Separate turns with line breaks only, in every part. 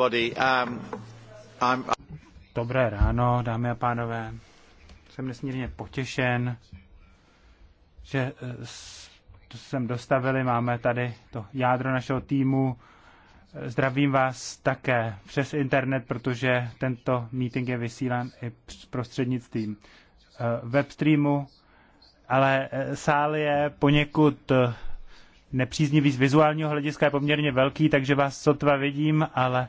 Um, Dobré ráno, dámy a pánové. Jsem nesmírně potěšen, že jsem eh, dostavili, máme tady to jádro našeho týmu. Zdravím vás také přes internet, protože tento meeting je vysílán i prostřednictvím eh, webstreamu, ale eh, sál je poněkud nepříznivý z vizuálního hlediska, je poměrně velký, takže vás sotva vidím, ale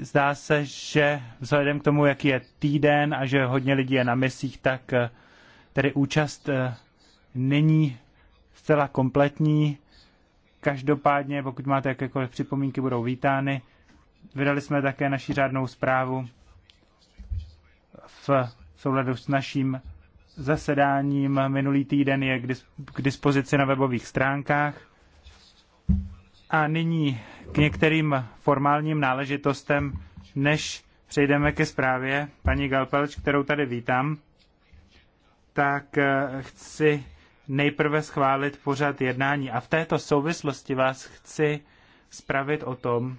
zdá se, že vzhledem k tomu, jaký je týden a že hodně lidí je na misích, tak eh, tedy účast eh, není zcela kompletní. Každopádně, pokud máte jakékoliv připomínky, budou vítány. Vydali jsme také naši řádnou zprávu v souladu s naším zasedáním. Minulý týden je k dispozici na webových stránkách. A nyní k některým formálním náležitostem, než přejdeme ke zprávě paní Galpelč, kterou tady vítám, tak eh, chci nejprve schválit pořad jednání. A v této souvislosti vás chci spravit o tom,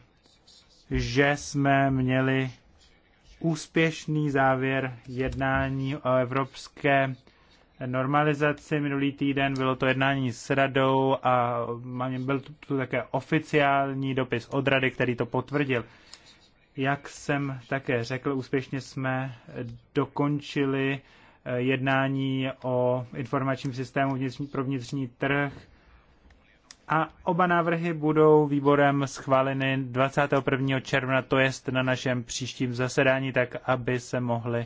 že jsme měli úspěšný závěr jednání o Evropské normalizaci minulý týden, bylo to jednání s radou a byl tu také oficiální dopis od rady, který to potvrdil. Jak jsem také řekl, úspěšně jsme dokončili eh, jednání o informačním systému vnitřní, pro vnitřní trh a oba návrhy budou výborem schváleny 21. června, to jest na našem příštím zasedání, tak aby se mohly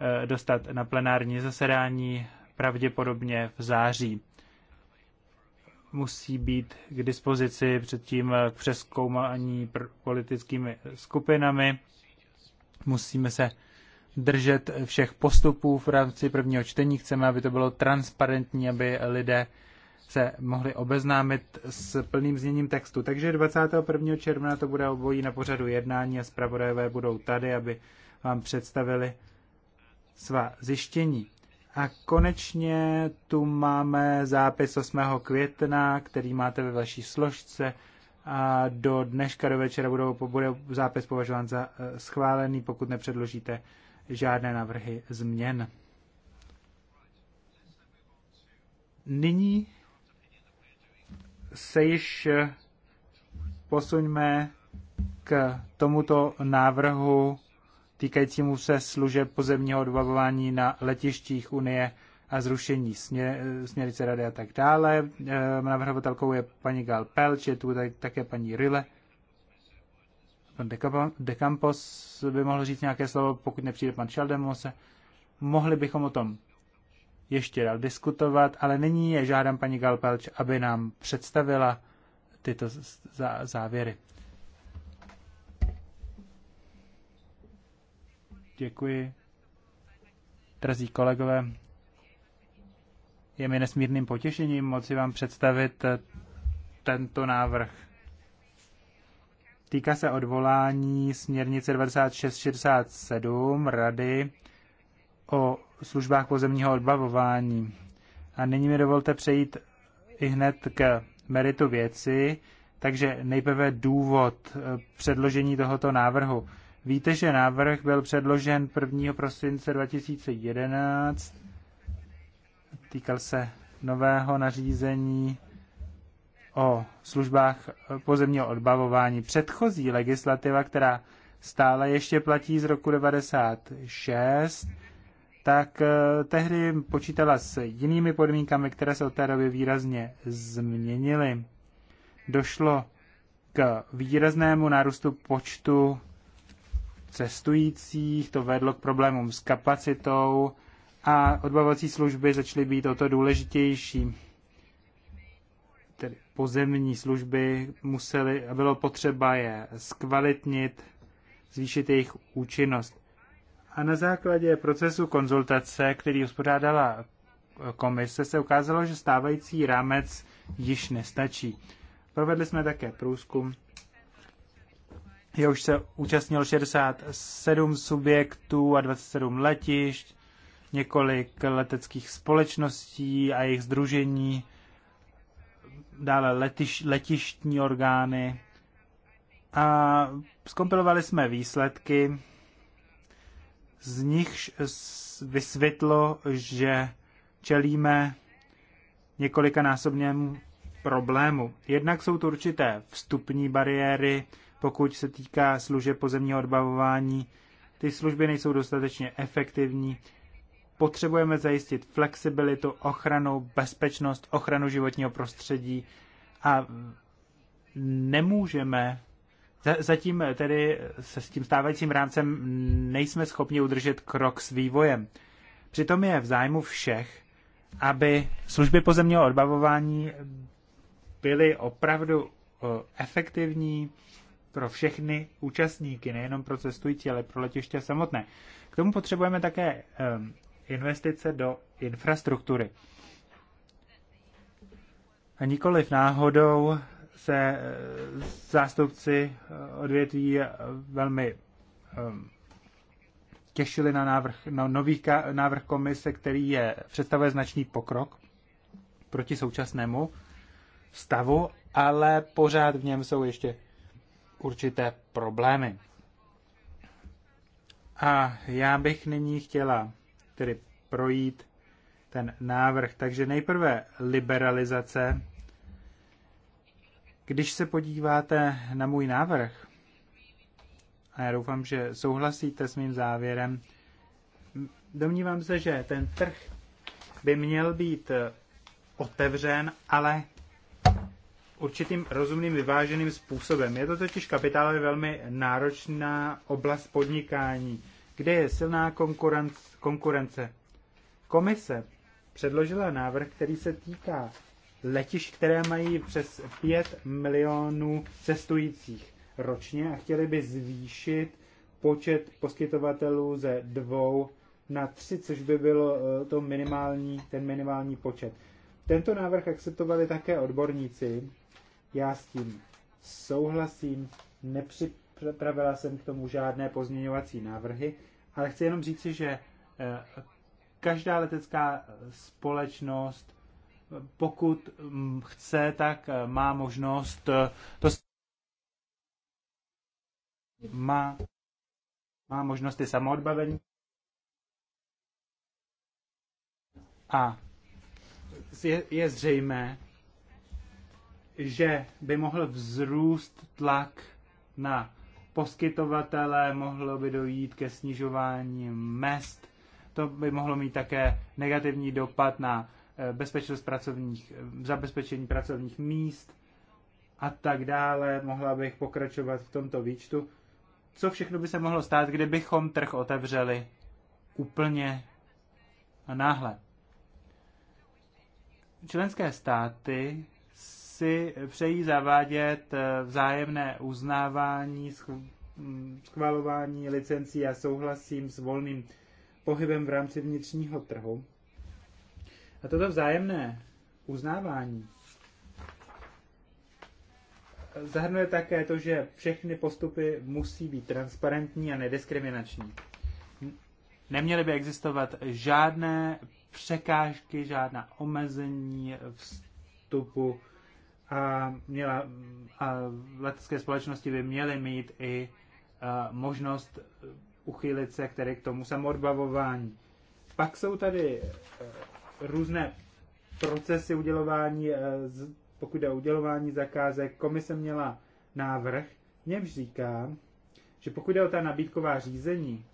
Eh, dostat na plenární zasedání pravděpodobně v září. Musí být k dispozici předtím k přeskoumání politickými skupinami. Musíme se držet všech postupů v rámci prvního čtení. Chceme, aby to bylo transparentní, aby lidé se mohli obeznámit s plným zněním textu. Takže 21. června to bude obojí na pořadu jednání a zpravodajové budou tady, aby vám představili svá zjištění. A konečně tu máme zápis 8. května, který máte ve vaší složce. A do dneška do večera budou, bude zápis považován za eh, schválený, pokud nepředložíte žádné návrhy změn. Nyní se již eh, posuňme k tomuto návrhu týkajícímu se služeb pozemního odbavování na letištích Unie a zrušení směr, směrice rady a tak dále. Ehm, navrhovatelkou je paní Gal Pelč, je tu také paní Rille. Pan De Campos by mohl říct nějaké slovo, pokud nepřijde pan Šaldemose. Mohli bychom o tom ještě dál diskutovat, ale nyní je žádám paní Galpelč, aby nám představila tyto závěry. Děkuji. Drazí kolegové, je mi nesmírným potěšením moci vám představit eh, tento návrh. Týká se odvolání směrnice 2667 Rady o službách pozemního odbavování. A nyní mi dovolte přejít i hned k meritu věci, takže nejprve důvod eh, předložení tohoto návrhu. Víte, že návrh byl předložen 1. prosince 2011. Týkal se nového nařízení o službách pozemního odbavování. Předchozí legislativa, která stále ještě platí z roku 96, tak eh, tehdy počítala s jinými podmínkami, které se od té doby výrazně změnily. Došlo k výraznému nárůstu počtu cestujících, to vedlo k problémům s kapacitou a odbavací služby začaly být o to důležitější. Tedy pozemní služby musely, a bylo potřeba je zkvalitnit, zvýšit jejich účinnost. A na základě procesu konzultace, který uspořádala komise, se ukázalo, že stávající rámec již nestačí. Provedli jsme také průzkum jehož se účastnil 67 subjektů a 27 letišť, několik leteckých společností a jejich združení, dále letiš, letištní orgány. A skompilovali jsme výsledky, z nichž vysvětlo, že čelíme několikanásobnému problému. Jednak jsou to určité vstupní bariéry, pokud se týká služeb pozemního odbavování. Ty služby nejsou dostatečně efektivní. Potřebujeme zajistit flexibilitu, ochranu, bezpečnost, ochranu životního prostředí a nemůžeme Zatím tedy se s tím stávajícím rámcem nejsme schopni udržet krok s vývojem. Přitom je v zájmu všech, aby služby pozemního odbavování byly opravdu eh, efektivní, pro všechny účastníky, nejenom pro cestující, ale pro letiště samotné. K tomu potřebujeme také investice do infrastruktury. A nikoliv náhodou se eh, zástupci eh, odvětví eh, velmi těšili na, návrh, na nový návrh komise, který je, představuje značný pokrok proti současnému stavu, ale pořád v něm jsou ještě určité problémy. A já bych nyní chtěla tedy projít ten návrh. Takže nejprve liberalizace. Když se podíváte na můj návrh, a já doufám, že souhlasíte s mým závěrem, domnívám se, že ten trh by měl být otevřen, ale určitým rozumným vyváženým způsobem. Je to totiž kapitálově velmi náročná oblast podnikání, kde je silná konkurence. Komise předložila návrh, který se týká letišť, které mají přes 5 milionů cestujících ročně a chtěli by zvýšit počet poskytovatelů ze dvou na tři, což by bylo eh, to minimální, ten minimální počet. Tento návrh akceptovali také odborníci já s tím souhlasím, nepřipravila jsem k tomu žádné pozměňovací návrhy, ale chci jenom říci, že eh, každá letecká společnost, pokud mm, chce, tak eh, má možnost eh, to má, má možnosti samoodbavení. A je, je zřejmé, že by mohl vzrůst tlak na poskytovatele, mohlo by dojít ke snižování mest, to by mohlo mít také negativní dopad na eh, bezpečnost pracovních, eh, zabezpečení pracovních míst a tak dále. Mohla bych pokračovat v tomto výčtu. Co všechno by se mohlo stát, kdybychom trh otevřeli úplně a náhle? Členské státy si přejí zavádět eh, vzájemné uznávání, mm, schvalování licencí a souhlasím s volným pohybem v rámci vnitřního trhu. A toto vzájemné uznávání zahrnuje také to, že všechny postupy musí být transparentní a nediskriminační. Neměly by existovat žádné překážky, žádná omezení vstupu a, měla, a letecké společnosti by měly mít i a, možnost uchýlit se které k tomu samodbavování. Pak jsou tady e, různé procesy udělování, e, pokud jde o udělování zakázek. Komise měla návrh, němž říká, že pokud jde o ta nabídková řízení,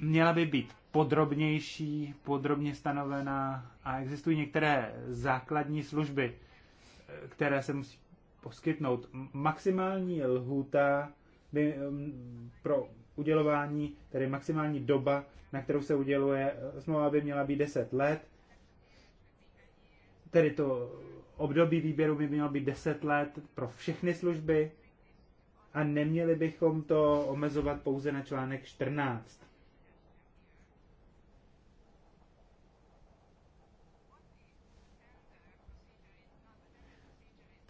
měla by být podrobnější, podrobně stanovená a existují některé základní služby, které se musí poskytnout. Maximální lhůta by, um, pro udělování, tedy maximální doba, na kterou se uděluje smlouva, by měla být 10 let. Tedy to období výběru by mělo být 10 let pro všechny služby a neměli bychom to omezovat pouze na článek 14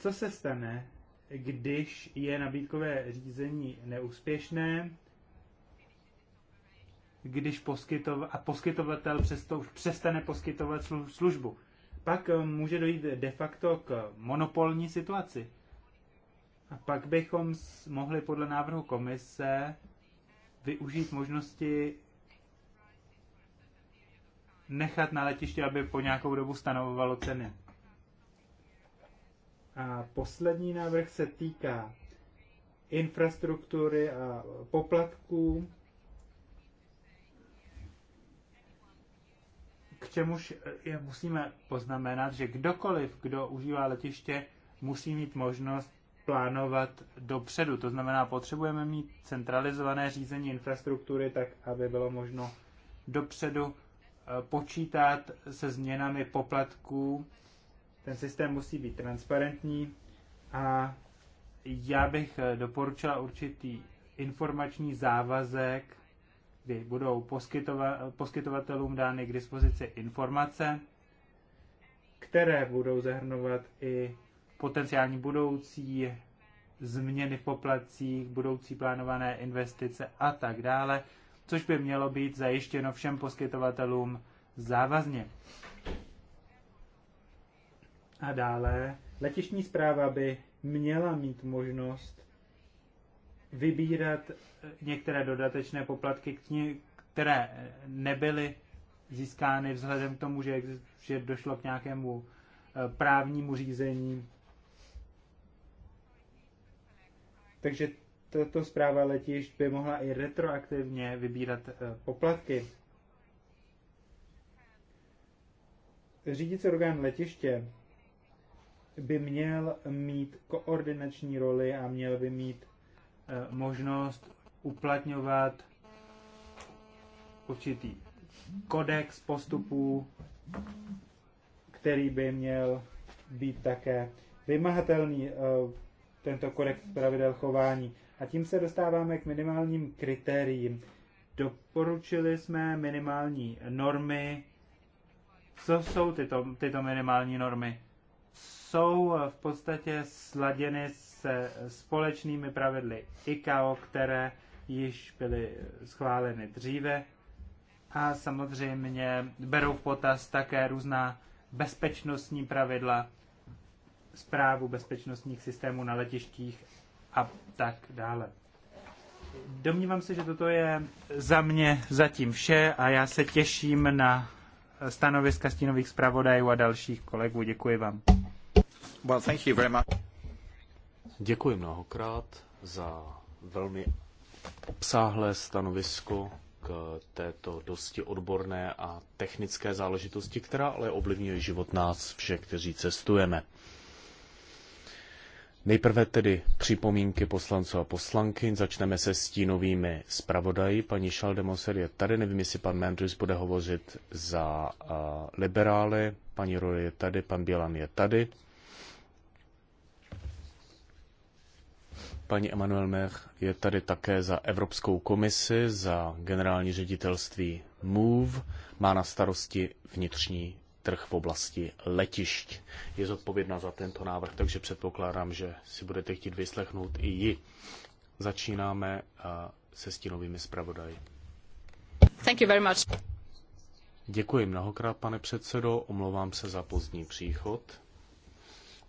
Co se stane, když je nabídkové řízení neúspěšné, když poskytov, a poskytovatel přesto už přestane poskytovat službu. Pak eh, může dojít de facto k monopolní situaci. A pak bychom mohli podle návrhu komise využít možnosti nechat na letiště, aby po nějakou dobu stanovovalo ceny. A poslední návrh se týká infrastruktury a poplatků, k čemuž je, musíme poznamenat, že kdokoliv, kdo užívá letiště, musí mít možnost plánovat dopředu. To znamená, potřebujeme mít centralizované řízení infrastruktury tak, aby bylo možno dopředu eh, počítat se změnami poplatků ten systém musí být transparentní a já bych eh, doporučila určitý informační závazek, kdy budou poskytova- poskytovatelům dány k dispozici informace, které budou zahrnovat i potenciální budoucí změny v poplacích, budoucí plánované investice a tak dále, což by mělo být zajištěno všem poskytovatelům závazně. A dále letišní zpráva by měla mít možnost vybírat některé dodatečné poplatky, které nebyly získány vzhledem k tomu, že, došlo k nějakému e, právnímu řízení. Takže tato zpráva letišť by mohla i retroaktivně vybírat e, poplatky. Řídící orgán letiště by měl mít koordinační roli a měl by mít eh, možnost uplatňovat určitý kodex postupů, který by měl být také vymahatelný, eh, tento kodex pravidel chování. A tím se dostáváme k minimálním kritériím. Doporučili jsme minimální normy. Co jsou tyto, tyto minimální normy? jsou v podstatě sladěny se společnými pravidly ICAO, které již byly schváleny dříve a samozřejmě berou v potaz také různá bezpečnostní pravidla, zprávu bezpečnostních systémů na letištích a tak dále. Domnívám se, že toto je za mě zatím vše a já se těším na stanoviska stínových zpravodajů a dalších kolegů. Děkuji vám. Děkuji mnohokrát
za velmi obsáhlé stanovisko k této dosti odborné a technické záležitosti, která ale ovlivňuje život nás všech, kteří cestujeme. Nejprve tedy připomínky poslanců a poslankyň. Začneme se stínovými zpravodaji. Paní Šaldemoser je tady, nevím, jestli pan Mandris bude hovořit za eh, liberály. Paní Rory je tady, pan Bělan je tady. Paní Emmanuel Mech je tady také za Evropskou komisi, za generální ředitelství MOVE, má na starosti vnitřní trh v oblasti letišť. Je zodpovědná za tento návrh, takže předpokládám, že si budete chtít vyslechnout i ji. Začínáme eh, se stínovými zpravodaji.
Thank you very much.
Děkuji mnohokrát, pane předsedo. Omlouvám se za pozdní příchod.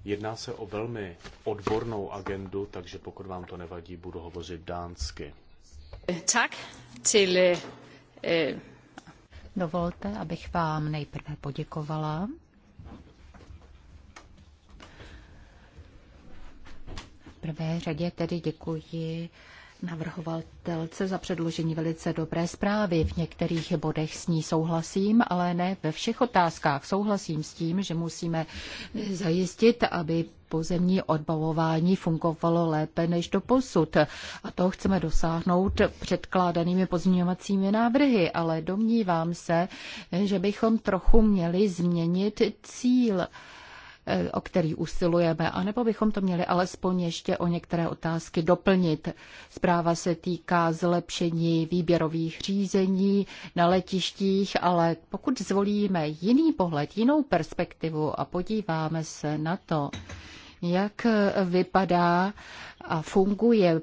Jedná se o velmi odbornou agendu, takže pokud vám to nevadí, budu hovořit dánsky.
Tak, til... Eh, eh. Dovolte, abych vám nejprve poděkovala prvé řadě tedy děkuji navrhovatelce za předložení velice dobré zprávy. V některých bodech s ní souhlasím, ale ne ve všech otázkách. Souhlasím s tím, že musíme zajistit, aby pozemní odbavování fungovalo lépe než do posud. A to chceme dosáhnout předkládanými pozměňovacími návrhy, ale domnívám se, že bychom trochu měli změnit cíl o který usilujeme, anebo bychom to měli alespoň ještě o některé otázky doplnit. Zpráva se týká zlepšení výběrových řízení na letištích, ale pokud zvolíme jiný pohled, jinou perspektivu a podíváme se na to, jak vypadá a funguje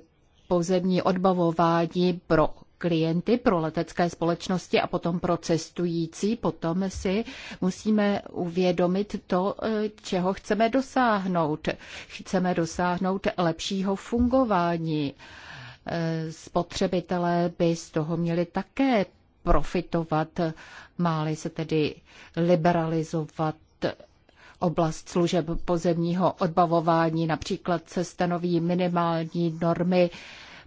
pozemní odbavování pro klienty, pro letecké společnosti a potom pro cestující, potom si musíme uvědomit to, eh, čeho chceme dosáhnout. Chceme dosáhnout lepšího fungování. Eh, spotřebitelé by z toho měli také profitovat, máli se tedy liberalizovat Oblast služeb pozemního odbavování například se stanoví minimální normy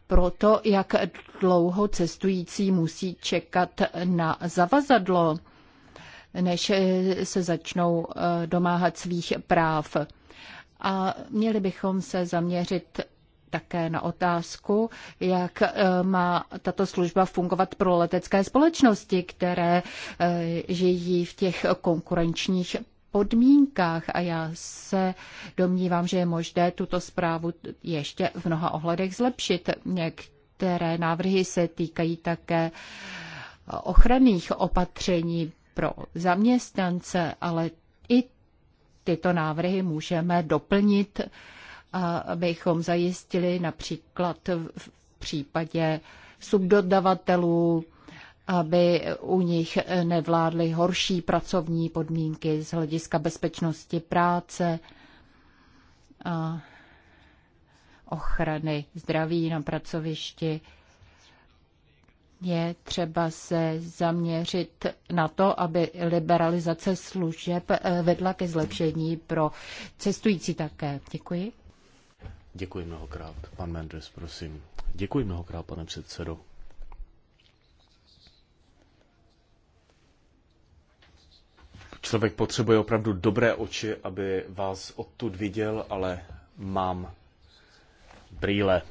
pro to, jak dlouho cestující musí čekat na zavazadlo, než eh, se začnou eh, domáhat svých práv. A měli bychom se zaměřit také na otázku, jak eh, má tato služba fungovat pro letecké společnosti, které žijí v těch konkurenčních podmínkách a já se domnívám, že je možné tuto zprávu ještě v mnoha ohledech zlepšit. Některé návrhy se týkají také ochranných opatření pro zaměstnance, ale i tyto návrhy můžeme doplnit, abychom zajistili například v případě subdodavatelů aby u nich nevládly horší pracovní podmínky z hlediska bezpečnosti práce a ochrany zdraví na pracovišti. Je třeba se zaměřit na to, aby liberalizace služeb eh, vedla ke zlepšení pro cestující také. Děkuji.
Děkuji mnohokrát. Pan Mendes, prosím. Děkuji mnohokrát, pane předsedo. Člověk potřebuje opravdu dobré oči, aby vás odtud viděl, ale mám brýle.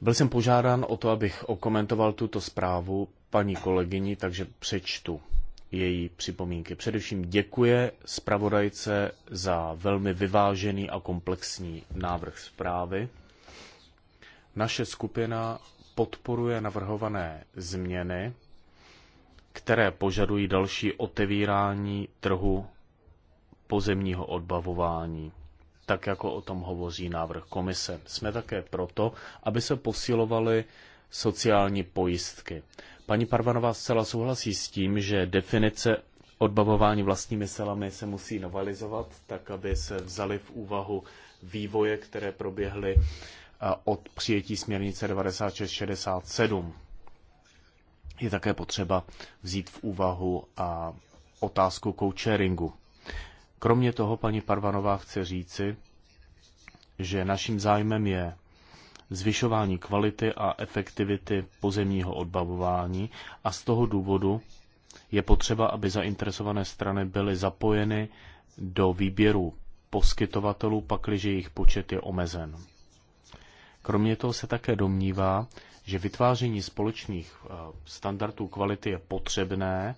Byl jsem požádán o to, abych okomentoval tuto zprávu paní kolegyni, takže přečtu její připomínky. Především děkuje zpravodajce za velmi vyvážený a komplexní návrh zprávy. Naše skupina podporuje navrhované změny které požadují další otevírání trhu pozemního odbavování, tak jako o tom hovoří návrh komise. Jsme také proto, aby se posilovaly sociální pojistky. Paní Parvanová zcela souhlasí s tím, že definice odbavování vlastními silami se musí novalizovat, tak aby se vzali v úvahu vývoje, které proběhly od přijetí směrnice 9667 je také potřeba vzít v úvahu a otázku coacheringu. Kromě toho paní Parvanová chce říci, že naším zájmem je zvyšování kvality a efektivity pozemního odbavování a z toho důvodu je potřeba, aby zainteresované strany byly zapojeny do výběru poskytovatelů, pakliže jejich počet je omezen. Kromě toho se také domnívá, že vytváření společných eh, standardů kvality je potřebné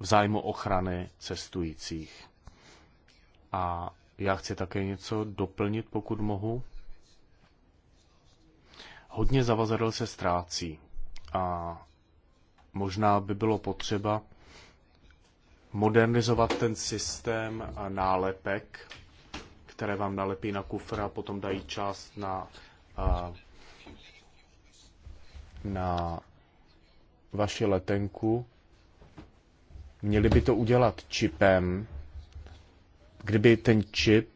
v zájmu ochrany cestujících. A já chci také něco doplnit, pokud mohu. Hodně zavazadel se ztrácí a možná by bylo potřeba modernizovat ten systém nálepek které vám nalepí na kufr a potom dají čas na, na vaši letenku. Měli by to udělat čipem, kdyby ten čip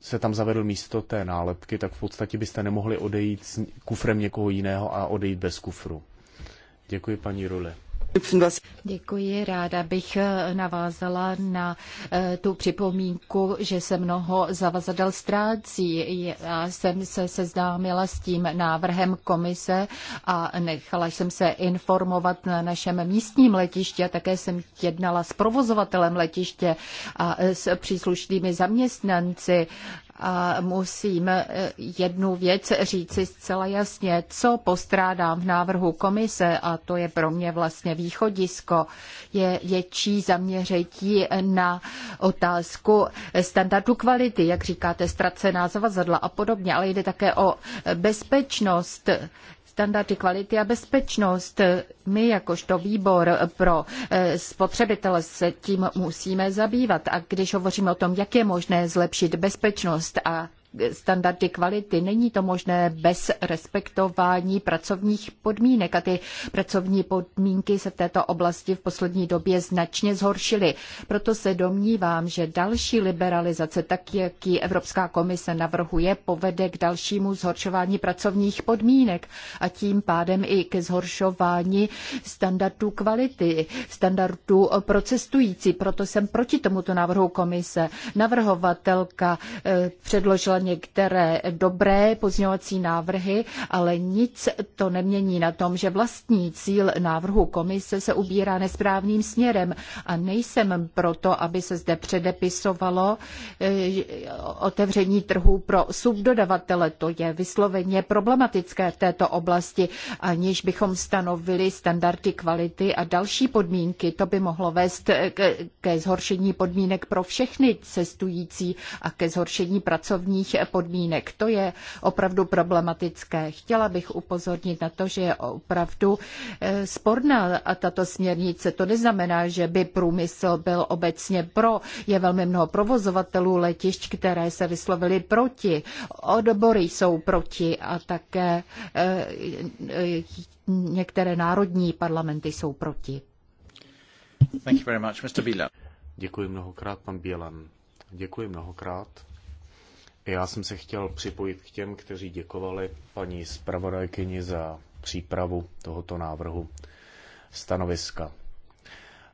se tam zavedl místo té nálepky, tak v podstatě byste nemohli odejít s kufrem někoho jiného a odejít bez kufru. Děkuji, paní Rule.
Děkuji, ráda bych eh, navázala na eh, tu připomínku, že se mnoho zavazadel ztrácí. Já jsem se seznámila s tím návrhem komise a nechala jsem se informovat na našem místním letišti a také jsem jednala s provozovatelem letiště a s příslušnými zaměstnanci a musím e, jednu věc říci zcela jasně, co postrádám v návrhu komise, a to je pro mě vlastně východisko, je větší zaměření na otázku standardu kvality, jak říkáte, ztracená zavazadla a podobně, ale jde také o bezpečnost standardy kvality a bezpečnost. My jakožto výbor pro eh, spotřebitele se tím musíme zabývat. A když hovoříme o tom, jak je možné zlepšit bezpečnost a standardy kvality. Není to možné bez respektování pracovních podmínek a ty pracovní podmínky se v této oblasti v poslední době značně zhoršily. Proto se domnívám, že další liberalizace, tak jak ji Evropská komise navrhuje, povede k dalšímu zhoršování pracovních podmínek a tím pádem i ke zhoršování standardů kvality, standardů pro cestující. Proto jsem proti tomuto návrhu komise. Navrhovatelka eh, předložila některé dobré pozňovací návrhy, ale nic to nemění na tom, že vlastní cíl návrhu komise se ubírá nesprávným směrem a nejsem proto, aby se zde předepisovalo e, otevření trhů pro subdodavatele. To je vysloveně problematické v této oblasti, aniž bychom stanovili standardy kvality a další podmínky. To by mohlo vést ke zhoršení podmínek pro všechny cestující a ke zhoršení pracovních podmínek. To je opravdu problematické. Chtěla bych upozornit na to, že je opravdu eh, sporná a tato směrnice. To neznamená, že by průmysl byl obecně pro. Je velmi mnoho provozovatelů letišť, které se vyslovili proti. Odbory jsou proti a také eh, eh, některé národní parlamenty jsou proti.
Thank you very much, Mr. Bielan. Děkuji mnohokrát, pan Bielan. Děkuji mnohokrát. Já jsem se chtěl připojit k těm, kteří děkovali paní zpravodajkyni za přípravu tohoto návrhu stanoviska.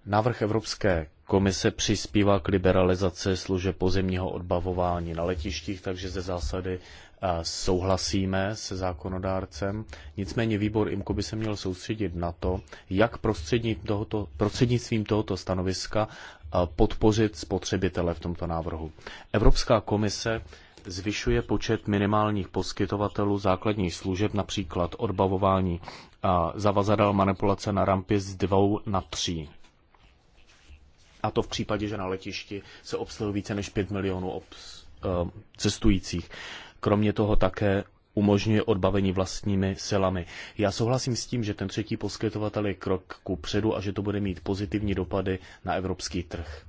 Návrh Evropské komise přispívá k liberalizaci služeb pozemního odbavování na letištích, takže ze zásady eh, souhlasíme se zákonodárcem. Nicméně výbor IMKO by se měl soustředit na to, jak tohoto, prostřednictvím tohoto stanoviska eh, podpořit spotřebitele v tomto návrhu. Evropská komise zvyšuje počet minimálních poskytovatelů základních služeb, například odbavování zavazadel manipulace na rampě z dvou na tří. A to v případě, že na letišti se obsluhuje více než 5 milionů obs, uh, cestujících. Kromě toho také umožňuje odbavení vlastními silami. Já souhlasím s tím, že ten třetí poskytovatel je krok ku předu a že to bude mít pozitivní dopady na evropský trh.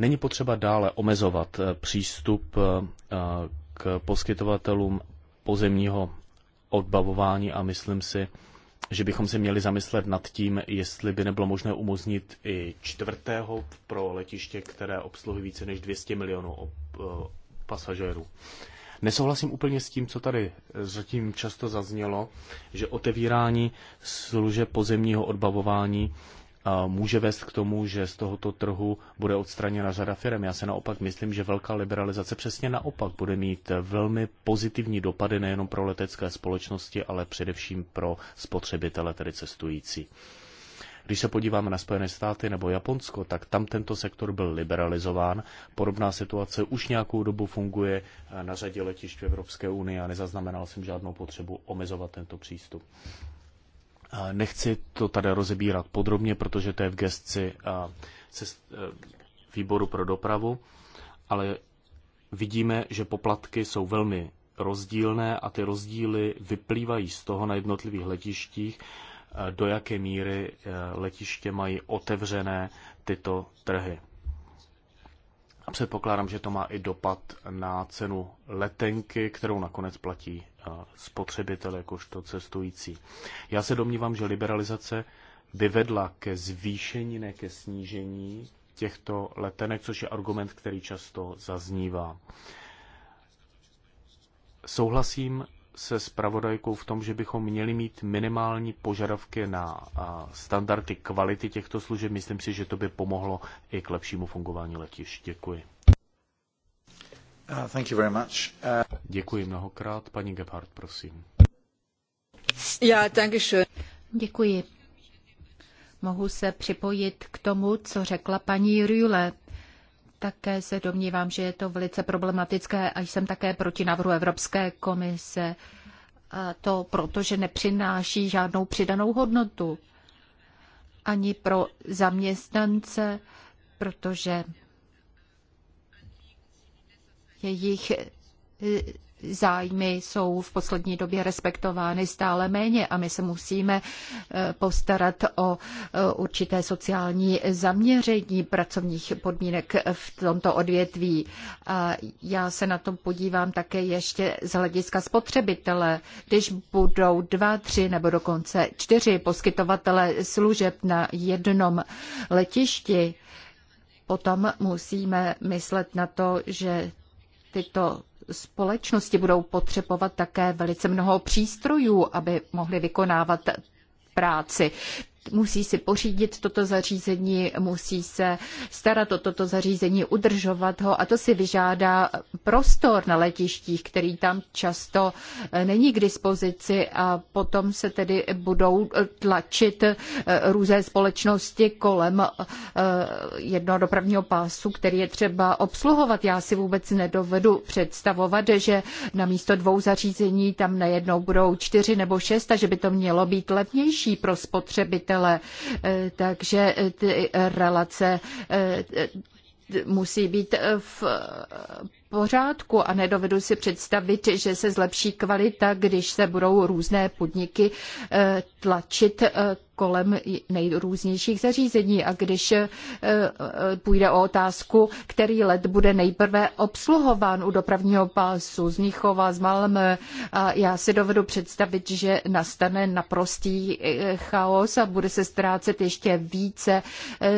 Není potřeba dále omezovat eh, přístup eh, eh, k poskytovatelům pozemního odbavování a myslím si, že bychom se měli zamyslet nad tím, jestli by nebylo možné umožnit i čtvrtého pro letiště, které obsluhuje více než 200 milionů pasažérů. Nesouhlasím úplně s tím, co tady zatím často zaznělo, že otevírání služeb pozemního odbavování může vést k tomu, že z tohoto trhu bude odstraněna řada firm. Já se naopak myslím, že velká liberalizace přesně naopak bude mít velmi pozitivní dopady nejenom pro letecké společnosti, ale především pro spotřebitele, tedy cestující. Když se podíváme na Spojené státy nebo Japonsko, tak tam tento sektor byl liberalizován. Podobná situace už nějakou dobu funguje na řadě letišť v Evropské unii a nezaznamenal jsem žádnou potřebu omezovat tento přístup. Nechci to tady rozebírat podrobně, protože to je v gestci e, výboru pro dopravu, ale vidíme, že poplatky jsou velmi rozdílné a ty rozdíly vyplývají z toho na jednotlivých letištích, e, do jaké míry e, letiště mají otevřené tyto trhy. A předpokládám, že to má i dopad na cenu letenky, kterou nakonec platí eh, spotřebitel jakožto cestující. Já se domnívám, že liberalizace by vedla ke zvýšení, ne ke snížení těchto letenek, což je argument, který často zaznívá. Souhlasím se spravodajkou v tom, že bychom měli mít minimální požadavky na standardy kvality těchto služeb. Myslím si, že to by pomohlo i k lepšímu fungování letišť. Děkuji. Uh, thank you very much. Uh... Děkuji mnohokrát. Paní Gebhardt, prosím.
Já, yeah, Děkuji. Mohu se připojit k tomu, co řekla paní Rüle. Také se domnívám, že je to velice problematické a jsem také proti návrhu Evropské komise. A to proto, že nepřináší žádnou přidanou hodnotu ani pro zaměstnance, protože jejich zájmy jsou v poslední době respektovány stále méně a my se musíme eh, postarat o eh, určité sociální zaměření pracovních podmínek v tomto odvětví. A já se na to podívám také ještě z hlediska spotřebitele. Když budou dva, tři nebo dokonce čtyři poskytovatele služeb na jednom letišti, potom musíme myslet na to, že tyto společnosti budou potřebovat také velice mnoho přístrojů, aby mohly vykonávat práci musí si pořídit toto zařízení, musí se starat o toto zařízení, udržovat ho a to si vyžádá prostor na letištích, který tam často eh, není k dispozici a potom se tedy budou eh, tlačit eh, různé společnosti kolem jednoho dopravního pásu, který je třeba obsluhovat. Já si vůbec nedovedu představovat, že na místo dvou zařízení tam najednou budou čtyři nebo šest a že by to mělo být levnější pro spotřebitel učitele. Eh, takže ty relace eh, musí být v pořádku a nedovedu si představit, že se zlepší kvalita, když se budou různé podniky eh, tlačit kolem nejrůznějších zařízení. A když eh, eh, půjde o otázku, který let bude nejprve obsluhován u dopravního pásu z Níchova, z Malmö, a já si dovedu představit, že nastane naprostý eh, chaos a bude se ztrácet ještě více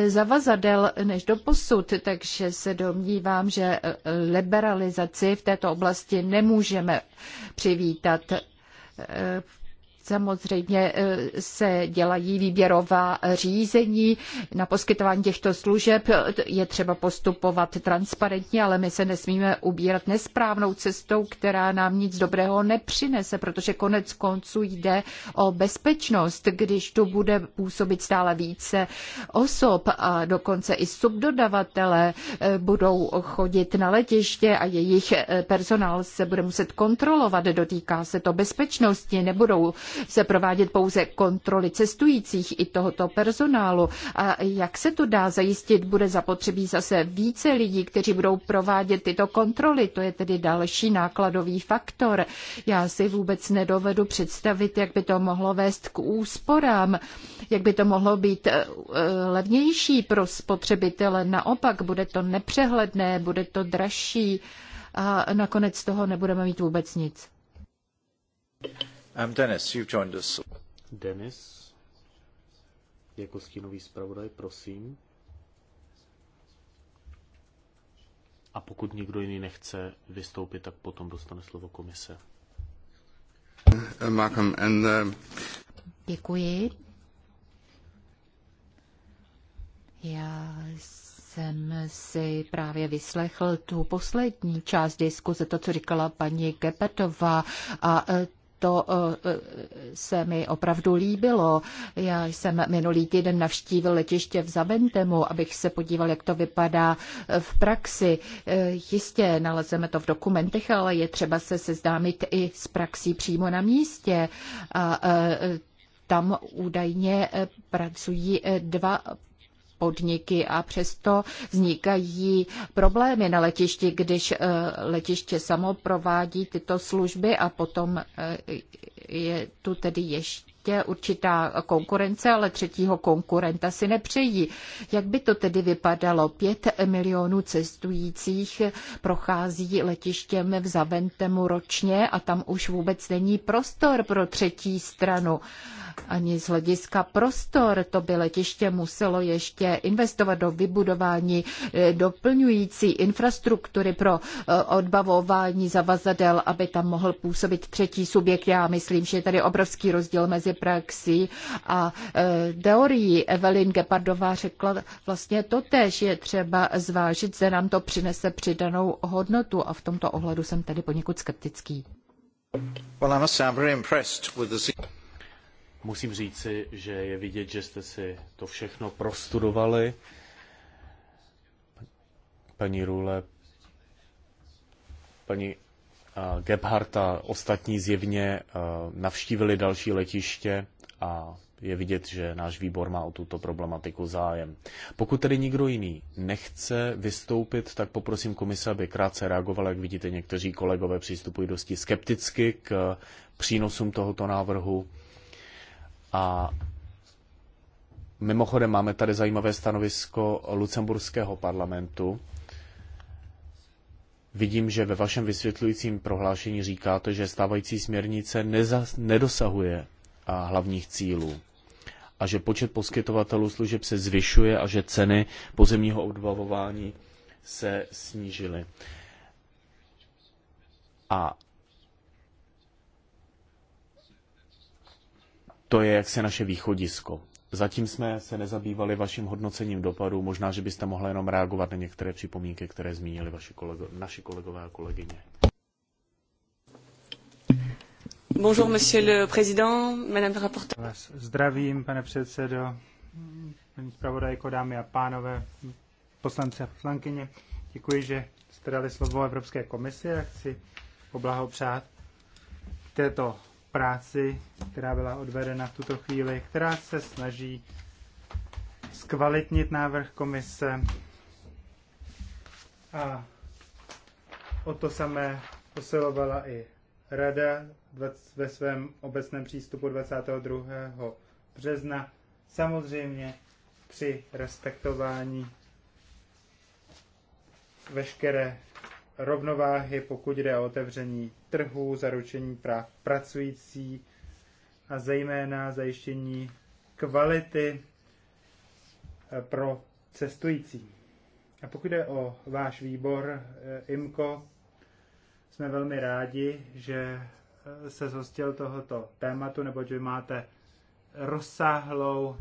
zavazadel než do posud, takže se domnívám, že liberalizaci v této oblasti nemůžeme přivítat Samozřejmě eh, se dělají výběrová řízení na poskytování těchto služeb. Je třeba postupovat transparentně, ale my se nesmíme ubírat nesprávnou cestou, která nám nic dobrého nepřinese, protože konec konců jde o bezpečnost, když tu bude působit stále více osob a dokonce i subdodavatele eh, budou chodit na letiště a jejich eh, personál se bude muset kontrolovat. Dotýká se to bezpečnosti, nebudou se provádět pouze kontroly cestujících i tohoto personálu. A jak se to dá zajistit? Bude zapotřebí zase více lidí, kteří budou provádět tyto kontroly. To je tedy další nákladový faktor. Já si vůbec nedovedu představit, jak by to mohlo vést k úsporám, jak by to mohlo být eh, levnější pro spotřebitele. Naopak, bude to nepřehledné, bude to dražší a nakonec toho nebudeme mít vůbec nic.
Um, Dennis, you've
joined us. Denis, jako stínový zpravodaj, prosím. A pokud nikdo jiný nechce vystoupit, tak potom dostane slovo komise.
Malcolm, and, um...
Děkuji. Já jsem si právě vyslechl tu poslední část diskuze, to, co říkala paní Kepetová a to eh, se mi opravdu líbilo. Já jsem minulý týden navštívil letiště v Zaventemu, abych se podíval, jak to vypadá eh, v praxi. Eh, jistě nalezeme to v dokumentech, ale je třeba se seznámit i s praxí přímo na místě. A tam údajně pracují dva podniky a přesto vznikají problémy na letišti, když eh, letiště samo provádí tyto služby a potom eh, je tu tedy ještě je určitá konkurence, ale třetího konkurenta si nepřejí. Jak by to tedy vypadalo? Pět milionů cestujících prochází letištěm v Zaventemu ročně a tam už vůbec není prostor pro třetí stranu. Ani z hlediska prostor to by letiště muselo ještě investovat do vybudování eh, doplňující infrastruktury pro eh, odbavování zavazadel, aby tam mohl působit třetí subjekt. Já myslím, že je tady obrovský rozdíl mezi mezi praxí a e, teorií. Evelyn Gepardová řekla vlastně to tež je třeba zvážit, že nám to přinese přidanou hodnotu a v tomto ohledu jsem tedy poněkud skeptický.
Well,
Musím říci, že je vidět, že jste si to všechno prostudovali. Paní Rule, paní Gebhardt a ostatní zjevně e, navštívili další letiště a je vidět, že náš výbor má o tuto problematiku zájem. Pokud tedy nikdo jiný nechce vystoupit, tak poprosím komise, aby krátce reagovala. Jak vidíte, někteří kolegové přistupují dosti skepticky k přínosům tohoto návrhu. A mimochodem máme tady zajímavé stanovisko Lucemburského parlamentu, Vidím, že ve vašem vysvětlujícím prohlášení říkáte, že stávající směrnice nedosahuje a hlavních cílů a že počet poskytovatelů služeb se zvyšuje a že ceny pozemního odbavování se snížily. A to je jaksi naše východisko. Zatím jsme se nezabývali vaším hodnocením dopadu. Možná, že byste mohla jenom reagovat na některé připomínky, které zmínili vaši kolego, naši kolegové a kolegyně.
Bonjour, monsieur le président,
madame la rapporteur. zdravím, pane předsedo, paní zpravodajko, dámy a pánové, poslanci a poslankyně. Děkuji, že jste dali slovo Evropské komisi a chci poblahopřát této práci, která byla odvedena v tuto chvíli, která se snaží zkvalitnit návrh komise a o to samé posilovala i rada ve svém obecném přístupu 22. března, samozřejmě při respektování veškeré rovnováhy, pokud jde o otevření trhu, zaručení práv pracující a zejména zajištění kvality eh, pro cestující. A pokud jde o váš výbor eh, IMCO, jsme velmi rádi, že eh, se zhostil tohoto tématu, neboť vy máte rozsáhlou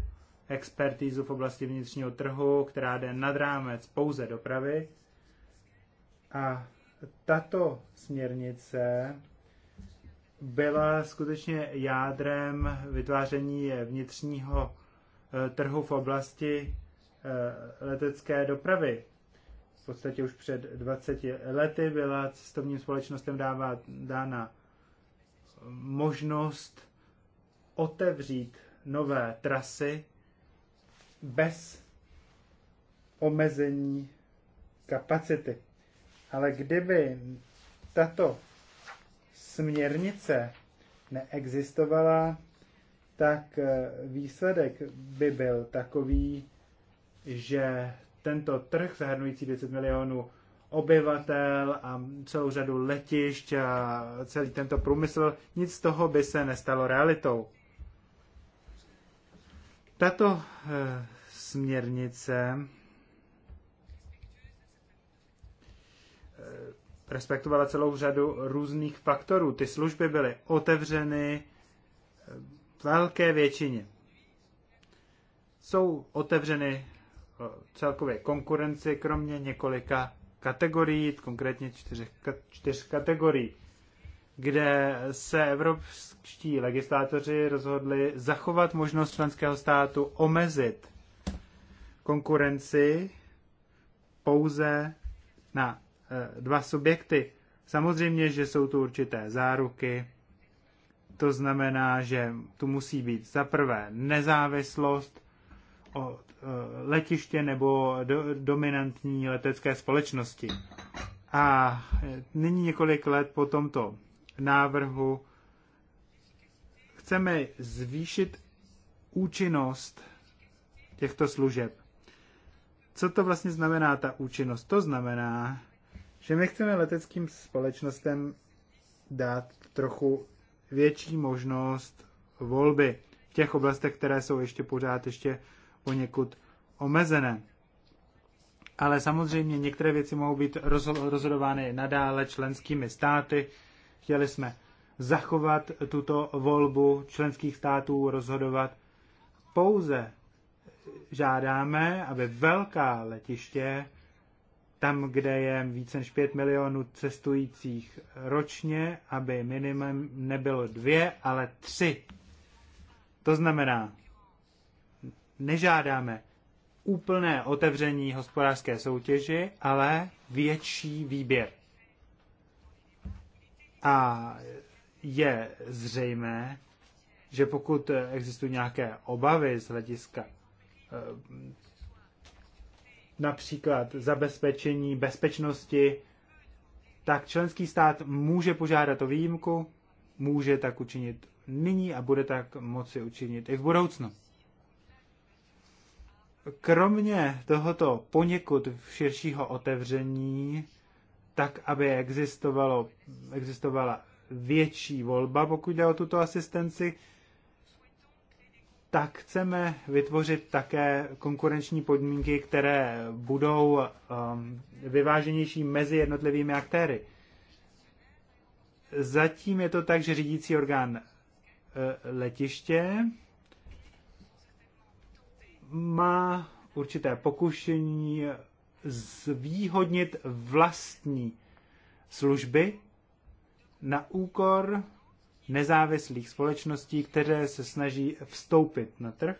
expertízu v oblasti vnitřního trhu, která jde nad rámec pouze dopravy. A tato směrnice byla skutečně jádrem vytváření vnitřního eh, trhu v oblasti eh, letecké dopravy. V podstatě už před 20 lety byla cestovním společnostem dává, dána možnost otevřít nové trasy bez omezení kapacity. Ale kdyby tato směrnice neexistovala, tak eh, výsledek by byl takový, že tento trh zahrnující 10 milionů obyvatel a celou řadu letišť a celý tento průmysl, nic z toho by se nestalo realitou. Tato eh, směrnice respektovala celou řadu různých faktorů. Ty služby byly otevřeny eh, velké většině. Jsou otevřeny eh, celkově konkurenci, kromě několika kategorií, konkrétně čtyř, čtyř kategorií, kde se evropští legislátoři rozhodli zachovat možnost členského státu omezit konkurenci pouze na Eh, dva subjekty. Samozřejmě, že jsou tu určité záruky, to znamená, že tu musí být za prvé nezávislost od eh, letiště nebo do, dominantní letecké společnosti. A eh, nyní několik let po tomto návrhu chceme zvýšit účinnost těchto služeb. Co to vlastně znamená ta účinnost? To znamená, že my chceme leteckým společnostem dát trochu větší možnost volby v těch oblastech, které jsou ještě pořád ještě poněkud omezené. Ale samozřejmě některé věci mohou být rozhodovány nadále členskými státy. Chtěli jsme zachovat tuto volbu členských států rozhodovat. Pouze žádáme, aby velká letiště tam, kde je více než 5 milionů cestujících ročně, aby minimum nebylo dvě, ale tři. To znamená, nežádáme úplné otevření hospodářské soutěži, ale větší výběr. A je zřejmé, že pokud existují nějaké obavy z hlediska eh, například zabezpečení bezpečnosti, tak členský stát může požádat o výjimku, může tak učinit nyní a bude tak moci učinit i v budoucnu. Kromě tohoto poněkud širšího otevření, tak aby existovalo, existovala větší volba, pokud jde o tuto asistenci, tak chceme vytvořit také konkurenční podmínky, které budou um, vyváženější mezi jednotlivými aktéry. Zatím je to tak, že řídící orgán e, letiště má určité pokušení zvýhodnit vlastní služby na úkor nezávislých společností, které se snaží vstoupit na trh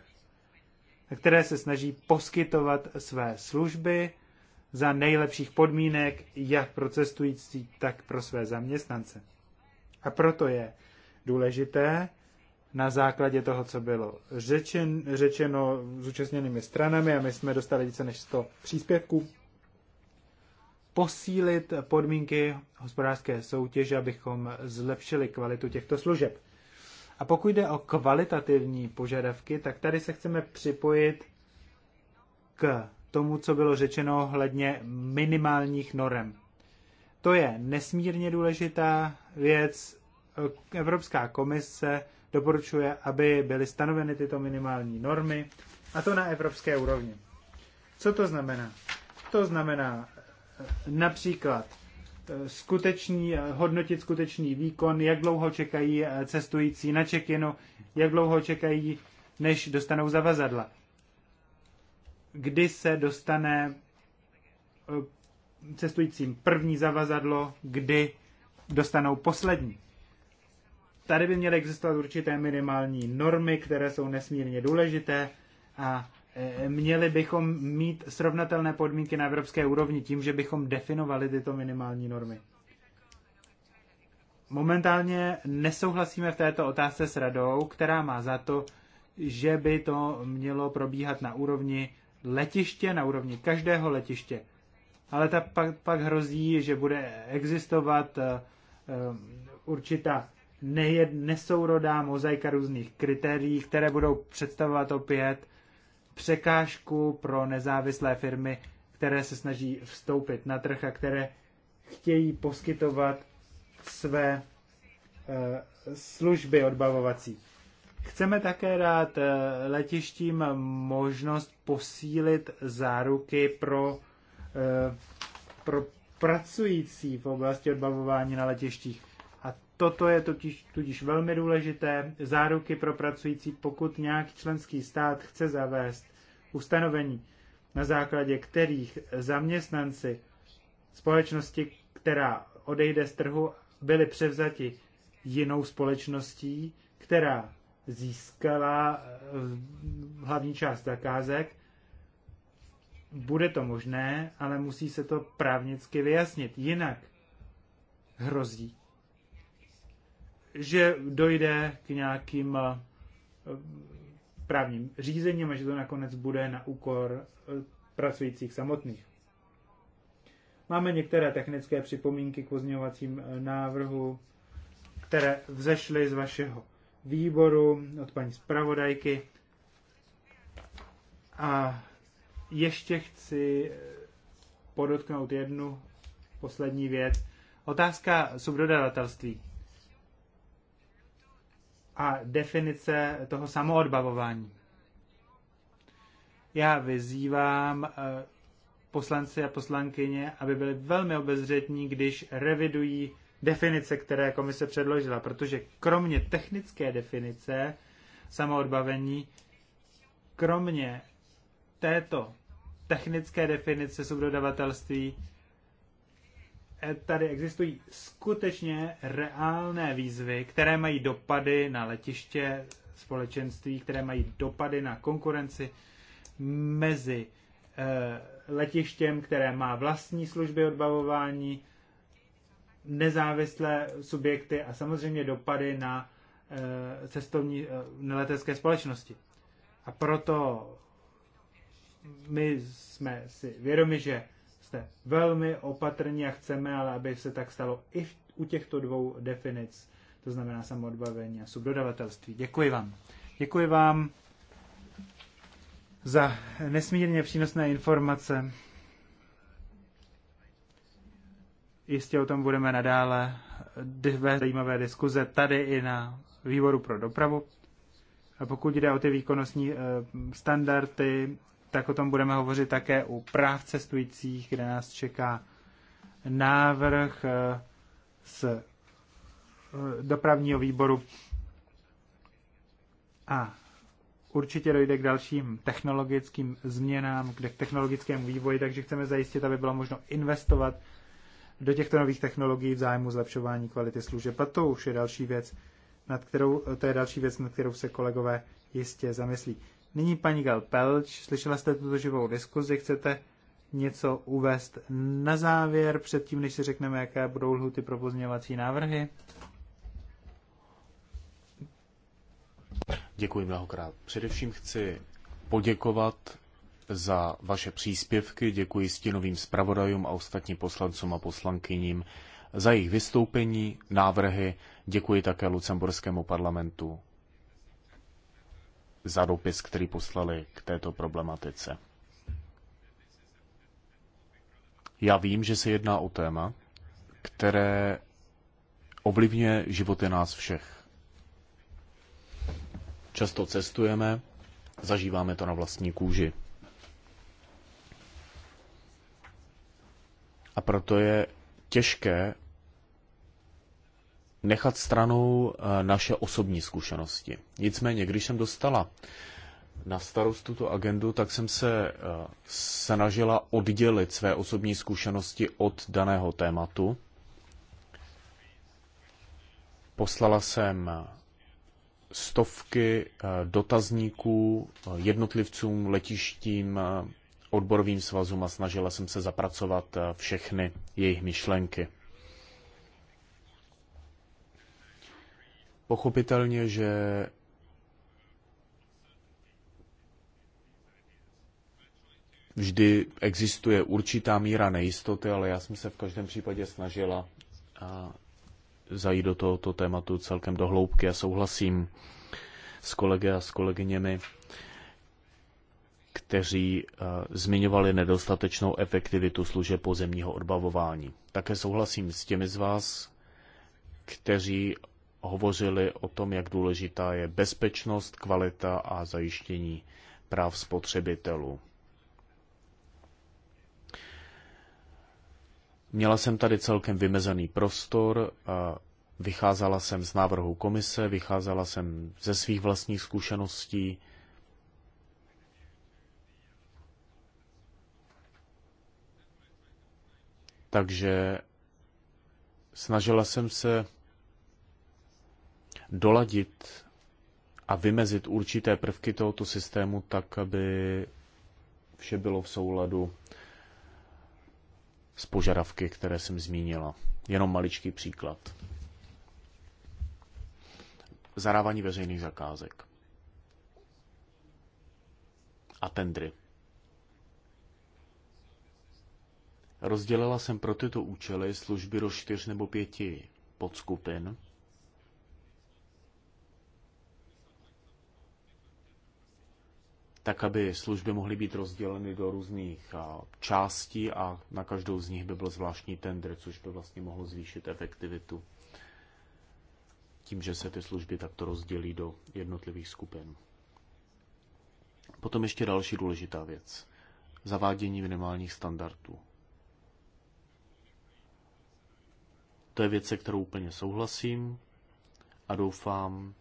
a které se snaží poskytovat své služby za nejlepších podmínek jak pro cestující, tak pro své zaměstnance. A proto je důležité na základě toho, co bylo řečen, řečeno zúčastněnými stranami, a my jsme dostali více než 100 příspěvků, posílit podmínky hospodářské soutěže, abychom zlepšili kvalitu těchto služeb. A pokud jde o kvalitativní požadavky, tak tady se chceme připojit k tomu, co bylo řečeno hledně minimálních norem. To je nesmírně důležitá věc. Evropská komise doporučuje, aby byly stanoveny tyto minimální normy, a to na evropské úrovni. Co to znamená? To znamená například eh, skutečný, eh, hodnotit skutečný výkon, jak dlouho čekají eh, cestující na čekinu, jak dlouho čekají, než dostanou zavazadla. Kdy se dostane cestujícím první zavazadlo, kdy dostanou poslední. Tady by měly existovat určité minimální normy, které jsou nesmírně důležité a Eh, měli bychom mít srovnatelné podmínky na evropské úrovni tím, že bychom definovali tyto minimální normy. Momentálně nesouhlasíme v této otázce s radou, která má za to, že by to mělo probíhat na úrovni letiště, na úrovni každého letiště. Ale ta pak, pak hrozí, že bude existovat eh, eh, určitá nejed, nesourodá mozaika různých kritérií, které budou představovat opět překážku pro nezávislé firmy, které se snaží vstoupit na trh a které chtějí poskytovat své eh, služby odbavovací. Chceme také dát eh, letištím možnost posílit záruky pro, eh, pro pracující v oblasti odbavování na letištích. Toto je totiž, tudíž velmi důležité záruky pro pracující, pokud nějaký členský stát chce zavést ustanovení, na základě kterých zaměstnanci společnosti, která odejde z trhu, byli převzati jinou společností, která získala eh, hlavní část zakázek. Bude to možné, ale musí se to právnicky vyjasnit. Jinak hrozí, že dojde k nějakým eh, právním řízením a že to nakonec bude na úkor eh, pracujících samotných. Máme některé technické připomínky k pozměňovacím eh, návrhu, které vzešly z vašeho výboru od paní zpravodajky. A ještě chci podotknout jednu poslední věc. Otázka subdodavatelství a definice toho samoodbavování. Já vyzývám eh, poslanci a poslankyně, aby byli velmi obezřetní, když revidují definice, které komise předložila, protože kromě technické definice samoodbavení, kromě této technické definice subdodavatelství, E, tady existují skutečně reálné výzvy, které mají dopady na letiště společenství, které mají dopady na konkurenci mezi e, letištěm, které má vlastní služby odbavování, nezávislé subjekty a samozřejmě dopady na e, cestovní na letecké společnosti. A proto my jsme si vědomi, že jste velmi opatrní a chceme, ale aby se tak stalo i v, u těchto dvou definic, to znamená samoodbavení a subdodavatelství. Děkuji vám. Děkuji vám za nesmírně přínosné informace. Jistě o tom budeme nadále dvě zajímavé diskuze tady i na výboru pro dopravu. A pokud jde o ty výkonnostní eh, standardy tak o tom budeme hovořit také u práv cestujících, kde nás čeká návrh eh, z eh, dopravního výboru. A určitě dojde k dalším technologickým změnám, kde k technologickému vývoji, takže chceme zajistit, aby bylo možno investovat do těchto nových technologií v zájmu zlepšování kvality služeb. A to už je další věc, nad kterou, to je další věc, nad kterou se kolegové jistě zamyslí. Nyní paní Gal Pelč, slyšela jste tuto živou diskuzi, chcete něco uvést na závěr, předtím, než si řekneme, jaké budou lhuty pro pozměňovací návrhy?
Děkuji mnohokrát. Především chci poděkovat za vaše příspěvky, děkuji stínovým zpravodajům a ostatním poslancům a poslankyním za jejich vystoupení, návrhy, děkuji také Lucemburskému parlamentu za dopis, který poslali k této problematice. Já vím, že se jedná o téma, které ovlivňuje životy nás všech. Často cestujeme, zažíváme to na vlastní kůži. A proto je těžké nechat stranou eh, naše osobní zkušenosti. Nicméně, když jsem dostala na starost tuto agendu, tak jsem se eh, snažila oddělit své osobní zkušenosti od daného tématu. Poslala jsem eh, stovky dotazníků jednotlivcům, letištím, odborovým svazům a snažila jsem se zapracovat všechny jejich myšlenky. Pochopitelně, že vždy existuje určitá míra nejistoty, ale já jsem se v každém případě snažila zajít do tohoto tématu celkem do hloubky a souhlasím s kolegy a s kolegyněmi, kteří zmiňovali nedostatečnou efektivitu služeb pozemního odbavování. Také souhlasím s těmi z vás, kteří hovořili o tom, jak důležitá je bezpečnost, kvalita a zajištění práv spotřebitelů. Měla jsem tady celkem vymezený prostor, vycházela jsem z návrhu komise, vycházela jsem ze svých vlastních zkušeností. Takže snažila jsem se doladit a vymezit určité prvky tohoto systému tak, aby vše bylo v souladu s požadavky, které jsem zmínila. Jenom maličký příklad. zarávání veřejných zakázek a tendry. Rozdělila jsem pro tyto účely služby do čtyř nebo pěti podskupin tak aby služby mohly být rozděleny do různých částí a na každou z nich by byl zvláštní tender, což by vlastně mohlo zvýšit efektivitu tím, že se ty služby takto rozdělí do jednotlivých skupin. Potom ještě další důležitá věc. Zavádění minimálních standardů. To je věc, se kterou úplně souhlasím a doufám,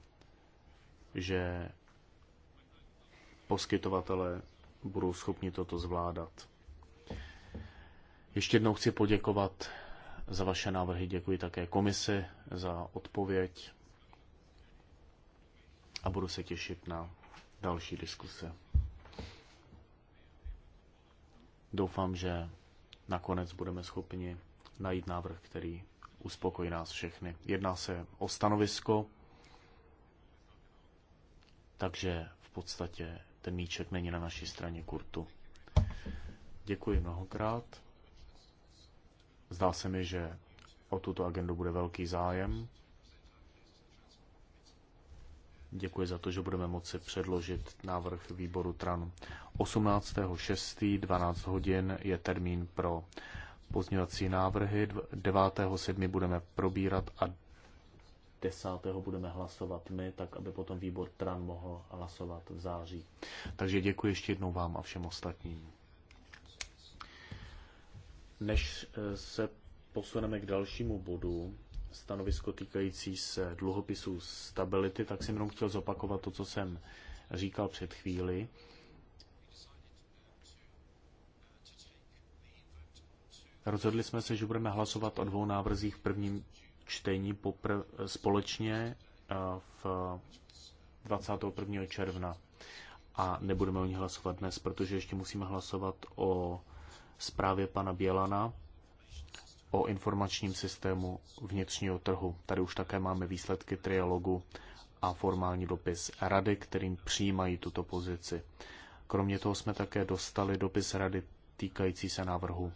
že poskytovatelé budou schopni toto zvládat. Ještě jednou chci poděkovat za vaše návrhy, děkuji také komisi za odpověď a budu se těšit na další diskuse. Doufám, že nakonec budeme schopni najít návrh, který uspokojí nás všechny. Jedná se o stanovisko, takže v podstatě ten míček není na naší straně kurtu. Děkuji mnohokrát. Zdá se mi, že o tuto agendu bude velký zájem. Děkuji za to, že budeme moci předložit návrh výboru TRAN. 18.6. 12 hodin je termín pro pozměňovací návrhy. 9.7. budeme probírat a desátého budeme hlasovat my, tak aby potom výbor TRAN mohl hlasovat v září. Takže děkuji ještě jednou vám a všem ostatním. Než eh, se posuneme k dalšímu bodu, stanovisko týkající se dluhopisů stability, tak jsem jenom chtěl zopakovat to, co jsem říkal před chvíli. Rozhodli jsme se, že budeme hlasovat o dvou návrzích v prvním čtení popr- společně eh, v 21. června a nebudeme o ní hlasovat dnes, protože ještě musíme hlasovat o zprávě pana Bělana o informačním systému vnitřního trhu. Tady už také máme výsledky trialogu a formální dopis rady, kterým přijímají tuto pozici. Kromě toho jsme také dostali dopis rady týkající se návrhu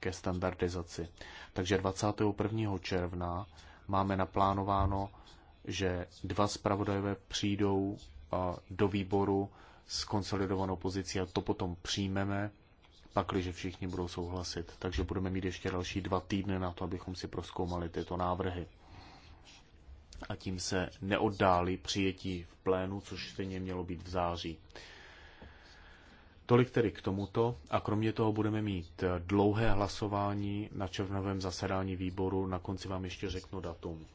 ke standardizaci. Takže 21. června máme naplánováno, že dva zpravodajové přijdou uh, do výboru s konsolidovanou pozicí a to potom přijmeme, pakliže všichni budou souhlasit. Takže budeme mít ještě další dva týdny na to, abychom si proskoumali tyto návrhy. A tím se neoddálí přijetí v plénu, což stejně mělo být v září. Tolik tedy k tomuto a kromě toho budeme mít eh, dlouhé hlasování na červnovém zasedání výboru. Na konci vám ještě řeknu datum.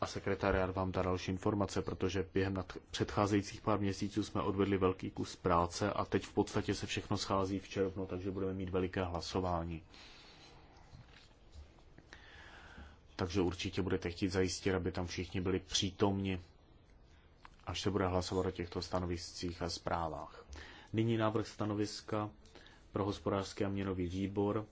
A sekretariát vám dá další informace, protože během předcházejících pár měsíců jsme odvedli velký kus práce a teď v podstatě se všechno schází v červnu, takže budeme mít veliké hlasování. Takže určitě budete chtít zajistit, aby tam všichni byli přítomni, až se bude hlasovat o těchto stanoviscích a zprávách. Nyní návrh stanoviska pro hospodářský a měnový výbor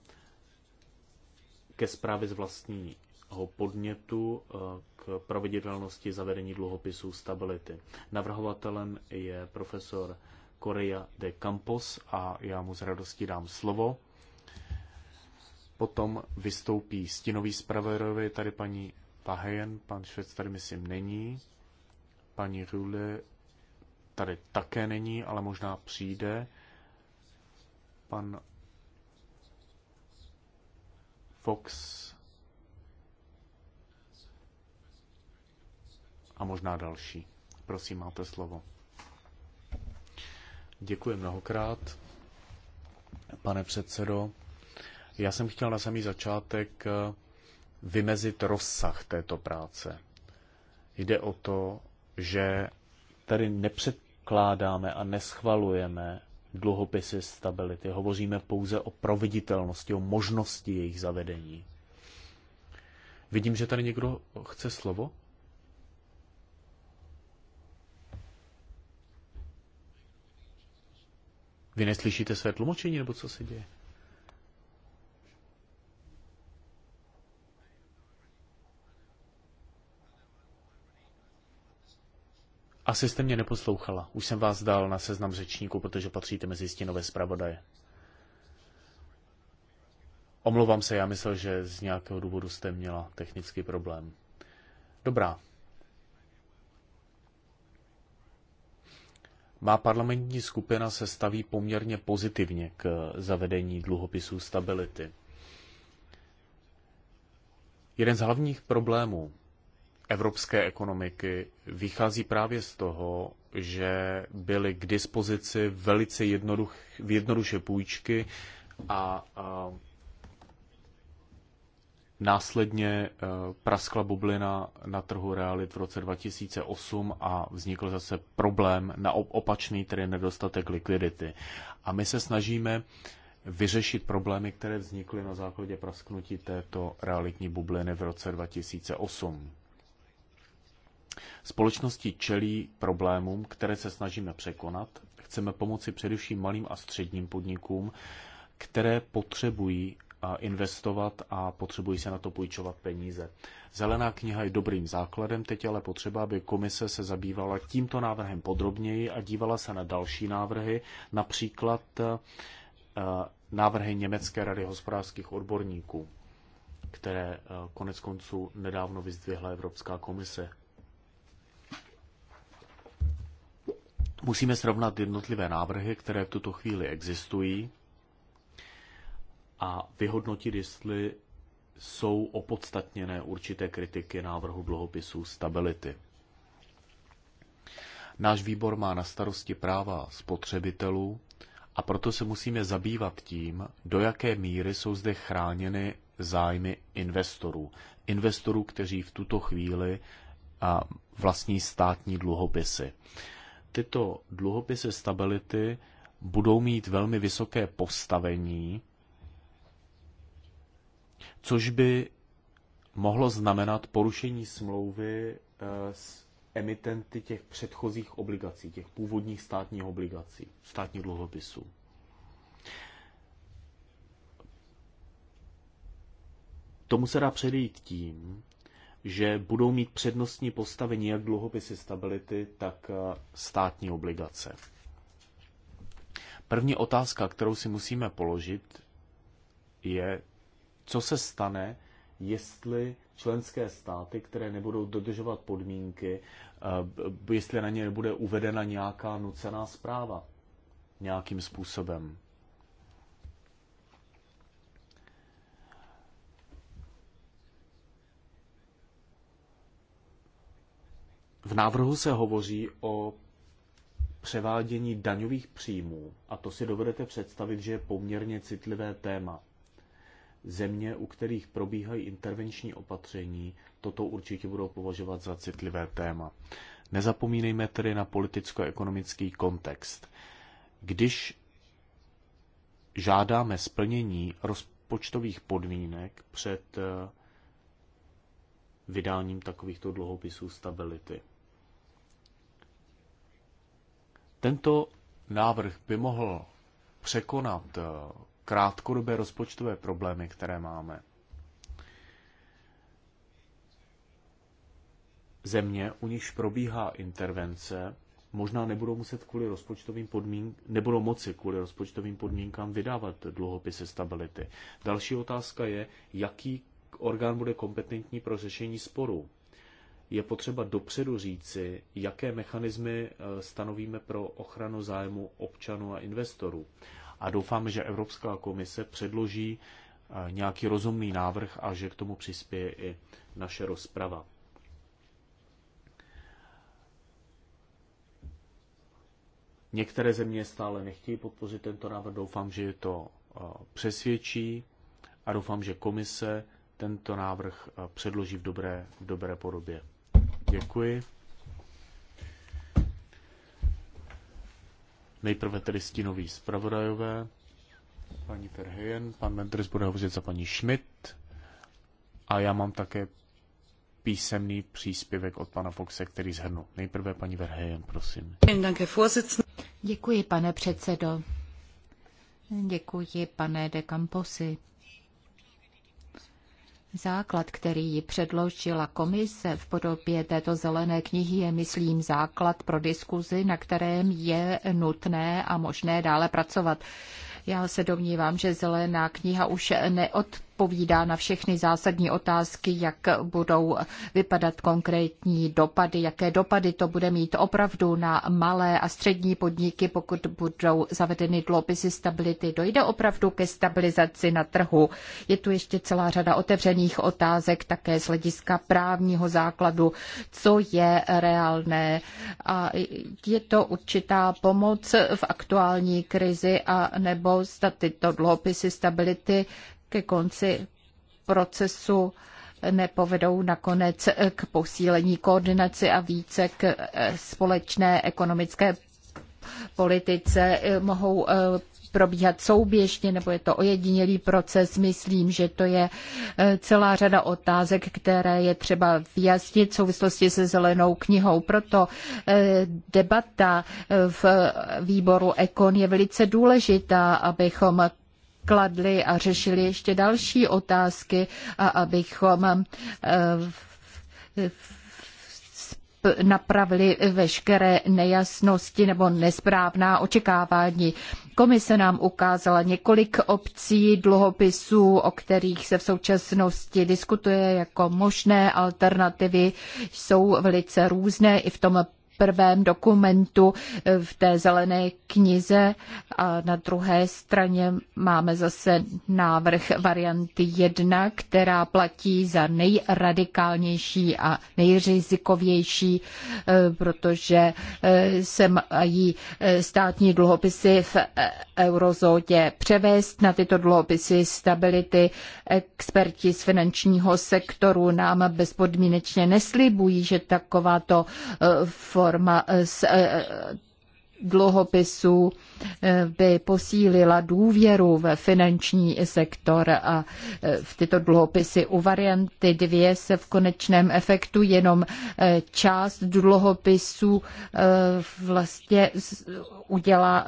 ke zprávě z vlastního podnětu eh, k proveditelnosti zavedení dluhopisů stability. Navrhovatelem je profesor Korea de Campos a já mu s radostí dám slovo. Potom vystoupí stinový zpravodajové, tady paní Pahejen, pan Švec tady myslím není, paní Rule tady také není, ale možná přijde. Pan Fox a možná další. Prosím, máte slovo. Děkuji mnohokrát, pane předsedo. Já jsem chtěl na samý začátek eh, vymezit rozsah této práce. Jde o to, že tady nepřed, nepředkládáme a neschvalujeme dluhopisy stability. Hovoříme pouze o proveditelnosti, o možnosti jejich zavedení. Vidím, že tady někdo chce slovo. Vy neslyšíte své tlumočení, nebo co se děje? Asi jste mě neposlouchala. Už jsem vás dal na seznam řečníků, protože patříte mezi stínové zpravodaje. Omlouvám se, já myslel, že z nějakého důvodu jste měla technický problém. Dobrá. Má parlamentní skupina se staví poměrně pozitivně k zavedení dluhopisů stability. Jeden z hlavních problémů evropské ekonomiky vychází právě z toho, že byly k dispozici velice jednoduch, jednoduše půjčky a, a následně e, praskla bublina na trhu realit v roce 2008 a vznikl zase problém na opačný, tedy nedostatek likvidity. A my se snažíme vyřešit problémy, které vznikly na základě prasknutí této realitní bubliny v roce 2008. Společnosti čelí problémům, které se snažíme překonat. Chceme pomoci především malým a středním podnikům, které potřebují investovat a potřebují se na to půjčovat peníze. Zelená kniha je dobrým základem, teď ale potřeba, aby komise se zabývala tímto návrhem podrobněji a dívala se na další návrhy, například návrhy Německé rady hospodářských odborníků, které konec konců nedávno vyzdvihla Evropská komise Musíme srovnat jednotlivé návrhy, které v tuto chvíli existují a vyhodnotit, jestli jsou opodstatněné určité kritiky návrhu dluhopisů stability. Náš výbor má na starosti práva spotřebitelů a proto se musíme zabývat tím, do jaké míry jsou zde chráněny zájmy investorů. Investorů, kteří v tuto chvíli vlastní státní dluhopisy tyto dluhopisy stability budou mít velmi vysoké postavení, což by mohlo znamenat porušení smlouvy eh, s emitenty těch předchozích obligací, těch původních státních obligací, státních dluhopisů. Tomu se dá předejít tím, že budou mít přednostní postavení jak dluhopisy stability, tak eh, státní obligace. První otázka, kterou si musíme položit, je, co se stane, jestli členské státy, které nebudou dodržovat podmínky, eh, jestli na ně nebude uvedena nějaká nucená zpráva nějakým způsobem. V návrhu se hovoří o převádění daňových příjmů a to si dovedete představit, že je poměrně citlivé téma. Země, u kterých probíhají intervenční opatření, toto určitě budou považovat za citlivé téma. Nezapomínejme tedy na politicko-ekonomický kontext. Když žádáme splnění rozpočtových podmínek před eh, vydáním takovýchto dluhopisů stability. Tento návrh by mohl překonat eh, krátkodobé rozpočtové problémy, které máme. Země, u nichž probíhá intervence, možná nebudou muset kvůli rozpočtovým podmín, nebudou moci kvůli rozpočtovým podmínkám vydávat dluhopisy stability. Další otázka je, jaký orgán bude kompetentní pro řešení sporů je potřeba dopředu říci, jaké mechanismy eh, stanovíme pro ochranu zájmu občanů a investorů. A doufám, že Evropská komise předloží eh, nějaký rozumný návrh a že k tomu přispěje i naše rozprava. Některé země stále nechtějí podpořit tento návrh, doufám, že je to eh, přesvědčí a doufám, že komise tento návrh předloží v dobré, v dobré podobě. Děkuji. Nejprve tedy stínový zpravodajové. Paní Verheyen, pan Mendres bude hovořit za paní Schmidt. A já mám také písemný příspěvek od pana Foxe, který zhrnu. Nejprve paní Verhejen, prosím.
Děkuji, pane předsedo. Děkuji, pane de Camposi. Základ, který předložila komise v podobě této zelené knihy, je, myslím, základ pro diskuzi, na kterém je nutné a možné dále pracovat. Já se domnívám, že zelená kniha už neod odpovídá na všechny zásadní otázky, jak budou vypadat konkrétní dopady, jaké dopady to bude mít opravdu na malé a střední podniky, pokud budou zavedeny dluhopisy stability. Dojde opravdu ke stabilizaci na trhu. Je tu ještě celá řada otevřených otázek, také z hlediska právního základu, co je reálné. A je to určitá pomoc v aktuální krizi a nebo zda tyto dluhopisy stability ke konci procesu nepovedou nakonec k posílení koordinaci a více k eh, společné ekonomické politice, eh, mohou eh, probíhat souběžně, nebo je to ojedinělý proces. Myslím, že to je celá řada otázek, které je třeba vyjasnit v souvislosti se zelenou knihou. Proto debata v výboru Ekon je velice důležitá, abychom kladli a řešili ještě další otázky a abychom eh, napravili veškeré nejasnosti nebo nesprávná očekávání. Komise nám ukázala několik obcí dluhopisů, o kterých se v současnosti diskutuje jako možné alternativy. Jsou velice různé i v tom prvém dokumentu eh, v té zelené knize a na druhé straně máme zase návrh varianty 1, která platí za nejradikálnější a nejrizikovější, eh, protože eh, se mají státní dluhopisy v eurozóně převést na tyto dluhopisy stability. Experti z finančního sektoru nám bezpodmínečně neslibují, že takováto forma reforma z dluhopisů eh, by posílila důvěru ve finanční sektor a eh, v tyto dluhopisy u varianty dvě se v konečném efektu jenom eh, část dluhopisů vlastně udělá,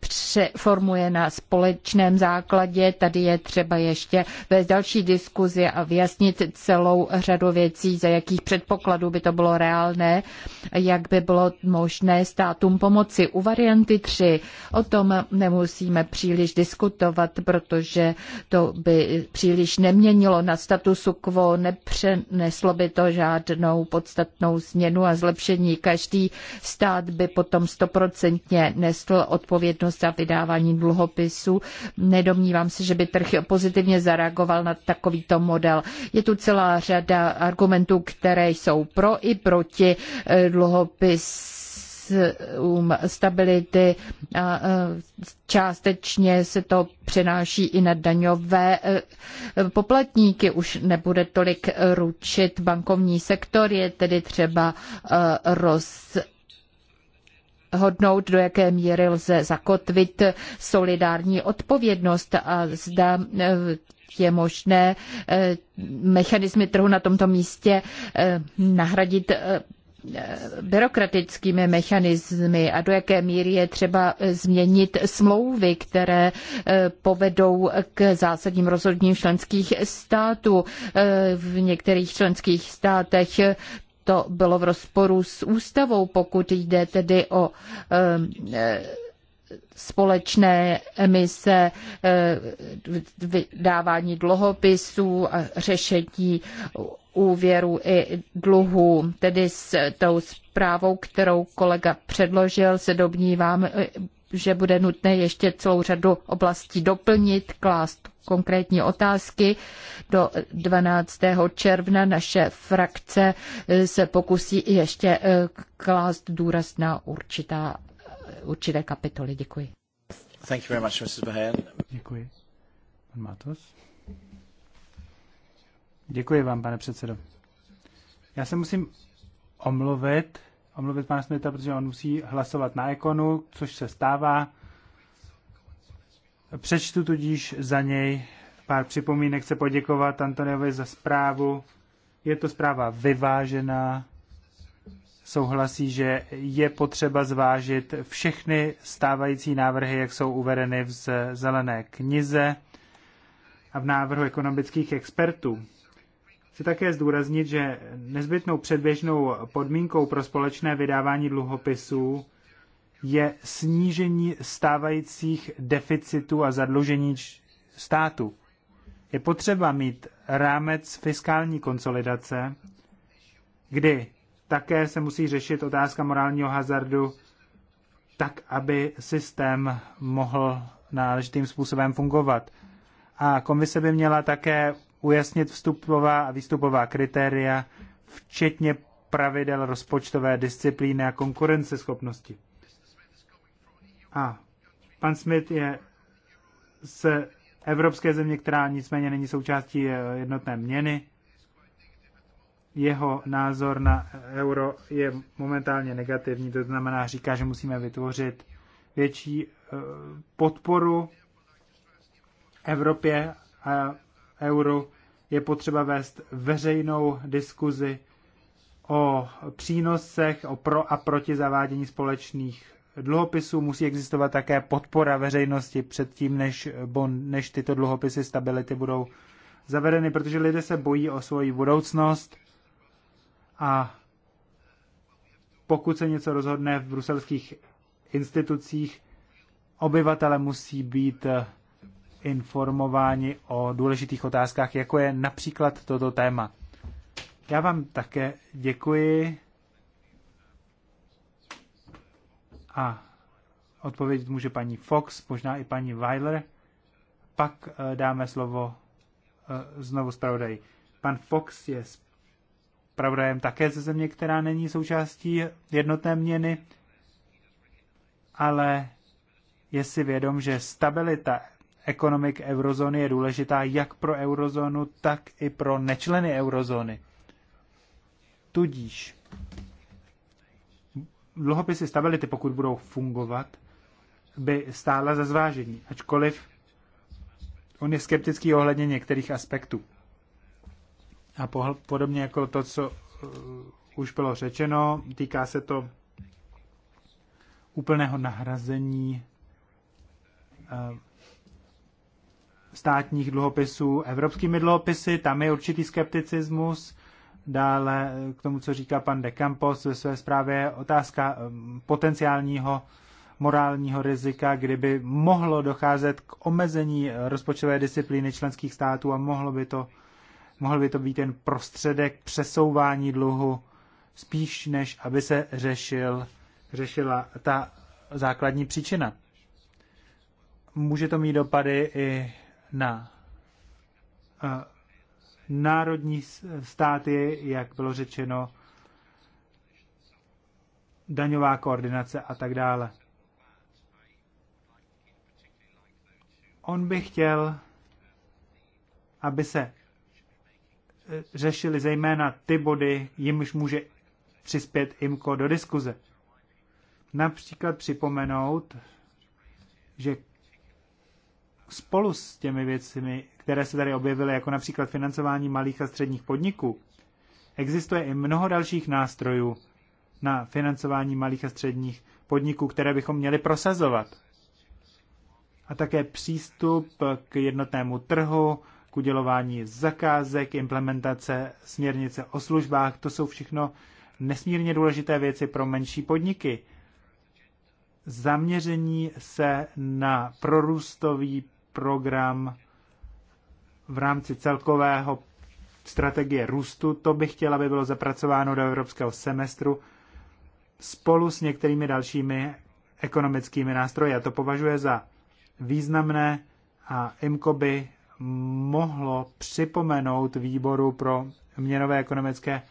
přeformuje na společném základě. Tady je třeba ještě ve další diskuzi a vyjasnit celou řadu věcí, za jakých předpokladů by to bylo reálné, jak by bylo možné stát státům pomoci. U varianty 3 o tom nemusíme příliš diskutovat, protože to by příliš neměnilo na statusu quo, nepřeneslo by to žádnou podstatnou změnu a zlepšení. Každý stát by potom stoprocentně nesl odpovědnost za vydávání dluhopisů. Nedomnívám se, že by trh pozitivně zareagoval na takovýto model. Je tu celá řada argumentů, které jsou pro i proti eh, dluhopis mechanism stability a částečně se to přenáší i na daňové e, poplatníky. Už nebude tolik ručit bankovní sektor, je tedy třeba e, roz hodnout, do jaké míry lze zakotvit solidární odpovědnost a zda e, je možné mechanismy trhu na tomto místě nahradit Eh, byrokratickými mechanismy a do jaké míry je třeba změnit smlouvy, které eh, povedou k zásadním rozhodním členských států. Eh, v některých členských státech to bylo v rozporu s ústavou, pokud jde tedy o společné emise, vydávání dluhopisů a řešení úvěrů i dluhů, tedy s tou zprávou, kterou kolega předložil, se domnívám, že bude nutné ještě celou řadu oblastí doplnit, klást konkrétní otázky. Do 12. června naše frakce se pokusí ještě eh, klást důraz na určitá, eh, určité kapitoly. Děkuji.
Thank you very much, Mrs.
Děkuji. Matos. Děkuji vám,
pane předsedo. Já se musím omluvit, omluvit pana Smita, protože on musí hlasovat na ekonu, což se stává. Přečtu tudíž za něj pár připomínek. Chci poděkovat Antoniovi za zprávu. Je to zpráva vyvážená. Souhlasí, že je potřeba zvážit všechny stávající návrhy, jak jsou uvedeny v zelené knize a v návrhu ekonomických expertů. Chci také zdůraznit, že nezbytnou předběžnou podmínkou pro společné vydávání dluhopisů je snížení stávajících deficitů a zadlužení státu. Je potřeba mít rámec fiskální konsolidace, kdy také se musí řešit otázka morálního hazardu tak, aby systém mohl náležitým způsobem fungovat. A komise by měla také ujasnit vstupová a výstupová kritéria, včetně pravidel rozpočtové disciplíny a konkurenceschopnosti. A pan Smith je z evropské země, která nicméně není součástí eh, jednotné měny. Jeho názor na euro je momentálně negativní, to znamená, říká, že musíme vytvořit větší eh, podporu Evropě a euru, je potřeba vést veřejnou diskuzi o přínosech o pro a proti zavádění společných dluhopisů. Musí existovat také podpora veřejnosti předtím, než, bon, než tyto dluhopisy stability budou zavedeny, protože lidé se bojí o svoji budoucnost a pokud se něco rozhodne v bruselských institucích, obyvatele musí být informováni o důležitých otázkách, jako je například toto téma. Já vám také děkuji a odpovědět může paní Fox, možná i paní Weiler. Pak eh, dáme slovo eh, znovu zpravodaji. Pan Fox je zpravodajem také ze země, která není součástí jednotné měny, ale je si vědom, že stabilita ekonomik eurozóny je důležitá jak pro eurozónu, tak i pro nečleny eurozóny. Tudíž dluhopisy stability, pokud budou fungovat, by stála za zvážení, ačkoliv on je skeptický ohledně některých aspektů. A podobně jako to, co uh, už bylo řečeno, týká se to úplného nahrazení uh, státních dluhopisů evropskými dluhopisy. Tam je určitý skepticismus. Dále k tomu, co říká pan De Campos ve své zprávě, je otázka um, potenciálního morálního rizika, kdyby mohlo docházet k omezení eh, rozpočtové disciplíny členských států a mohlo by to, mohl by to být ten prostředek přesouvání dluhu spíš než aby se řešil, řešila ta základní příčina. Může to mít dopady i na národní státy, jak bylo řečeno, daňová koordinace a tak dále. On by chtěl, aby se e, řešili zejména ty body, jimž může přispět IMCO do diskuze. Například připomenout, že spolu s těmi věcmi, které se tady objevily, jako například financování malých a středních podniků, existuje i mnoho dalších nástrojů na financování malých a středních podniků, které bychom měli prosazovat. A také přístup k jednotnému trhu, k udělování zakázek, implementace směrnice o službách, to jsou všechno nesmírně důležité věci pro menší podniky. Zaměření se na prorůstový program v rámci celkového strategie růstu. To bych chtěla, aby bylo zapracováno do evropského semestru spolu s některými dalšími ekonomickými nástroji. A to považuje za významné a IMCO by mohlo připomenout výboru pro měnové ekonomické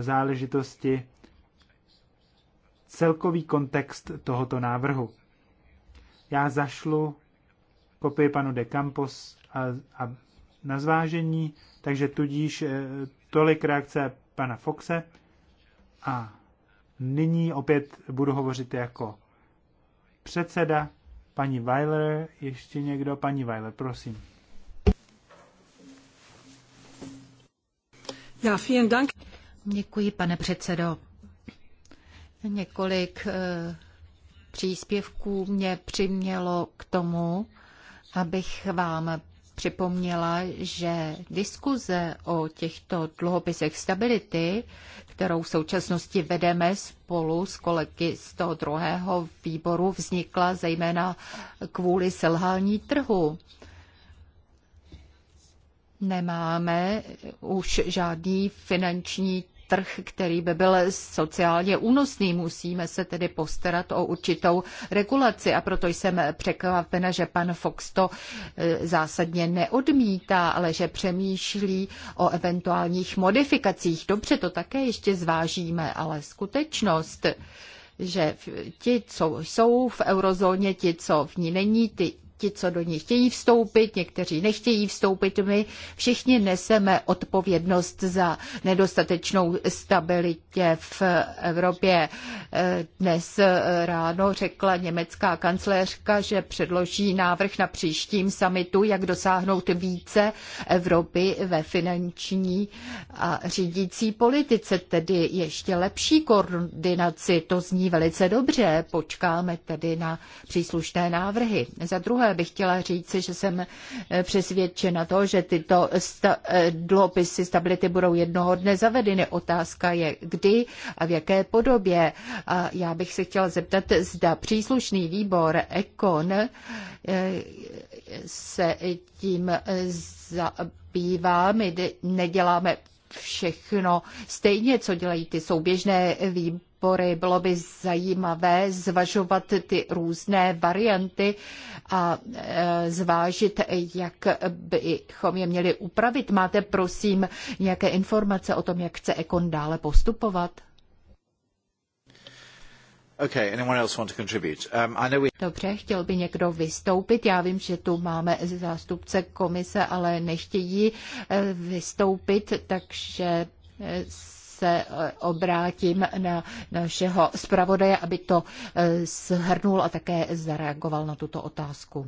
záležitosti celkový kontext tohoto návrhu. Já zašlu kopie panu de Campos a, a na zvážení, takže tudíž eh, tolik reakce pana Foxe. A nyní opět budu hovořit jako předseda, paní Weiler, ještě někdo, paní Weiler, prosím.
Já vielen Dank. Děkuji, pane předsedo. Několik eh, příspěvků mě přimělo k tomu, abych vám připomněla, že diskuze o těchto dluhopisech stability, kterou v současnosti vedeme spolu s kolegy z toho druhého výboru, vznikla zejména kvůli selhání trhu. Nemáme už žádný finanční trh, který by byl sociálně únosný. Musíme se tedy postarat o určitou regulaci a proto jsem překvapena, že pan Fox to e, zásadně neodmítá, ale že přemýšlí o eventuálních modifikacích. Dobře, to také ještě zvážíme, ale skutečnost, že ti, co jsou v eurozóně, ti, co v ní není, ti, ti, co do ní chtějí vstoupit, někteří nechtějí vstoupit. My všichni neseme odpovědnost za nedostatečnou stabilitě v Evropě. Dnes ráno řekla německá kancléřka, že předloží návrh na příštím samitu, jak dosáhnout více Evropy ve finanční a řídící politice, tedy ještě lepší koordinaci. To zní velice dobře. Počkáme tedy na příslušné návrhy. Za druhé, zajímavé. Bych chtěla říci, že jsem eh, přesvědčena to, že tyto sta- eh, dluhopisy stability budou jednoho dne zavedeny. Otázka je, kdy a v jaké podobě. A já bych se chtěla zeptat, zda příslušný výbor Econ eh, se tím zabývá. My neděláme všechno stejně, co dělají ty souběžné výbory podpory. Bylo by zajímavé zvažovat ty různé varianty a e, zvážit, jak bychom je měli upravit. Máte prosím nějaké informace o tom, jak chce Ekon dále postupovat?
Okay, anyone else want to contribute? Um, I know we...
Dobře, chtěl by někdo vystoupit. Já vím, že tu máme zástupce komise, ale nechtějí e, vystoupit, takže e, se eh, obrátím na našeho zpravodaje, aby to eh, shrnul a také zareagoval na tuto otázku.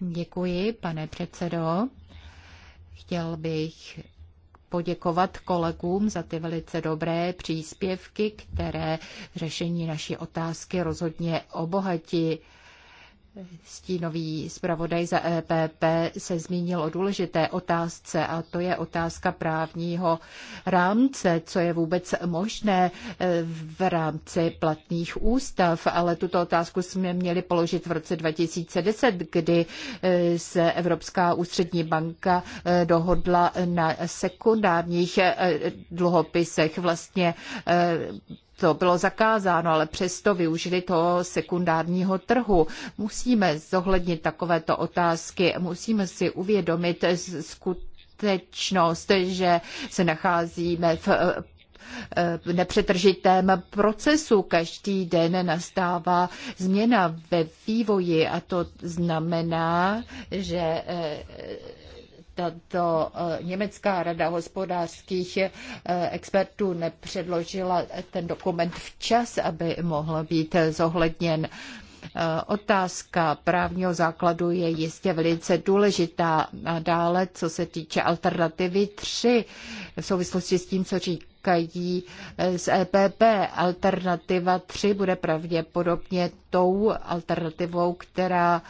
Děkuji, pane předsedo. Chtěl bych poděkovat kolegům za ty velice dobré příspěvky, které řešení naší otázky rozhodně obohatí. Stínový zpravodaj za EPP se zmínil o důležité otázce a to je otázka právního rámce, co je vůbec možné e, v rámci platných ústav, ale tuto otázku jsme měli položit v roce 2010, kdy e, se Evropská ústřední banka e, dohodla na sekundárních dluhopisech. Vlastně to bylo zakázáno, ale přesto využili toho sekundárního trhu. Musíme zohlednit takovéto otázky, musíme si uvědomit skutečnost, že se nacházíme v eh, nepřetržitém procesu. Každý den nastává změna ve vývoji a to znamená, že eh, tato eh, Německá rada hospodářských eh, expertů nepředložila ten dokument včas, aby mohl být zohledněn. Eh, otázka právního základu je jistě velice důležitá. A dále, co se týče alternativy 3, v souvislosti s tím, co říkají z EPP, alternativa 3 bude pravděpodobně tou alternativou, která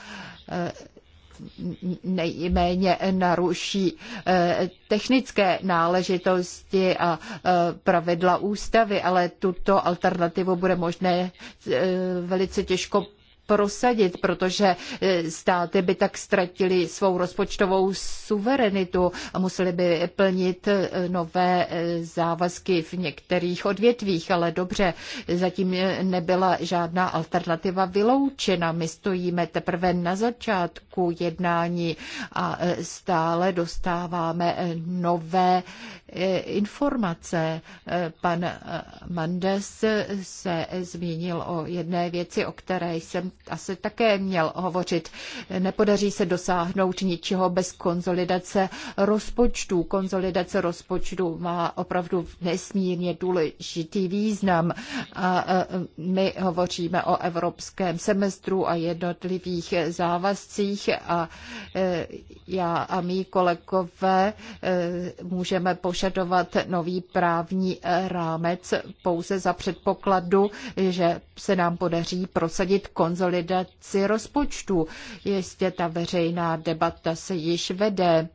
nejméně naruší eh, technické náležitosti a eh, pravidla ústavy, ale tuto alternativu bude možné eh, velice těžko prosadit, protože e, státy by tak ztratili svou rozpočtovou suverenitu a museli by plnit e, nové e, závazky v některých odvětvích, ale dobře, zatím nebyla žádná alternativa vyloučena. My stojíme teprve na začátku jednání a stále dostáváme nové informace. Pan Mandes se zmínil o jedné věci, o které jsem asi také měl hovořit. Nepodaří se dosáhnout ničeho bez konsolidace rozpočtu. Konsolidace rozpočtu má opravdu nesmírně důležitý význam. A my hovoříme o evropském semestru a jednotlivých závazcích a e, já a mý kolegové e, můžeme požadovat nový právní rámec pouze za předpokladu, že se nám podaří prosadit konzolidaci konsolidaci rozpočtu. Jistě ta veřejná debata se již vede.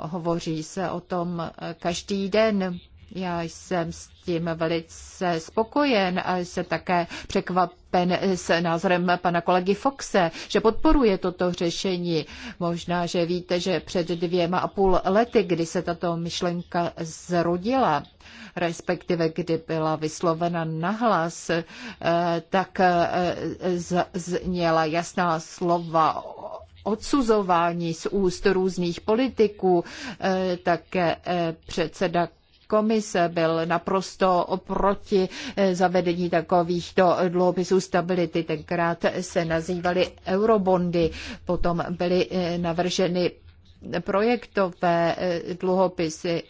Hovoří se o tom každý den já jsem s tím velice spokojen a jsem také překvapen s názorem pana kolegy Foxe, že podporuje toto řešení. Možná, že víte, že před dvěma a půl lety, kdy se tato myšlenka zrodila, respektive kdy byla vyslovena nahlas, eh, tak eh, zněla jasná slova odsuzování z úst různých politiků, eh, také předseda komise byl naprosto oproti eh, zavedení takovýchto dluhopisů stability. Tenkrát se nazývaly eurobondy, potom byly eh, navrženy projektové eh, dluhopisy,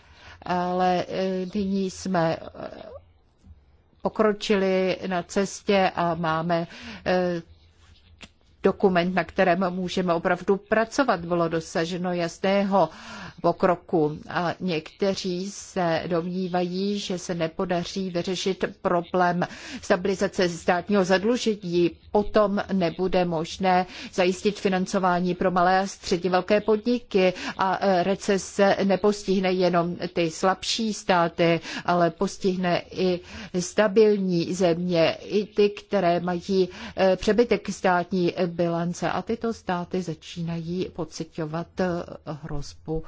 ale nyní jsme pokročili na cestě a máme dokument, na kterém můžeme opravdu pracovat. Bylo dosaženo jasného pokroku. A někteří se domnívají, že se nepodaří vyřešit problém stabilizace státního zadlužení. Potom nebude možné zajistit financování pro malé a středně velké podniky a recese nepostihne jenom ty slabší státy, ale postihne i stabilní země, i ty, které mají eh, přebytek státní bilance a tyto státy začínají pocitovat eh, hrozbu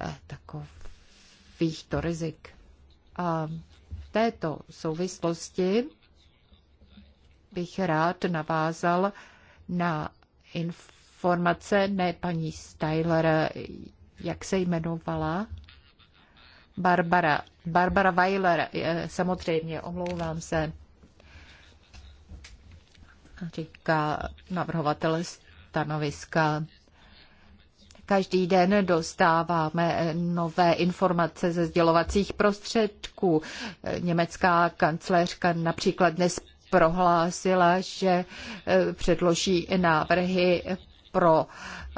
eh, takových to rizik. A v této souvislosti bych rád navázal na informace, ne paní Styler, jak se jmenovala? Barbara. Barbara Weiler, eh, samozřejmě, omlouvám se říká navrhovatel stanoviska. Každý den dostáváme nové informace ze sdělovacích prostředků. Německá kancléřka například dnes prohlásila, že předloží návrhy pro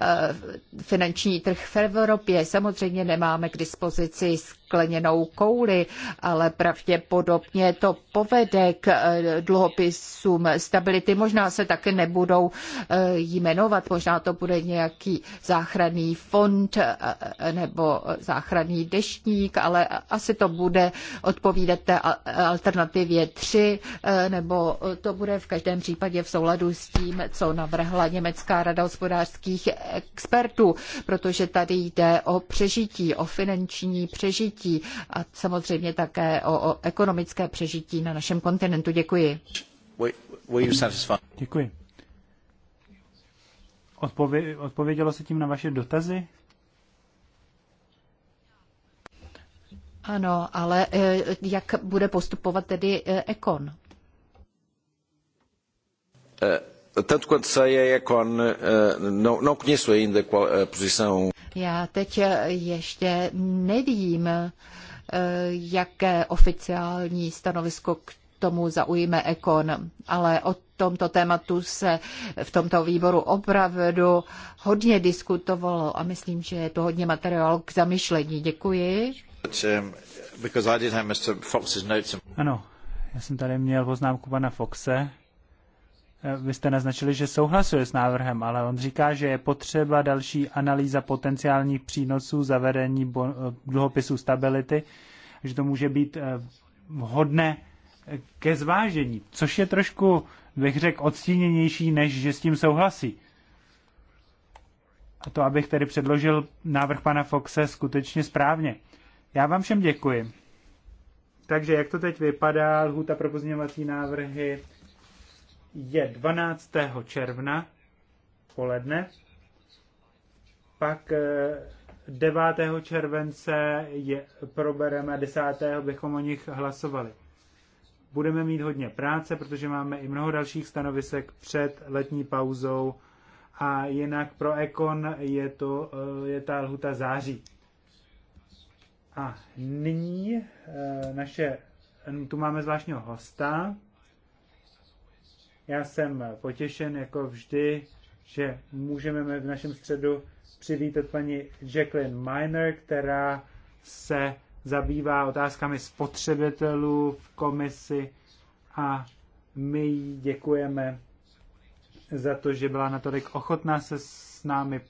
Eh, finanční trh v Evropě. Samozřejmě nemáme k dispozici skleněnou kouli, ale pravděpodobně to povede k eh, dluhopisům stability. Možná se také nebudou eh, jmenovat, možná to bude nějaký záchranný fond nebo záchranný deštník, ale asi to bude odpovídat alternativě 3, nebo to bude v každém případě v souladu s tím, co navrhla Německá rada hospodářských expertů, protože tady jde o přežití, o finanční přežití a samozřejmě také o, o ekonomické přežití na našem kontinentu. Děkuji.
Děkuji. Odpově- odpovědělo se tím na vaše dotazy?
Ano, ale e, jak bude postupovat tedy Ekon?
Uh tanto quanto sei, a Econ eh, não, não conheço ainda qual a posição.
Já teď eh, ještě nevím, eh, jaké oficiální stanovisko k tomu zaujme Ekon, ale o tomto tématu se v tomto výboru opravdu hodně diskutovalo a myslím, že je to hodně materiál k zamyšlení. Děkuji. Um, ano,
já jsem tady měl poznámku pana Foxe, Eh, vy jste naznačili, že souhlasuje s návrhem, ale on říká, že je potřeba další analýza potenciálních přínosů zavedení eh, dluhopisů stability, že to může být eh, vhodné ke zvážení, což je trošku, bych řekl, odstíněnější, než že s tím souhlasí. A to, abych tedy předložil návrh pana Foxe skutečně správně. Já vám všem děkuji. Takže jak to teď vypadá, lhůta pro pozměňovací návrhy je 12. června poledne, pak 9. Eh, července je probereme, 10. bychom o nich hlasovali. Budeme mít hodně práce, protože máme i mnoho dalších stanovisek před letní pauzou a jinak pro Ekon je, to, eh, je ta lhuta září. A nyní eh, naše, tu máme zvláštního hosta, já jsem potěšen, jako vždy, že můžeme v našem středu přivítat paní Jacqueline Miner, která se zabývá otázkami spotřebitelů v komisi a my jí děkujeme za to, že byla natolik ochotná se s námi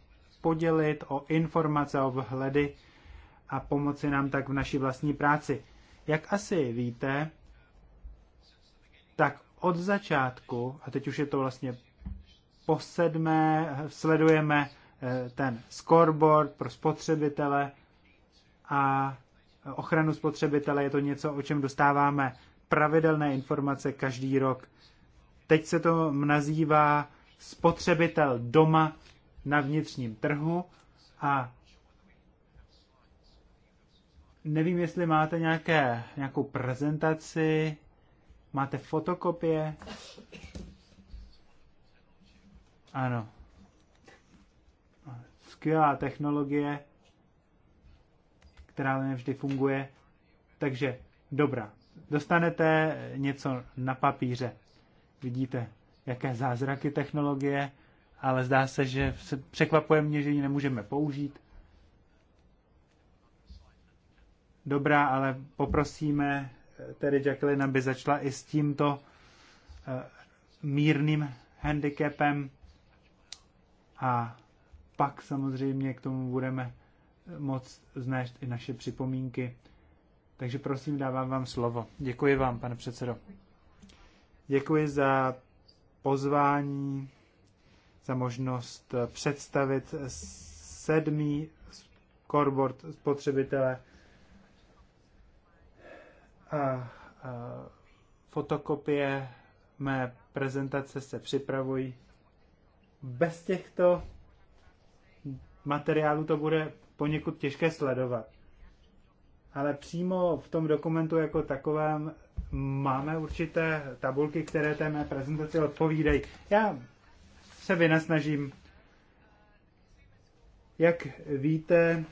podělit o informace, o vhledy a pomoci nám tak v naší vlastní práci. Jak asi víte, tak od začátku, a teď už je to vlastně po sedmé, sledujeme eh, ten scoreboard pro spotřebitele a ochranu spotřebitele. Je to něco, o čem dostáváme pravidelné informace každý rok. Teď se to nazývá spotřebitel doma na vnitřním trhu a nevím, jestli máte nějaké, nějakou prezentaci Máte fotokopie? Ano. Skvělá technologie, která nevždy funguje. Takže, dobrá. Dostanete něco na papíře. Vidíte, jaké zázraky technologie, ale zdá se, že se překvapuje mě, že ji nemůžeme použít. Dobrá, ale poprosíme tedy Jacqueline by začala i s tímto eh, mírným handicapem a pak samozřejmě k tomu budeme moc znést i naše připomínky. Takže prosím, dávám vám slovo. Děkuji vám, pane předsedo. Děkuji za pozvání, za možnost eh, představit sedmý scoreboard spotřebitele a fotokopie mé prezentace se připravují. Bez těchto materiálů to bude poněkud těžké sledovat. Ale přímo v tom dokumentu jako takovém máme určité tabulky, které té mé prezentaci odpovídají. Já se vynasnažím. Jak víte,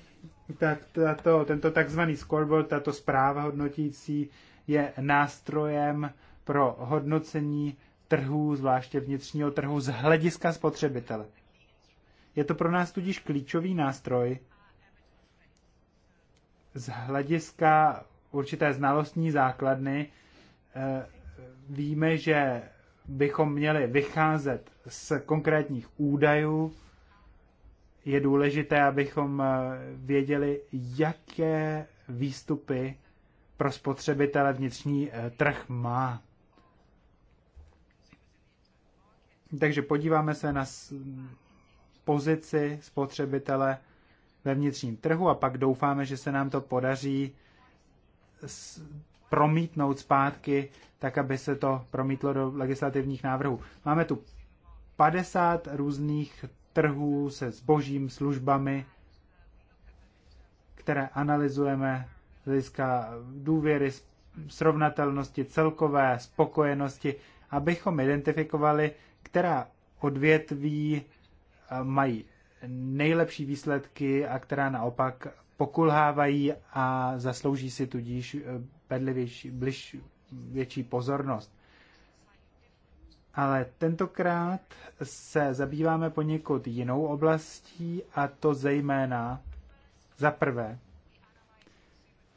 tak tato, tento takzvaný scoreboard, tato zpráva hodnotící, je nástrojem pro hodnocení trhu, zvláště vnitřního trhu, z hlediska spotřebitele. Je to pro nás tudíž klíčový nástroj z hlediska určité znalostní základny. Eh, víme, že bychom měli vycházet z konkrétních údajů, je důležité, abychom eh, věděli, jaké výstupy pro spotřebitele vnitřní eh, trh má. Takže podíváme se na pozici spotřebitele ve vnitřním trhu a pak doufáme, že se nám to podaří promítnout zpátky, tak aby se to promítlo do legislativních návrhů. Máme tu 50 různých trhů se zbožím, službami, které analyzujeme z hlediska důvěry, srovnatelnosti, celkové spokojenosti, abychom identifikovali, která odvětví eh, mají nejlepší výsledky a která naopak pokulhávají a zaslouží si tudíž eh, bedlivější, bliž, větší pozornost ale tentokrát se zabýváme poněkud jinou oblastí a to zejména za prvé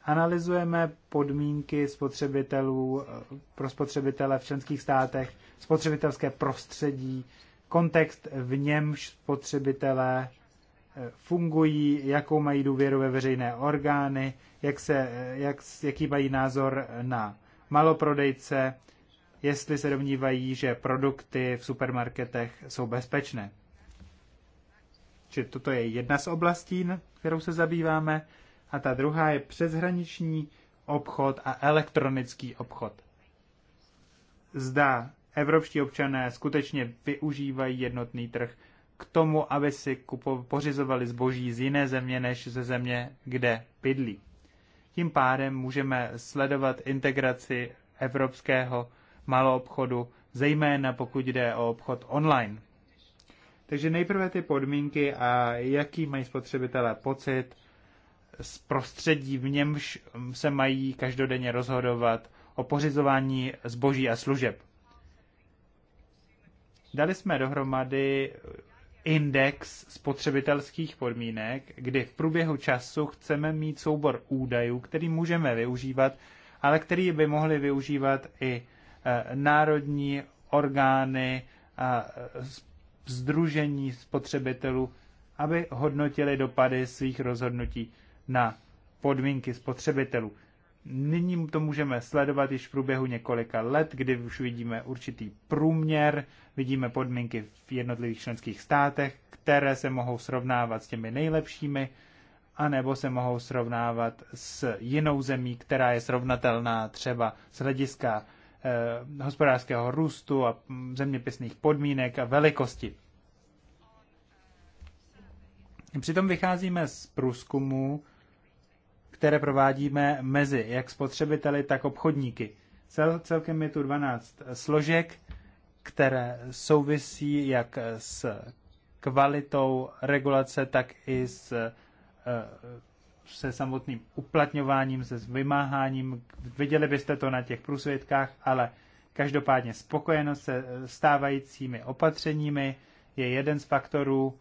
analyzujeme podmínky spotřebitelů eh, pro spotřebitele v členských státech, spotřebitelské prostředí, kontext, v němž spotřebitelé eh, fungují, jakou mají důvěru ve veřejné orgány, jak se, eh, jak, jaký mají názor na maloprodejce, jestli se domnívají, že produkty v supermarketech jsou bezpečné. Či toto je jedna z oblastí, kterou se zabýváme, a ta druhá je přeshraniční obchod a elektronický obchod. Zda evropští občané skutečně využívají jednotný trh k tomu, aby si kupo- pořizovali zboží z jiné země než ze země, kde bydlí. Tím pádem můžeme sledovat integraci evropského malou obchodu, zejména pokud jde o obchod online. Takže nejprve ty podmínky a jaký mají spotřebitelé pocit z prostředí, v němž se mají každodenně rozhodovat o pořizování zboží a služeb. Dali jsme dohromady index spotřebitelských podmínek, kdy v průběhu času chceme mít soubor údajů, který můžeme využívat, ale který by mohli využívat i Eh, národní orgány a eh, združení spotřebitelů, aby hodnotili dopady svých rozhodnutí na podmínky spotřebitelů. Nyní to můžeme sledovat již v průběhu několika let, kdy už vidíme určitý průměr, vidíme podmínky v jednotlivých členských státech, které se mohou srovnávat s těmi nejlepšími, anebo se mohou srovnávat s jinou zemí, která je srovnatelná třeba z hlediska Eh, hospodářského růstu a zeměpisných podmínek a velikosti. Přitom vycházíme z průzkumu, které provádíme mezi jak spotřebiteli, tak obchodníky. Cel, celkem je tu 12 složek, které souvisí jak s kvalitou regulace, tak i s eh, se samotným uplatňováním, se vymáháním. Viděli byste to na těch průsvědkách, ale každopádně spokojenost se stávajícími opatřeními je jeden z faktorů,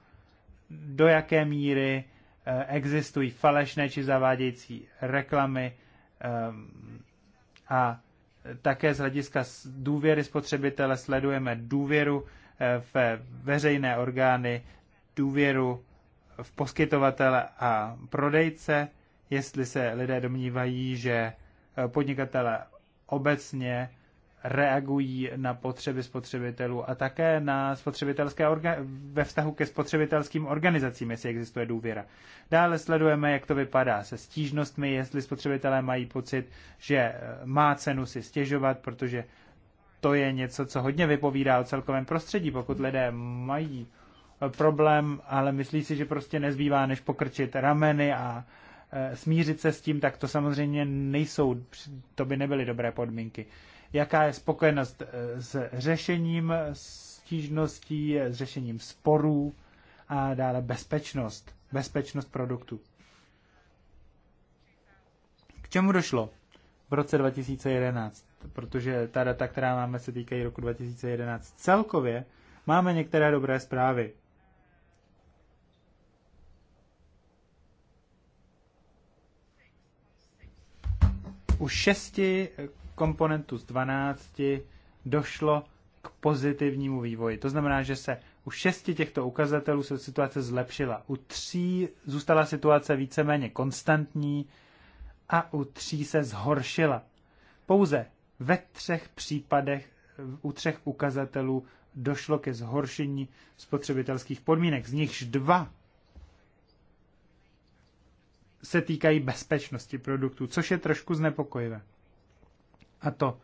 do jaké míry eh, existují falešné či zavádějící reklamy ehm, a také z hlediska důvěry spotřebitele sledujeme důvěru eh, v veřejné orgány, důvěru v poskytovatele a prodejce, jestli se lidé domnívají, že eh, podnikatele obecně reagují na potřeby spotřebitelů a také na spotřebitelské orga- ve vztahu ke spotřebitelským organizacím, jestli existuje důvěra. Dále sledujeme, jak to vypadá se stížnostmi, jestli spotřebitelé mají pocit, že eh, má cenu si stěžovat, protože to je něco, co hodně vypovídá o celkovém prostředí. Pokud lidé mají problém, ale myslí si, že prostě nezbývá, než pokrčit rameny a e, smířit se s tím, tak to samozřejmě nejsou, to by nebyly dobré podmínky. Jaká je spokojenost e, s řešením stížností, e, s řešením sporů a dále bezpečnost, bezpečnost produktu. K čemu došlo v roce 2011? Protože ta data, která máme, se týkají roku 2011 celkově, máme některé dobré zprávy. U šesti komponentů z 12 došlo k pozitivnímu vývoji. To znamená, že se u šesti těchto ukazatelů se situace zlepšila. U tří zůstala situace víceméně konstantní a u tří se zhoršila. Pouze ve třech případech u třech ukazatelů došlo ke zhoršení spotřebitelských podmínek. Z nichž dva se týkají bezpečnosti produktů, což je trošku znepokojivé. A to,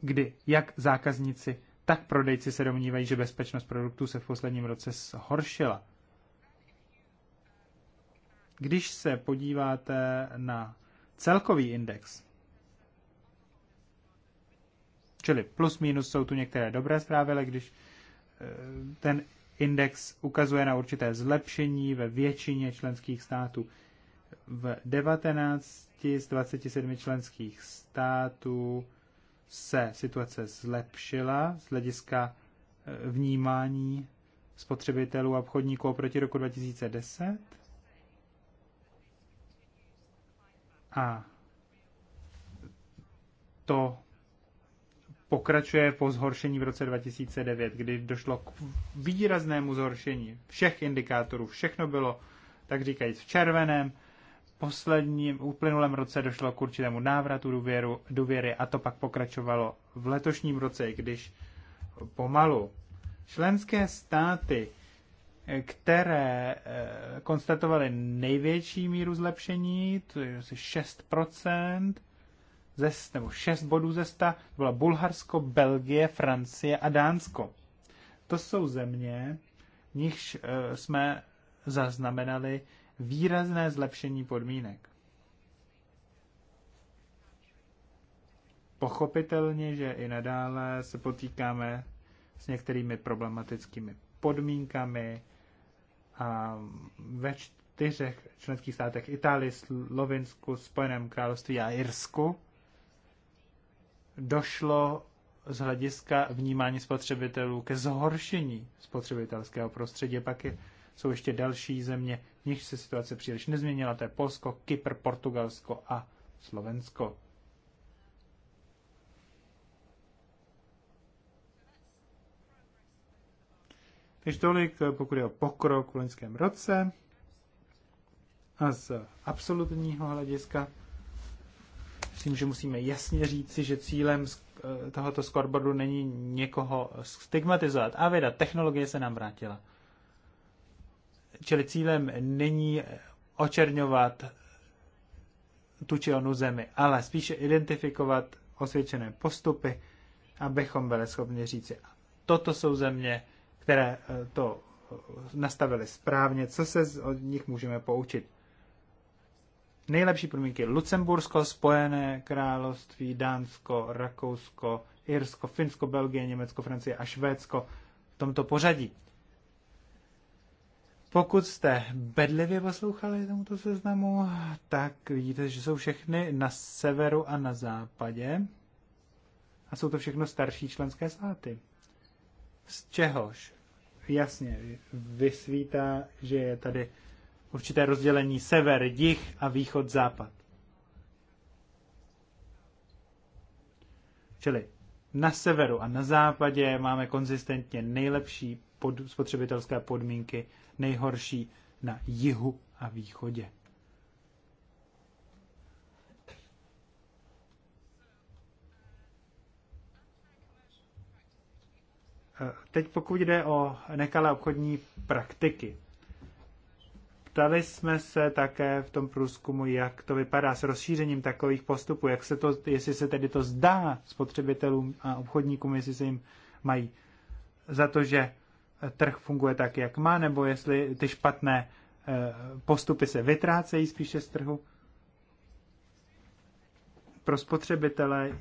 kdy jak zákazníci, tak prodejci se domnívají, že bezpečnost produktů se v posledním roce zhoršila. Když se podíváte na celkový index, čili plus minus jsou tu některé dobré zprávy, ale když eh, ten index ukazuje na určité zlepšení ve většině členských států, v 19 z 27 členských států se situace zlepšila z hlediska e, vnímání spotřebitelů a obchodníků oproti roku 2010. A to pokračuje po zhoršení v roce 2009, kdy došlo k výraznému zhoršení všech indikátorů. Všechno bylo, tak říkajíc, v červeném posledním uplynulém roce došlo k určitému návratu důvěru, důvěry a to pak pokračovalo v letošním roce, když pomalu. Členské státy, které eh, konstatovaly největší míru zlepšení, to je asi 6%, ze, nebo 6 bodů ze 100, byla Bulharsko, Belgie, Francie a Dánsko. To jsou země, v nichž eh, jsme zaznamenali výrazné zlepšení podmínek. Pochopitelně, že i nadále se potýkáme s některými problematickými podmínkami a ve čtyřech členských státech Itálii, Slovinsku, Spojeném království a Irsku došlo z hlediska vnímání spotřebitelů ke zhoršení spotřebitelského prostředí. Pak je, jsou ještě další země, nich se situace příliš nezměnila, to je Polsko, Kypr, Portugalsko a Slovensko. Takže tolik, pokud je o pokrok v loňském roce. A z absolutního hlediska myslím, že musíme jasně říci, že cílem tohoto scoreboardu není někoho stigmatizovat. A věda, technologie se nám vrátila. Čili cílem není očerňovat tu či onu zemi, ale spíše identifikovat osvědčené postupy, abychom byli schopni říci, toto jsou země, které eh, to eh, nastavili správně, co se od nich můžeme poučit. Nejlepší podmínky Lucembursko, Spojené království, Dánsko, Rakousko, Irsko, Finsko, Belgie, Německo, Francie a Švédsko v tomto pořadí. Pokud jste bedlivě poslouchali tomuto seznamu, tak vidíte, že jsou všechny na severu a na západě. A jsou to všechno starší členské státy. Z čehož jasně vysvítá, že je tady určité rozdělení sever, jih a východ, západ. Čili na severu a na západě máme konzistentně nejlepší pod, spotřebitelské podmínky nejhorší na jihu a východě. Eh, teď pokud jde o nekalé obchodní praktiky. Ptali jsme se také v tom průzkumu, jak to vypadá s rozšířením takových postupů, jak se to, jestli se tedy to zdá spotřebitelům a obchodníkům, jestli se jim mají za to, že trh funguje tak, jak má, nebo jestli ty špatné eh, postupy se vytrácejí spíše z trhu. Pro spotřebitele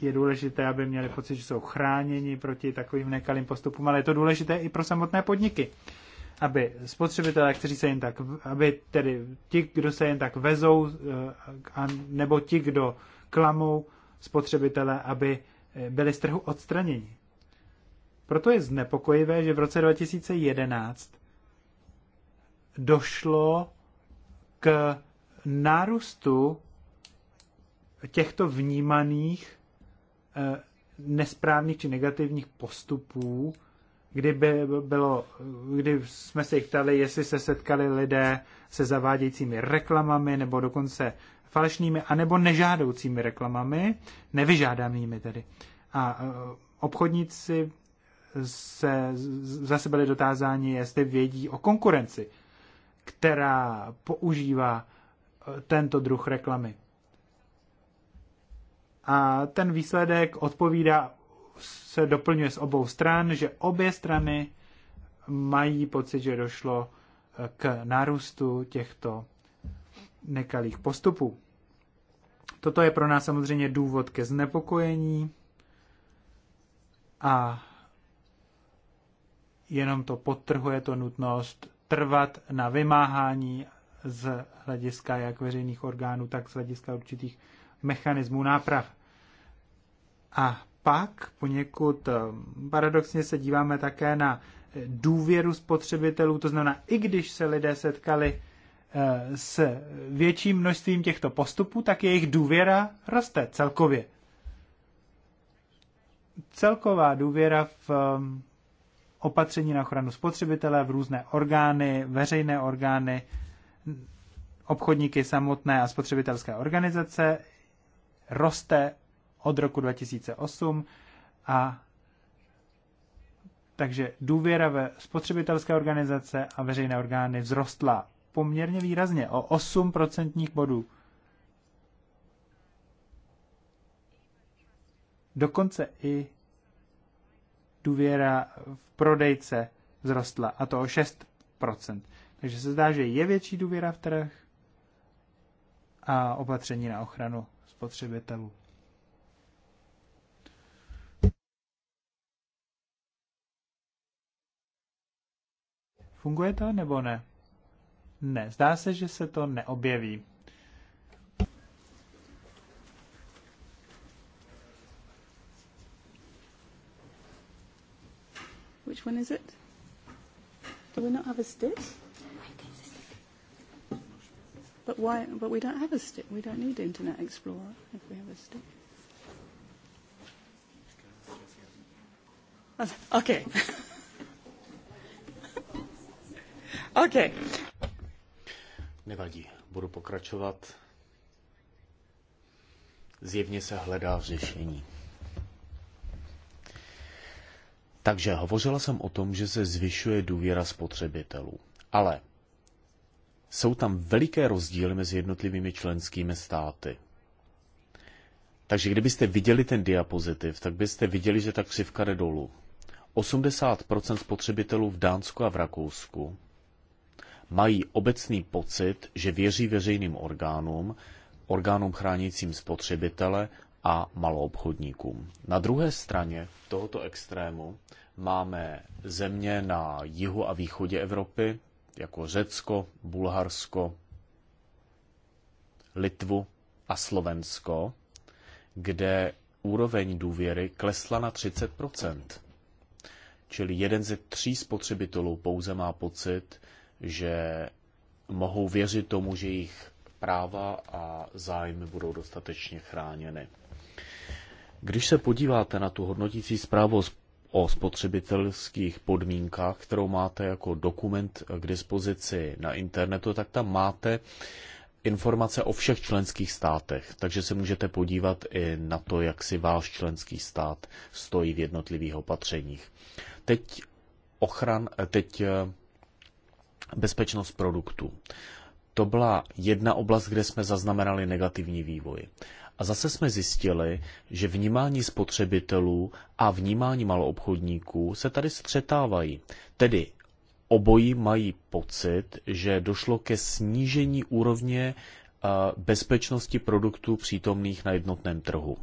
je důležité, aby měli pocit, že jsou chráněni proti takovým nekalým postupům, ale je to důležité i pro samotné podniky. Aby spotřebitelé, kteří se jen tak, aby tedy ti, kdo se jen tak vezou, eh, nebo ti, kdo klamou spotřebitele, aby eh, byli z trhu odstraněni. Proto je znepokojivé, že v roce 2011 došlo k nárůstu těchto vnímaných eh, nesprávných či negativních postupů, kdy, by bylo, kdy jsme se jich ptali, jestli se setkali lidé se zavádějícími reklamami nebo dokonce falešnými anebo nežádoucími reklamami, nevyžádanými tedy. A eh, obchodníci se zase byli dotázáni, jestli vědí o konkurenci, která používá e, tento druh reklamy. A ten výsledek odpovídá, se doplňuje z obou stran, že obě strany mají pocit, že došlo e, k nárůstu těchto nekalých postupů. Toto je pro nás samozřejmě důvod ke znepokojení a jenom to podtrhuje to nutnost trvat na vymáhání z hlediska jak veřejných orgánů, tak z hlediska určitých mechanismů náprav. A pak poněkud eh, paradoxně se díváme také na důvěru spotřebitelů, to znamená, i když se lidé setkali eh, s větším množstvím těchto postupů, tak jejich důvěra roste celkově. Celková důvěra v eh, opatření na ochranu spotřebitele v různé orgány, veřejné orgány, obchodníky samotné a spotřebitelské organizace roste od roku 2008 a takže důvěra ve spotřebitelské organizace a veřejné orgány vzrostla poměrně výrazně o 8 procentních bodů. Dokonce i důvěra v prodejce vzrostla, a to o 6%. Takže se zdá, že je větší důvěra v trh a opatření na ochranu spotřebitelů. Funguje to nebo ne? Ne, zdá se, že se to neobjeví.
Which one is it? Do we not have a stick? But why? But we don't have a stick. We don't need Internet Explorer if we have a stick. Okay. okay.
Nevadí, budu pokračovat. Zjevně se hledá řešení. Takže hovořila jsem o tom, že se zvyšuje důvěra spotřebitelů. Ale jsou tam veliké rozdíly mezi jednotlivými členskými státy. Takže kdybyste viděli ten diapozitiv, tak byste viděli, že ta křivka jde dolů. 80% spotřebitelů v Dánsku a v Rakousku mají obecný pocit, že věří veřejným orgánům, orgánům chránícím spotřebitele, a maloobchodníkům. Na druhé straně tohoto extrému máme země na jihu a východě Evropy, jako Řecko, Bulharsko, Litvu a Slovensko, kde úroveň důvěry klesla na 30 Čili jeden ze tří spotřebitelů pouze má pocit, že mohou věřit tomu, že jejich práva a zájmy budou dostatečně chráněny. Když se podíváte na tu hodnotící zprávu o spotřebitelských podmínkách, kterou máte jako dokument k dispozici na internetu, tak tam máte informace o všech členských státech, takže se můžete podívat i na to, jak si váš členský stát stojí v jednotlivých opatřeních. Teď ochran, teď eh, bezpečnost produktů. To byla jedna oblast, kde jsme zaznamenali negativní vývoj. A zase jsme zjistili, že vnímání spotřebitelů a vnímání maloobchodníků se tady střetávají. Tedy obojí mají pocit, že došlo ke snížení úrovně eh, bezpečnosti produktů přítomných na jednotném trhu.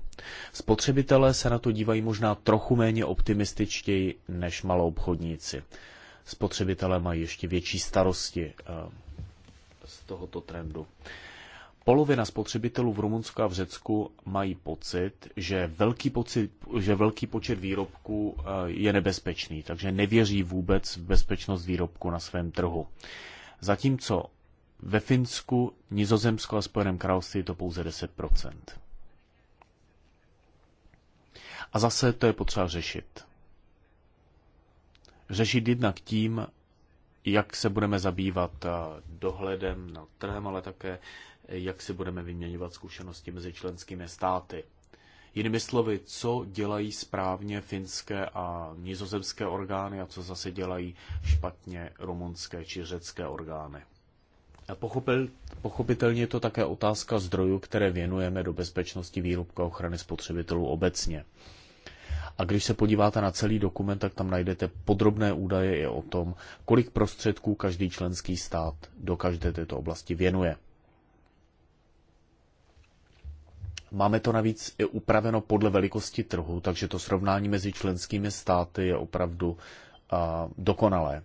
Spotřebitelé se na to dívají možná trochu méně optimističtěji než maloobchodníci. Spotřebitelé mají ještě větší starosti eh, z tohoto trendu. Polovina spotřebitelů v Rumunsku a v Řecku mají pocit, že velký, pocit, že velký počet výrobků eh, je nebezpečný, takže nevěří vůbec v bezpečnost výrobku na svém trhu. Zatímco ve Finsku, Nizozemsku a Spojeném království je to pouze 10 A zase to je potřeba řešit. Řešit jednak tím, jak se budeme zabývat eh, dohledem nad trhem, ale také jak si budeme vyměňovat zkušenosti mezi členskými státy. Jinými slovy, co dělají správně finské a nizozemské orgány a co zase dělají špatně rumunské či řecké orgány. A pochopil, pochopitelně je to také otázka zdrojů, které věnujeme do bezpečnosti výrobku a ochrany spotřebitelů obecně. A když se podíváte na celý dokument, tak tam najdete podrobné údaje i o tom, kolik prostředků každý členský stát do každé této oblasti věnuje. Máme to navíc i upraveno podle velikosti trhu, takže to srovnání mezi členskými státy je opravdu dokonalé.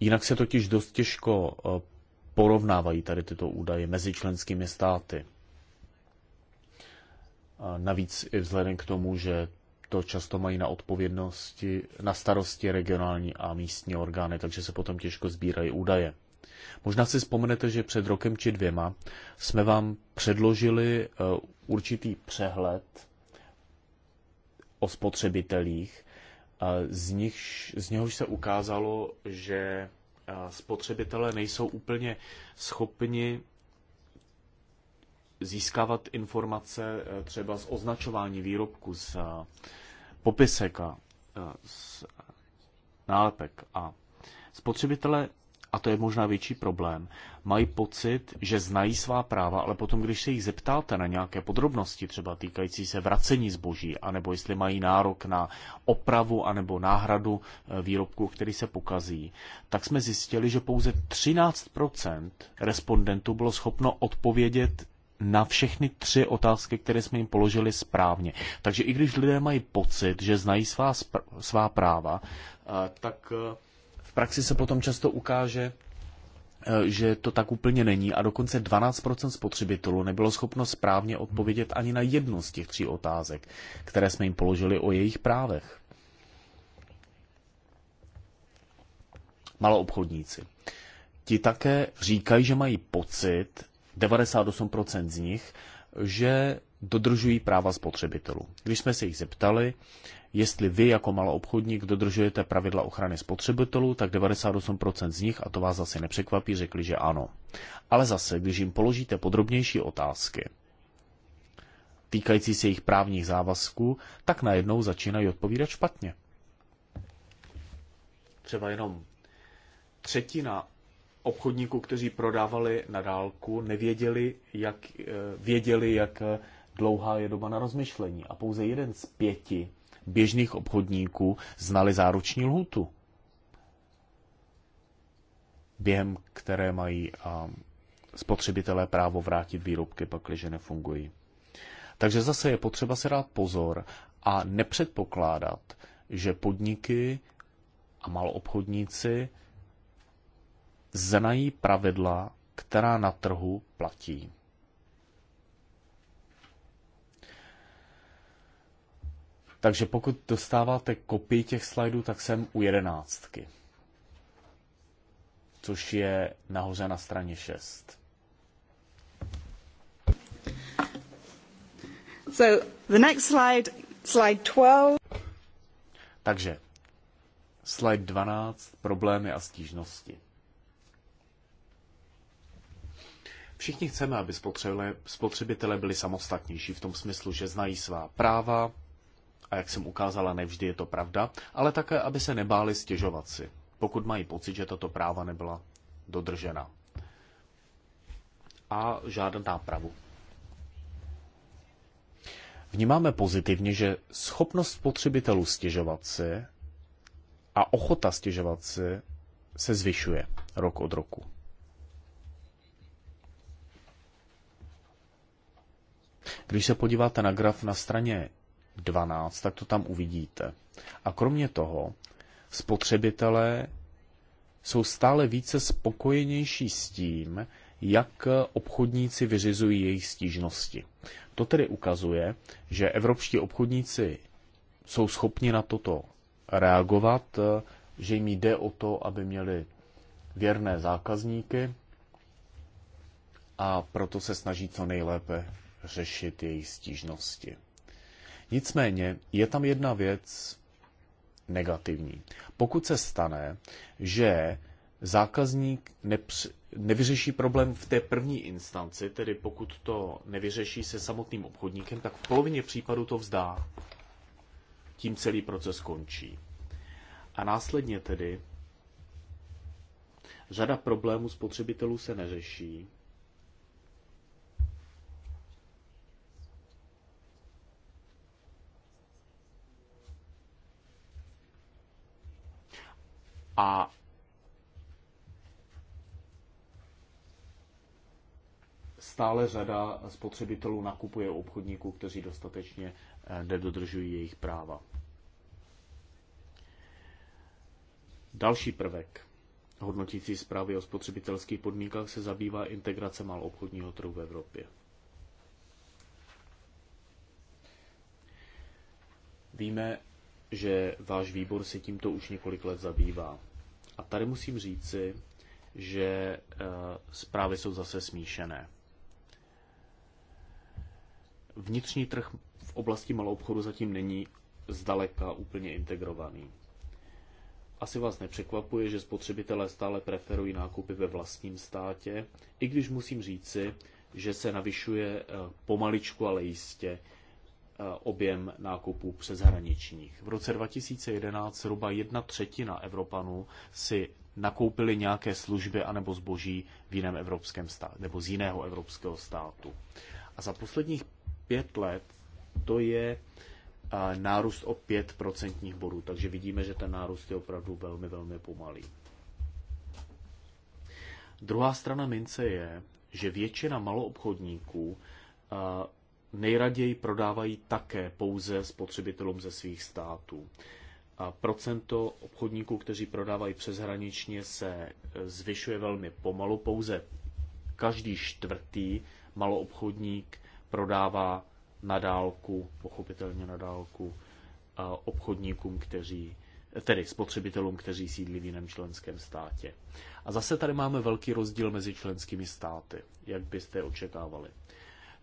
Jinak se totiž dost těžko porovnávají tady tyto údaje mezi členskými státy. A navíc i vzhledem k tomu, že to často mají na odpovědnosti, na starosti regionální a místní orgány, takže se potom těžko sbírají údaje. Možná si vzpomenete, že před rokem či dvěma jsme vám předložili eh, určitý přehled o spotřebitelích, z, nich, z něhož se ukázalo, že eh, spotřebitelé nejsou úplně schopni získávat informace eh, třeba z označování výrobku, z popisek a z nálepek. A spotřebitelé a to je možná větší problém, mají pocit, že znají svá práva, ale potom, když se jich zeptáte na nějaké podrobnosti, třeba týkající se vracení zboží, anebo jestli mají nárok na opravu anebo náhradu eh, výrobku, který se pokazí, tak jsme zjistili, že pouze 13 respondentů bylo schopno odpovědět na všechny tři otázky, které jsme jim položili správně. Takže i když lidé mají pocit, že znají svá, svá práva, eh, tak eh, praxi se potom často ukáže, eh, že to tak úplně není a dokonce 12% spotřebitelů nebylo schopno správně odpovědět ani na jednu z těch tří otázek, které jsme jim položili o jejich právech. Maloobchodníci. Ti také říkají, že mají pocit, 98% z nich, že dodržují práva spotřebitelů. Když jsme se jich zeptali, jestli vy jako maloobchodník dodržujete pravidla ochrany spotřebitelů, tak 98% z nich, a to vás asi nepřekvapí, řekli, že ano. Ale zase, když jim položíte podrobnější otázky, týkající se jejich právních závazků, tak najednou začínají odpovídat špatně. Třeba jenom třetina obchodníků, kteří prodávali na dálku, nevěděli, jak, eh, věděli, jak eh, dlouhá je doba na rozmyšlení. A pouze jeden z pěti běžných obchodníků znali záruční lhutu, během které mají spotřebitelé právo vrátit výrobky, pakliže nefungují. Takže zase je potřeba si dát pozor a nepředpokládat, že podniky a maloobchodníci znají pravidla, která na trhu platí. Takže pokud dostáváte kopii těch slajdů, tak jsem u jedenáctky, což je nahoře na straně 6.
So the next slide, slide 12.
Takže slide 12, problémy a stížnosti. Všichni chceme, aby spotřebitelé byli samostatnější v tom smyslu, že znají svá práva, a jak jsem ukázala, nevždy je to pravda, ale také, aby se nebáli stěžovat si, pokud mají pocit, že tato práva nebyla dodržena. A žádat nápravu. Vnímáme pozitivně, že schopnost spotřebitelů stěžovat si a ochota stěžovat si se zvyšuje rok od roku. Když se podíváte na graf na straně 12, tak to tam uvidíte. A kromě toho, spotřebitelé jsou stále více spokojenější s tím, jak obchodníci vyřizují jejich stížnosti. To tedy ukazuje, že evropští obchodníci jsou schopni na toto reagovat, že jim jde o to, aby měli věrné zákazníky a proto se snaží co nejlépe řešit jejich stížnosti. Nicméně je tam jedna věc negativní. Pokud se stane, že zákazník nepři- nevyřeší problém v té první instanci, tedy pokud to nevyřeší se samotným obchodníkem, tak v polovině případů to vzdá. Tím celý proces končí. A následně tedy řada problémů spotřebitelů se neřeší A stále řada spotřebitelů nakupuje u obchodníků, kteří dostatečně eh, nedodržují jejich práva. Další prvek hodnotící zprávy o spotřebitelských podmínkách se zabývá integrace mal obchodního trhu v Evropě. Víme, že váš výbor se tímto už několik let zabývá. A tady musím říci, že eh, zprávy jsou zase smíšené. Vnitřní trh v oblasti malou obchodu zatím není zdaleka úplně integrovaný. Asi vás nepřekvapuje, že spotřebitelé stále preferují nákupy ve vlastním státě, i když musím říci, že se navyšuje eh, pomaličku, ale jistě Eh, objem nákupů přeshraničních. V roce 2011 zhruba jedna třetina Evropanů si nakoupili nějaké služby anebo zboží v jiném evropském státu, nebo z jiného evropského státu. A za posledních pět let to je eh, nárůst o 5 procentních bodů, takže vidíme, že ten nárůst je opravdu velmi, velmi pomalý. Druhá strana mince je, že většina maloobchodníků eh, nejraději prodávají také pouze spotřebitelům ze svých států. A procento obchodníků, kteří prodávají přeshraničně, se e, zvyšuje velmi pomalu. Pouze každý čtvrtý maloobchodník prodává na dálku, pochopitelně na dálku, e, obchodníkům, kteří, e, tedy spotřebitelům, kteří sídlí v jiném členském státě. A zase tady máme velký rozdíl mezi členskými státy, jak byste očekávali.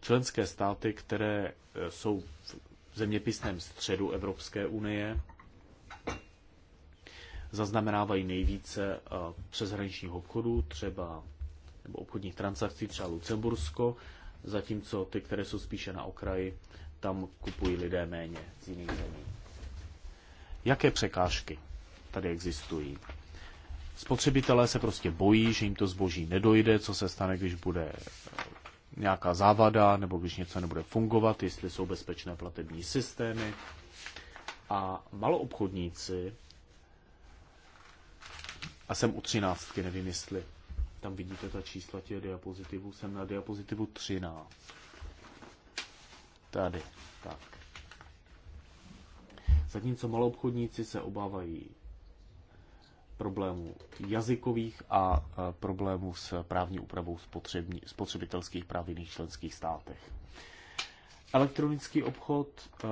Členské státy, které e, jsou v zeměpisném středu Evropské unie, zaznamenávají nejvíce e, přeshraničních obchodů, třeba nebo obchodních transakcí, třeba Lucembursko, zatímco ty, které jsou spíše na okraji, tam kupují lidé méně z jiných zemí. Jaké překážky tady existují? Spotřebitelé se prostě bojí, že jim to zboží nedojde, co se stane, když bude nějaká závada, nebo když něco nebude fungovat, jestli jsou bezpečné platební systémy. A maloobchodníci, a jsem u třináctky, nevím jestli tam vidíte ta čísla těch diapozitivů, jsem na diapozitivu 13. No. Tady, tak. Zatímco maloobchodníci se obávají problémů jazykových a problémů s právní úpravou spotřební, spotřebitelských práv v jiných členských státech. Elektronický obchod e,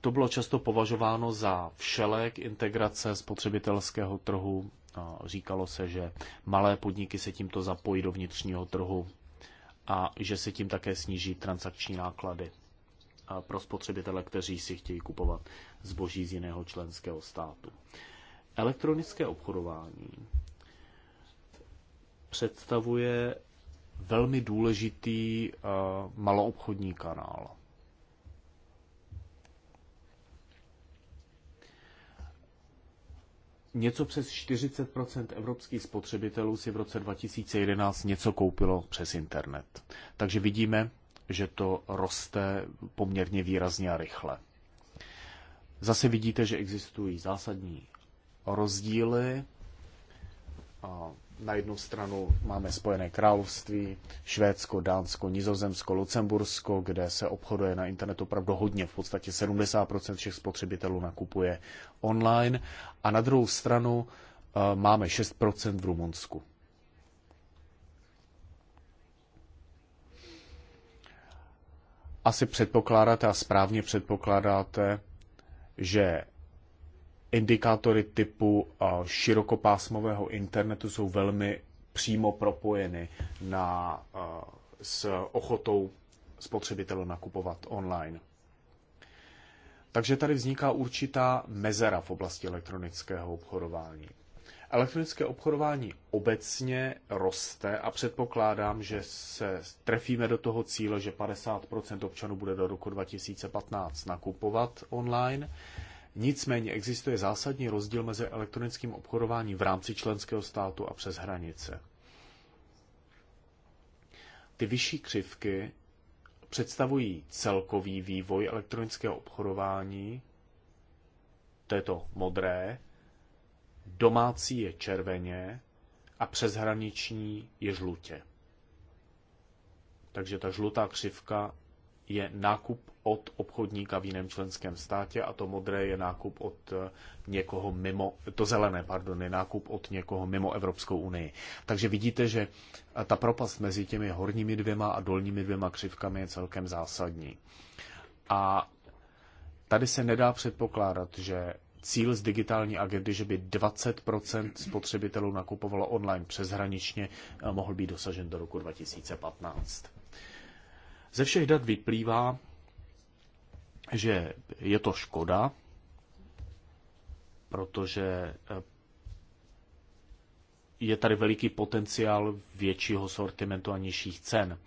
to bylo často považováno za všelek integrace spotřebitelského trhu. E, říkalo se, že malé podniky se tímto zapojí do vnitřního trhu a že se tím také sníží transakční náklady e, pro spotřebitele, kteří si chtějí kupovat zboží z jiného členského státu. Elektronické obchodování představuje velmi důležitý eh, maloobchodní kanál. Něco přes 40 evropských spotřebitelů si v roce 2011 něco koupilo přes internet. Takže vidíme, že to roste poměrně výrazně a rychle. Zase vidíte, že existují zásadní rozdíly. Na jednu stranu máme Spojené království, Švédsko, Dánsko, Nizozemsko, Lucembursko, kde se obchoduje na internetu opravdu hodně. V podstatě 70% všech spotřebitelů nakupuje online. A na druhou stranu eh, máme 6% v Rumunsku. Asi předpokládáte a správně předpokládáte, že indikátory typu širokopásmového internetu jsou velmi přímo propojeny na, s ochotou spotřebitelů nakupovat online. Takže tady vzniká určitá mezera v oblasti elektronického obchodování. Elektronické obchodování obecně roste a předpokládám, že se trefíme do toho cíle, že 50 občanů bude do roku 2015 nakupovat online. Nicméně existuje zásadní rozdíl mezi elektronickým obchodováním v rámci členského státu a přes hranice. Ty vyšší křivky představují celkový vývoj elektronického obchodování, to je to modré, domácí je červeně a přeshraniční je žlutě. Takže ta žlutá křivka je nákup od obchodníka v jiném členském státě a to modré je nákup od eh, někoho mimo, to zelené, pardon, je nákup od někoho mimo Evropskou unii. Takže vidíte, že ta propast mezi těmi horními dvěma a dolními dvěma křivkami je celkem zásadní. A tady se nedá předpokládat, že cíl z digitální agendy, že by 20% spotřebitelů nakupovalo online přeshraničně, eh, mohl být dosažen do roku 2015. Ze všech dat vyplývá, že je to škoda, protože eh, je tady veliký potenciál většího sortimentu a nižších cen.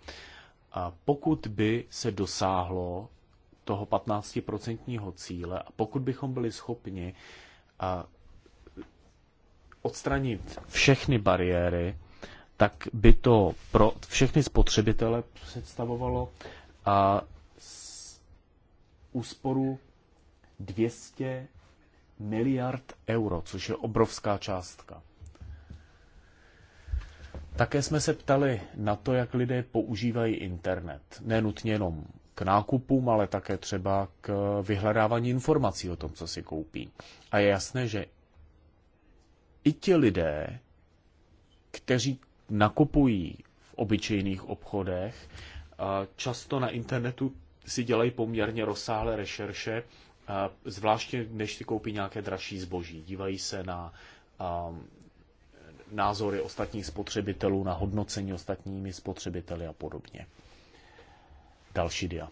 A pokud by se dosáhlo toho 15% cíle a pokud bychom byli schopni eh, odstranit všechny bariéry, tak by to pro všechny spotřebitele představovalo a úsporu 200 miliard euro, což je obrovská částka. Také jsme se ptali na to, jak lidé používají internet. Nenutně jenom k nákupům, ale také třeba k vyhledávání informací o tom, co si koupí. A je jasné, že i ti lidé, kteří nakupují v obyčejných obchodech, často na internetu si dělají poměrně rozsáhlé rešerše, zvláště než si koupí nějaké dražší zboží. Dívají se na názory ostatních spotřebitelů, na hodnocení ostatními spotřebiteli a podobně. Další dia.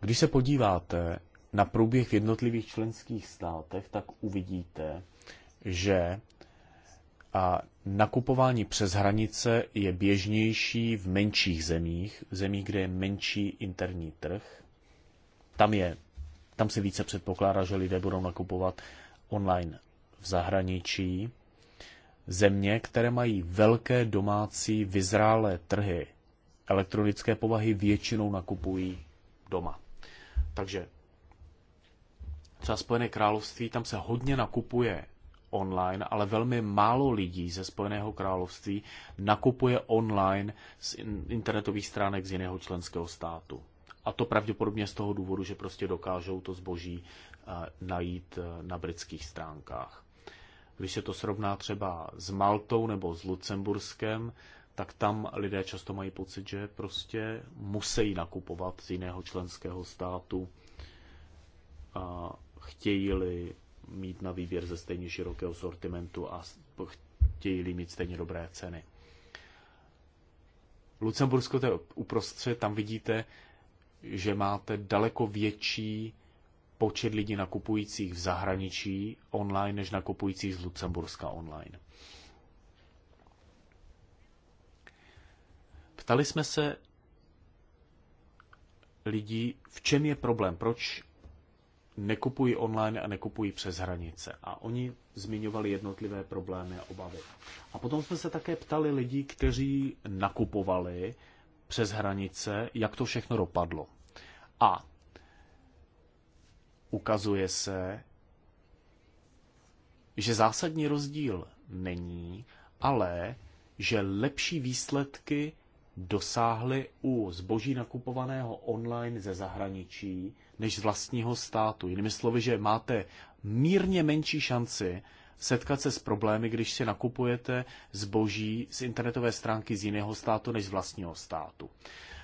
Když se podíváte na průběh v jednotlivých členských státech, tak uvidíte, že a nakupování přes hranice je běžnější v menších zemích, v zemích, kde je menší interní trh. Tam, je, tam se více předpokládá, že lidé budou nakupovat online v zahraničí. Země, které mají velké domácí vyzrálé trhy elektronické povahy, většinou nakupují doma. Takže třeba Spojené království, tam se hodně nakupuje online, ale velmi málo lidí ze Spojeného království nakupuje online z internetových stránek z jiného členského státu. A to pravděpodobně z toho důvodu, že prostě dokážou to zboží eh, najít eh, na britských stránkách. Když se to srovná třeba s Maltou nebo s Lucemburskem, tak tam lidé často mají pocit, že prostě musí nakupovat z jiného členského státu chtějí-li mít na výběr ze stejně širokého sortimentu a chtějí-li mít stejně dobré ceny. Lucembursko to je uprostřed, tam vidíte, že máte daleko větší počet lidí nakupujících v zahraničí online, než nakupujících z Lucemburska online. Ptali jsme se lidí, v čem je problém, proč nekupují online a nekupují přes hranice. A oni zmiňovali jednotlivé problémy a obavy. A potom jsme se také ptali lidí, kteří nakupovali přes hranice, jak to všechno dopadlo. A ukazuje se, že zásadní rozdíl není, ale že lepší výsledky dosáhly u zboží nakupovaného online ze zahraničí než z vlastního státu. Jinými slovy, že máte mírně menší šanci setkat se s problémy, když si nakupujete zboží z internetové stránky z jiného státu než z vlastního státu.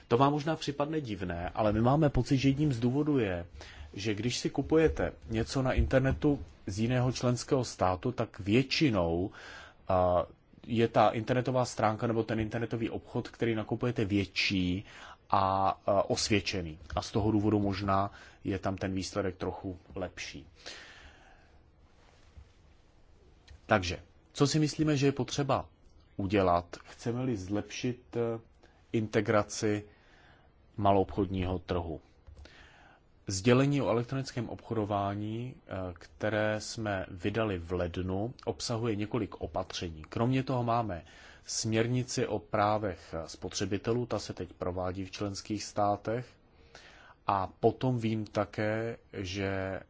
To vám možná připadne divné, ale my máme pocit, že jedním z důvodů je, že když si kupujete něco na internetu z jiného členského státu, tak většinou je ta internetová stránka nebo ten internetový obchod, který nakupujete větší a osvědčený. A z toho důvodu možná je tam ten výsledek trochu lepší. Takže, co si myslíme, že je potřeba udělat? Chceme-li zlepšit eh, integraci maloobchodního trhu? Sdělení o elektronickém obchodování, eh, které jsme vydali v lednu, obsahuje několik opatření. Kromě toho máme směrnici o právech spotřebitelů, ta se teď provádí v členských státech. A potom vím také, že,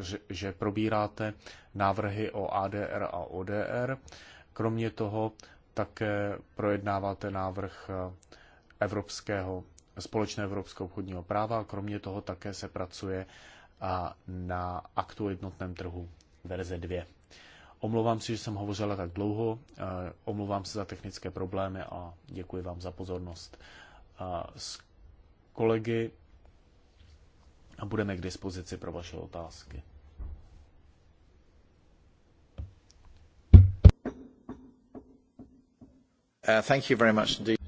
že, že probíráte návrhy o ADR a ODR. Kromě toho také projednáváte návrh evropského, společné evropského obchodního práva kromě toho také se pracuje na aktu jednotném trhu verze 2. Omlouvám se, že jsem hovořila tak dlouho, eh, omlouvám se za technické problémy a děkuji vám za pozornost. Eh, s kolegy a budeme k dispozici pro vaše otázky. Uh, thank you very much indeed.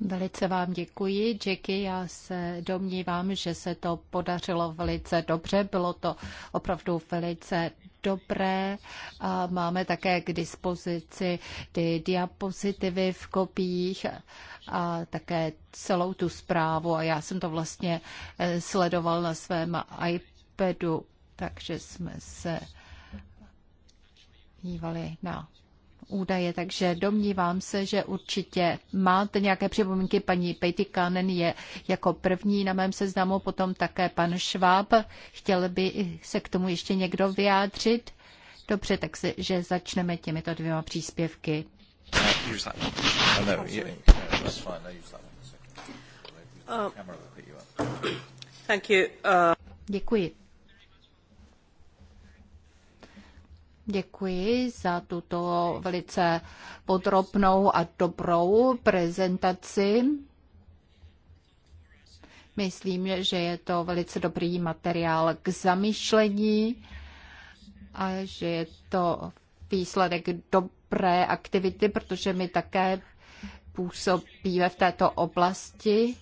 Velice vám děkuji, Jackie. Já se domnívám, že se to podařilo velice dobře. Bylo to opravdu velice dobré a máme také k dispozici ty diapozitivy v kopiích a také celou tu zprávu a já jsem to vlastně eh, sledoval na svém iPadu, takže jsme se dívali na údaje, takže domnívám se, že určitě máte nějaké připomínky. Paní Pejtikanen je jako první na mém seznamu, potom také pan Šváb. Chtěl by se k tomu ještě někdo vyjádřit? Dobře, takže začneme těmito dvěma příspěvky.
Uh, uh,
Děkuji. Děkuji za tuto velice podrobnou a dobrou prezentaci. Myslím, že je to velice dobrý materiál k zamyšlení a že je to výsledek dobré aktivity, protože my také působíme v této oblasti.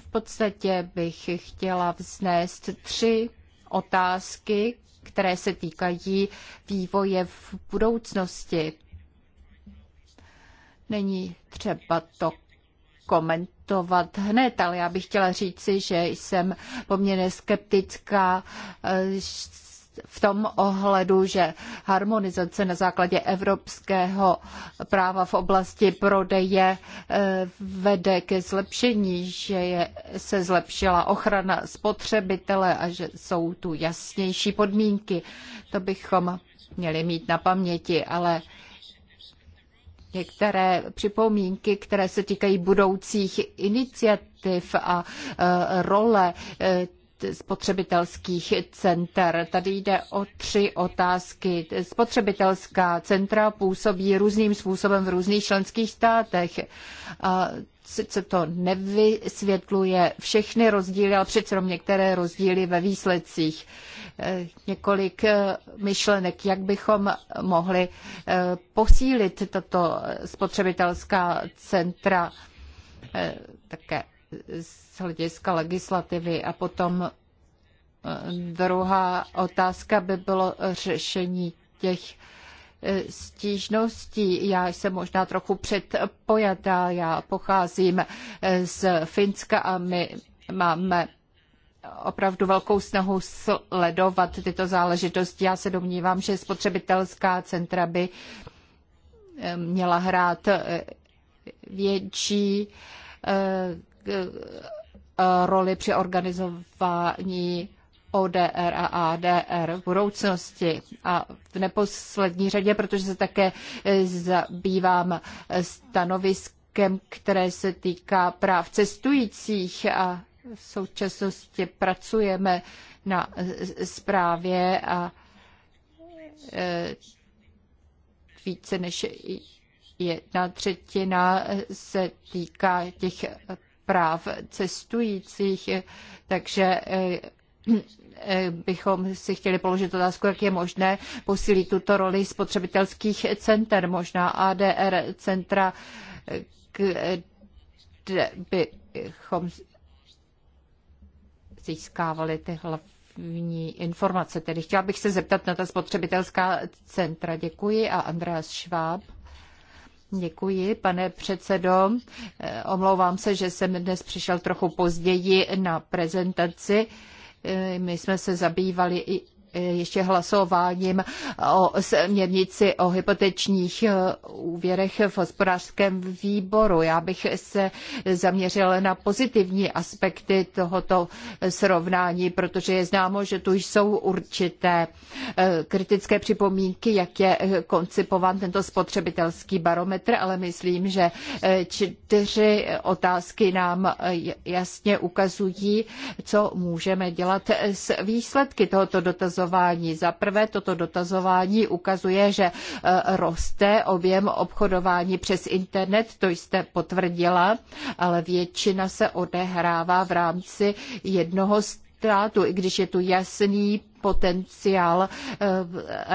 V podstatě bych chtěla vznést tři otázky, které se týkají vývoje v budoucnosti. Není třeba to komentovat hned, ale já bych chtěla říci, že jsem poměrně skeptická eh, v tom ohledu, že harmonizace na základě evropského práva v oblasti prodeje eh, vede ke zlepšení, že je, se zlepšila ochrana spotřebitele a že jsou tu jasnější podmínky. To bychom měli mít na paměti, ale některé připomínky, které se týkají budoucích iniciativ a eh, role eh, spotřebitelských center. Tady jde o tři otázky. Spotřebitelská centra působí různým způsobem v různých členských státech. A sice to nevysvětluje všechny rozdíly, ale přece jenom některé rozdíly ve výsledcích. Eh, několik eh, myšlenek, jak bychom mohli eh, posílit tato spotřebitelská centra také z hlediska legislativy. A potom eh, druhá otázka by bylo řešení těch eh, stížností. Já jsem možná trochu předpojatá, já pocházím eh, z Finska a my máme opravdu velkou snahu sledovat tyto záležitosti. Já se domnívám, že spotřebitelská centra by měla hrát větší Eh, roli při organizování ODR a ADR v budoucnosti. A v neposlední řadě, protože se také eh, zabývám stanoviskem, které se týká práv cestujících a v současnosti pracujeme na eh, zprávě a více než jedna třetina se týká těch práv cestujících. Takže eh, eh, bychom si chtěli položit otázku, jak je možné posílit tuto roli spotřebitelských center, možná ADR centra, kde bychom získávali ty hlavní informace. Tedy chtěla bych se zeptat na ta spotřebitelská centra. Děkuji a Andreas Schwab. Děkuji, pane předsedo. Eh, omlouvám se, že jsem dnes přišel trochu později na prezentaci. Eh, my jsme se zabývali i ještě hlasováním o směrnici o hypotečních eh, úvěrech v hospodářském výboru. Já bych se zaměřila na pozitivní aspekty tohoto srovnání, protože je známo, že tu jsou určité eh, kritické připomínky, jak je eh, koncipován tento spotřebitelský barometr, ale myslím, že čtyři otázky nám jasně ukazují, co můžeme dělat s výsledky tohoto dotazování dotazování. Za prvé toto dotazování ukazuje, že e, roste objem obchodování přes internet, to jste potvrdila, ale většina se odehrává v rámci jednoho státu, i když je tu jasný potenciál eh,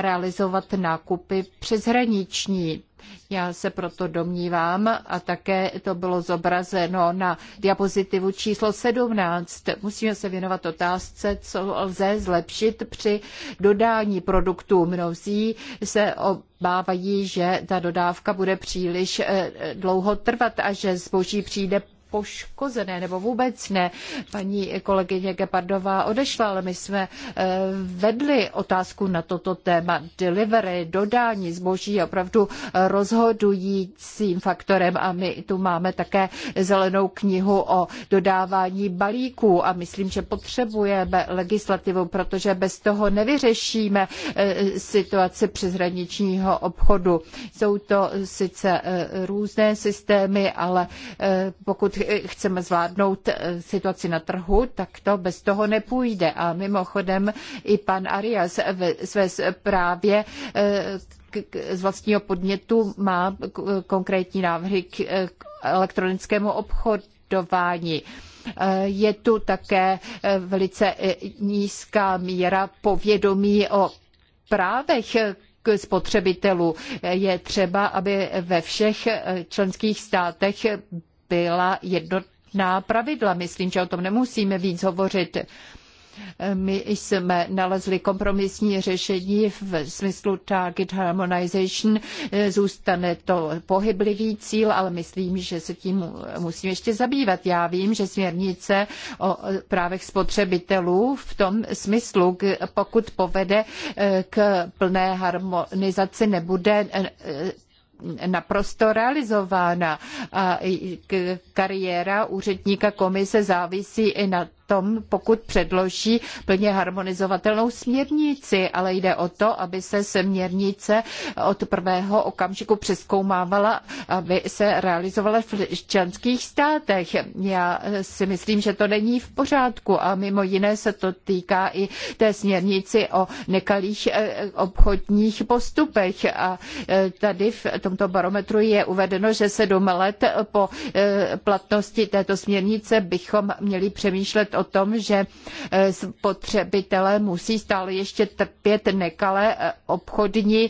realizovat nákupy přeshraniční. Já se proto domnívám, a také to bylo zobrazeno na diapozitivu číslo 17, musíme se věnovat otázce, co lze zlepšit při dodání produktů. Mnozí se obávají, že ta dodávka bude příliš eh, dlouho trvat a že zboží přijde poškozené, nebo vůbec ne. Paní kolegyně Gepardová odešla, ale my jsme eh, vedli otázku na toto téma. Delivery, dodání zboží je opravdu rozhodujícím faktorem a my tu máme také zelenou knihu o dodávání balíků a myslím, že potřebujeme legislativu, protože bez toho nevyřešíme eh, situaci přeshraničního obchodu. Jsou to sice eh, různé systémy, ale pokud chceme zvládnout eh, situaci na trhu, tak to bez toho nepůjde. A mimochodem i pan Arias ve své zprávě eh, z vlastního podnětu má konkrétní návrhy k eh, elektronickému obchodování. Je tu také velice nízká míra povědomí o právech k spotřebitelů. Je třeba, aby ve všech členských státech byla jednotná pravidla. Myslím, že o tom nemusíme víc hovořit. My jsme nalezli kompromisní řešení v smyslu target harmonization. Zůstane to pohyblivý cíl, ale myslím, že se tím musím ještě zabývat. Já vím, že směrnice o právech spotřebitelů v tom smyslu, pokud povede eh, k plné harmonizaci, nebude eh, naprosto realizována. A kariéra úředníka komise závisí i na tom, pokud předloží plně harmonizovatelnou směrnici, ale jde o to, aby se směrnice od prvého okamžiku přeskoumávala, aby se realizovala v členských státech. Já si myslím, že to není v pořádku a mimo jiné se to týká i té směrnici o nekalých eh, obchodních postupech. A eh, tady v tomto barometru je uvedeno, že sedm let po eh, platnosti této směrnice bychom měli přemýšlet o o tom, že e, spotřebitelé musí stále ještě trpět nekalé e, obchodní e,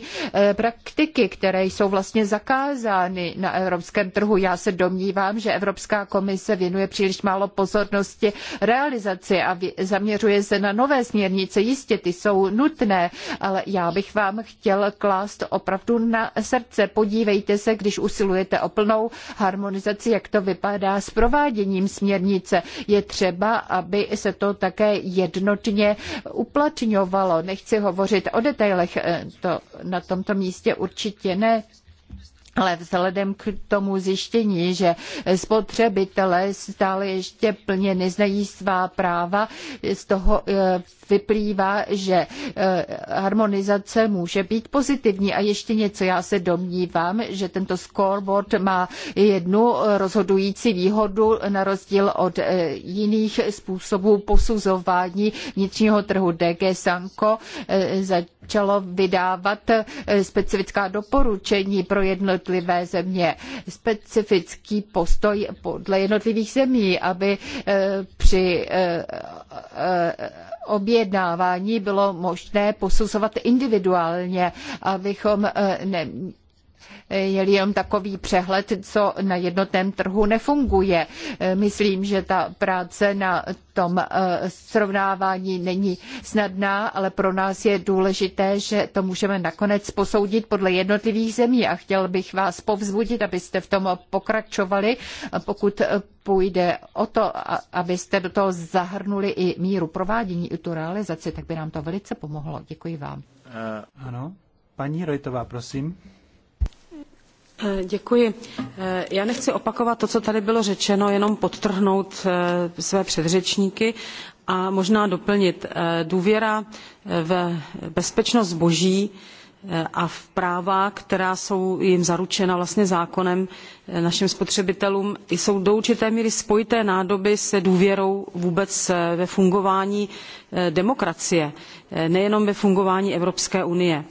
praktiky, které jsou vlastně zakázány na evropském trhu. Já se domnívám, že Evropská komise věnuje příliš málo pozornosti realizaci a zaměřuje se na nové směrnice. Jistě ty jsou nutné, ale já bych vám chtěl klást opravdu na srdce. Podívejte se, když usilujete o plnou harmonizaci, jak to vypadá s prováděním směrnice. Je třeba, a aby se to také jednotně uplatňovalo. Nechci hovořit o detailech, eh, to na tomto místě určitě ne, ale vzhledem k tomu zjištění, že spotřebitelé stále ještě plně neznají svá práva, z toho eh, vyplývá, že eh, harmonizace může být pozitivní. A ještě něco, já se domnívám, že tento scoreboard má jednu eh, rozhodující výhodu na rozdíl od eh, jiných způsobů posuzování vnitřního trhu DG Sanko začalo vydávat specifická doporučení pro jednotlivé země, specifický postoj podle jednotlivých zemí, aby při objednávání bylo možné posuzovat individuálně, abychom eh, ne, je jenom takový přehled, co na jednotném trhu nefunguje. Myslím, že ta práce na tom eh, srovnávání není snadná, ale pro nás je důležité, že to můžeme nakonec posoudit podle jednotlivých zemí a chtěl bych vás povzbudit, abyste v tom pokračovali, pokud půjde o to, abyste do toho zahrnuli i míru provádění, i tu realizaci, tak by nám to velice pomohlo. Děkuji vám.
Eh, ano. Paní Rojtová, prosím.
Eh, děkuji. Eh, já nechci opakovat to, co tady bylo řečeno, jenom podtrhnout eh, své předřečníky a možná doplnit. Důvěra v bezpečnost zboží a v práva, která jsou jim zaručena vlastně zákonem našim spotřebitelům, jsou do určité míry spojité nádoby se důvěrou vůbec ve fungování demokracie, nejenom ve fungování Evropské unie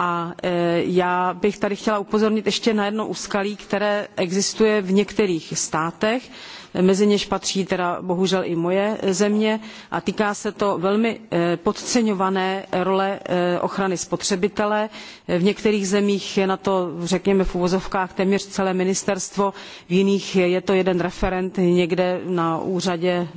a e, já bych tady chtěla upozornit ještě na jedno úskalí, které existuje v některých státech, e, mezi něž patří teda bohužel i moje e, země a týká se to velmi podceňované role ochrany spotřebitele. V některých zemích je na to, řekněme v uvozovkách, téměř celé ministerstvo, v jiných je to jeden referent někde na úřadě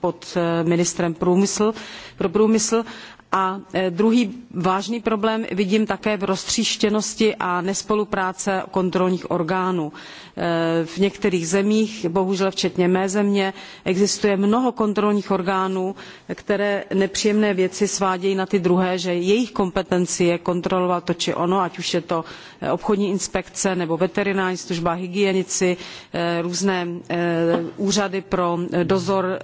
pod ministrem průmysl, pro průmysl a e, druhý vážný problém vidím také v roztříštěnosti a nespolupráce kontrolních orgánů. E, v některých zemích, bohužel včetně mé země, existuje mnoho kontrolních orgánů, které nepříjemné věci svádějí na ty druhé, že jejich kompetenci je kontrolovat to či ono, ať už je to Eh, obchodní inspekce nebo veterinární služba, hygienici, eh, různé eh, úřady pro dozor,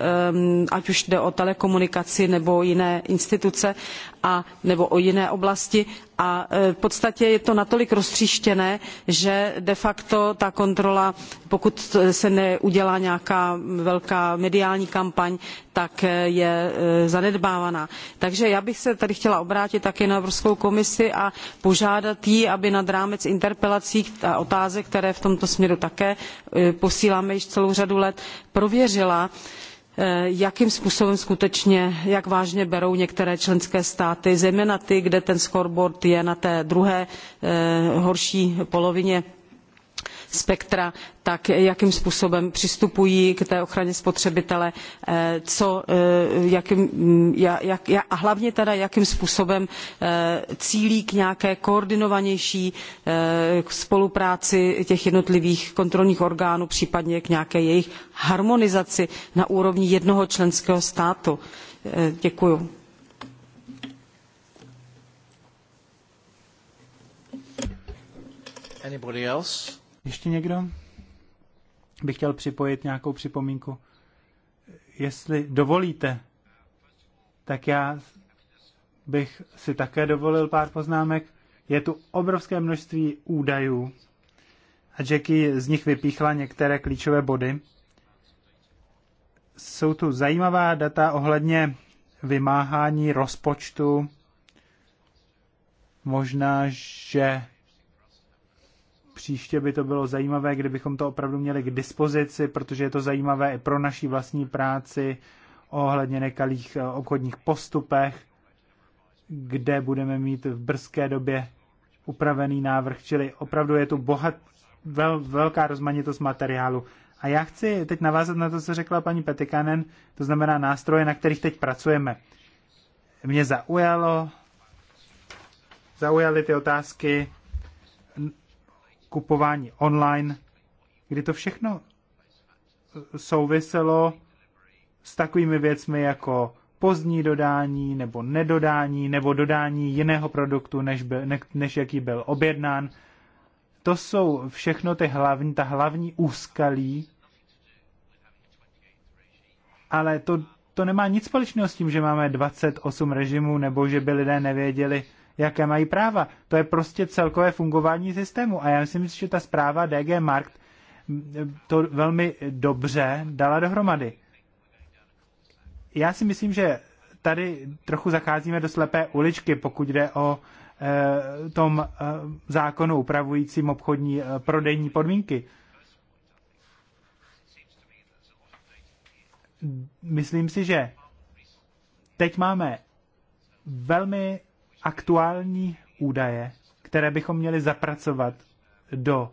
ať už jde o telekomunikaci nebo jiné instituce a, nebo o jiné oblasti a v podstatě je to natolik roztříštěné že de facto ta kontrola pokud se neudělá nějaká velká mediální kampaň tak je zanedbávaná. takže já bych se tady chtěla obrátit také na evropskou komisi a požádat ji aby nad rámec interpelací a otázek které v tomto směru také eh, posíláme již celou řadu let prověřila eh, jakým způsobem skutečně jak vážně berou některé členské státy zejména ty kde ten scoreboard je na té druhé eh, horší polovině spektra, tak jakým způsobem přistupují k té ochraně spotřebitele, eh, co, eh, jakým, mm, jak, jak, a hlavně teda jakým způsobem eh, cílí k nějaké koordinovanější spolupráci těch jednotlivých kontrolních orgánů, případně k nějaké jejich harmonizaci na úrovni jednoho členského státu. Děkuju.
Anybody else?
Ještě někdo by chtěl připojit nějakou připomínku? Jestli dovolíte, tak já bych si také dovolil pár poznámek. Je tu obrovské množství údajů a Jackie z nich vypíchla některé klíčové body. Jsou tu zajímavá data ohledně vymáhání rozpočtu. Možná, že Příště by to bylo zajímavé, kdybychom to opravdu měli k dispozici, protože je to zajímavé i pro naší vlastní práci ohledně nekalých eh, obchodních postupech, kde budeme mít v brzké době upravený návrh, čili opravdu je tu bohat, vel, velká rozmanitost materiálu. A já chci teď navázat na to, co řekla paní Petikanen, to znamená nástroje, na kterých teď pracujeme. Mě zaujalo, zaujaly ty otázky kupování online, kdy to všechno souviselo s takovými věcmi jako pozdní dodání nebo nedodání nebo dodání jiného produktu, než, byl, ne, než jaký byl objednán. To jsou všechno ty hlavní, ta hlavní úskalí, ale to, to nemá nic společného s tím, že máme 28 režimů nebo že by lidé nevěděli, jaké mají práva. To je prostě celkové fungování systému. A já myslím, že ta zpráva DG Markt to velmi dobře dala dohromady. Já si myslím, že tady trochu zacházíme do slepé uličky, pokud jde o eh, tom eh, zákonu upravujícím obchodní eh, prodejní podmínky. Myslím si, že teď máme velmi aktuální údaje, které bychom měli zapracovat do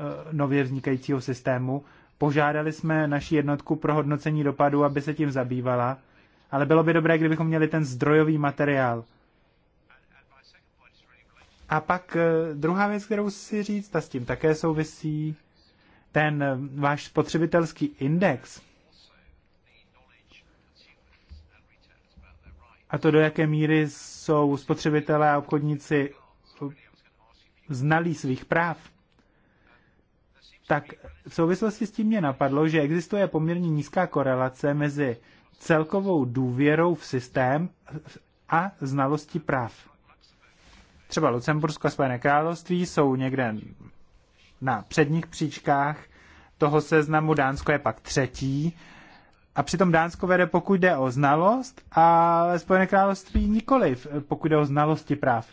e, nově vznikajícího systému. Požádali jsme naši jednotku pro hodnocení dopadu, aby se tím zabývala, ale bylo by dobré, kdybychom měli ten zdrojový materiál. A pak e, druhá věc, kterou si říct, ta s tím také souvisí, ten e, váš spotřebitelský index, a to, do jaké míry jsou spotřebitelé a obchodníci znalí svých práv, tak v souvislosti s tím mě napadlo, že existuje poměrně nízká korelace mezi celkovou důvěrou v systém a znalostí práv. Třeba Lucembursko a Spojené království jsou někde na předních příčkách toho seznamu, Dánsko je pak třetí a přitom Dánsko vede, pokud jde o znalost, a Spojené království nikoliv, pokud jde o znalosti práv.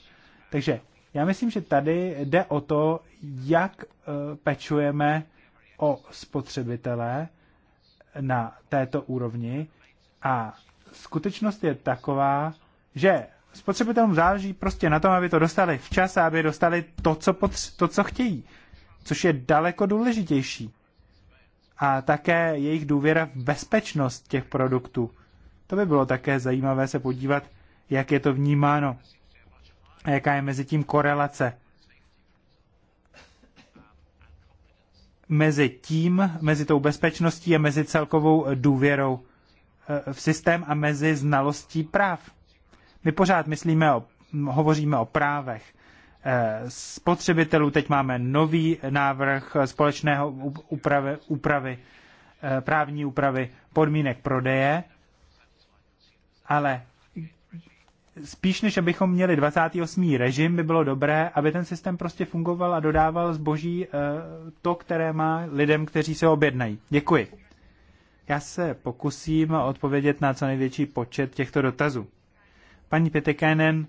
Takže já myslím, že tady jde o to, jak eh, pečujeme o spotřebitele na této úrovni. A skutečnost je taková, že spotřebitelům záleží prostě na tom, aby to dostali včas a aby dostali to, co, potř- to, co chtějí, což je daleko důležitější a také jejich důvěra v bezpečnost těch produktů. To by bylo také zajímavé se podívat, jak je to vnímáno a jaká je mezi tím korelace. Mezi tím, mezi tou bezpečností a mezi celkovou důvěrou eh, v systém a mezi znalostí práv. My pořád myslíme o, hovoříme o právech, Eh, spotřebitelů. Teď máme nový návrh společného úpravy, úpravy eh, právní úpravy podmínek prodeje, ale spíš než abychom měli 28. režim, by bylo dobré, aby ten systém prostě fungoval a dodával zboží eh, to, které má lidem, kteří se objednají. Děkuji. Já se pokusím odpovědět na co největší počet těchto dotazů. Paní Pětekénen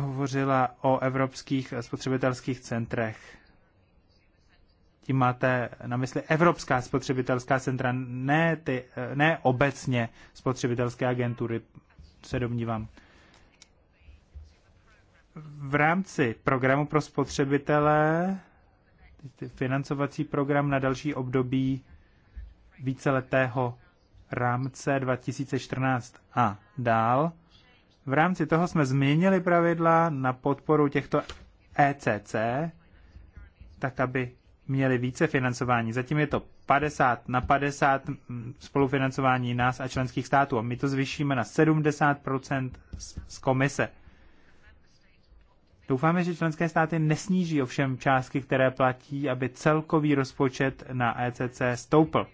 hovořila o evropských spotřebitelských centrech. Tím máte na mysli evropská spotřebitelská centra, ne, ty, ne obecně spotřebitelské agentury, se domnívám. V rámci programu pro spotřebitele, financovací program na další období víceletého rámce 2014 a dál, v rámci toho jsme změnili pravidla na podporu těchto ECC, tak aby měli více financování. Zatím je to 50 na 50 spolufinancování nás a členských států a my to zvyšíme na 70 z komise. Doufáme, že členské státy nesníží ovšem částky, které platí, aby celkový rozpočet na ECC stoupl.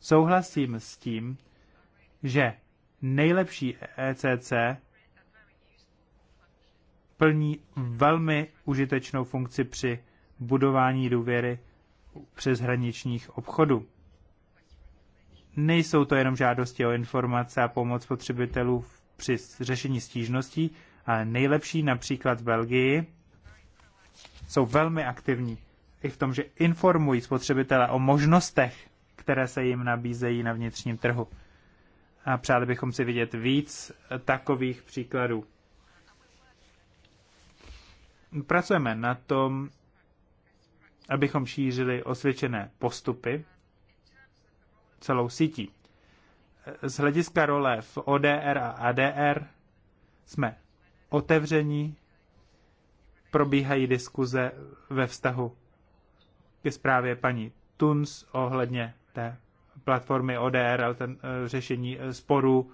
Souhlasím s tím, že nejlepší ECC plní velmi užitečnou funkci při budování důvěry přeshraničních obchodů. Nejsou to jenom žádosti o informace a pomoc potřebitelů při řešení stížností, ale nejlepší například v Belgii jsou velmi aktivní i v tom, že informují spotřebitele o možnostech, které se jim nabízejí na vnitřním trhu a přáli bychom si vidět víc takových příkladů. Pracujeme na tom, abychom šířili osvědčené postupy celou sítí. Z hlediska role v ODR a ADR jsme otevření, probíhají diskuze ve vztahu ke zprávě paní Tuns ohledně té platformy ODR, eh, ten, eh, řešení eh, sporů.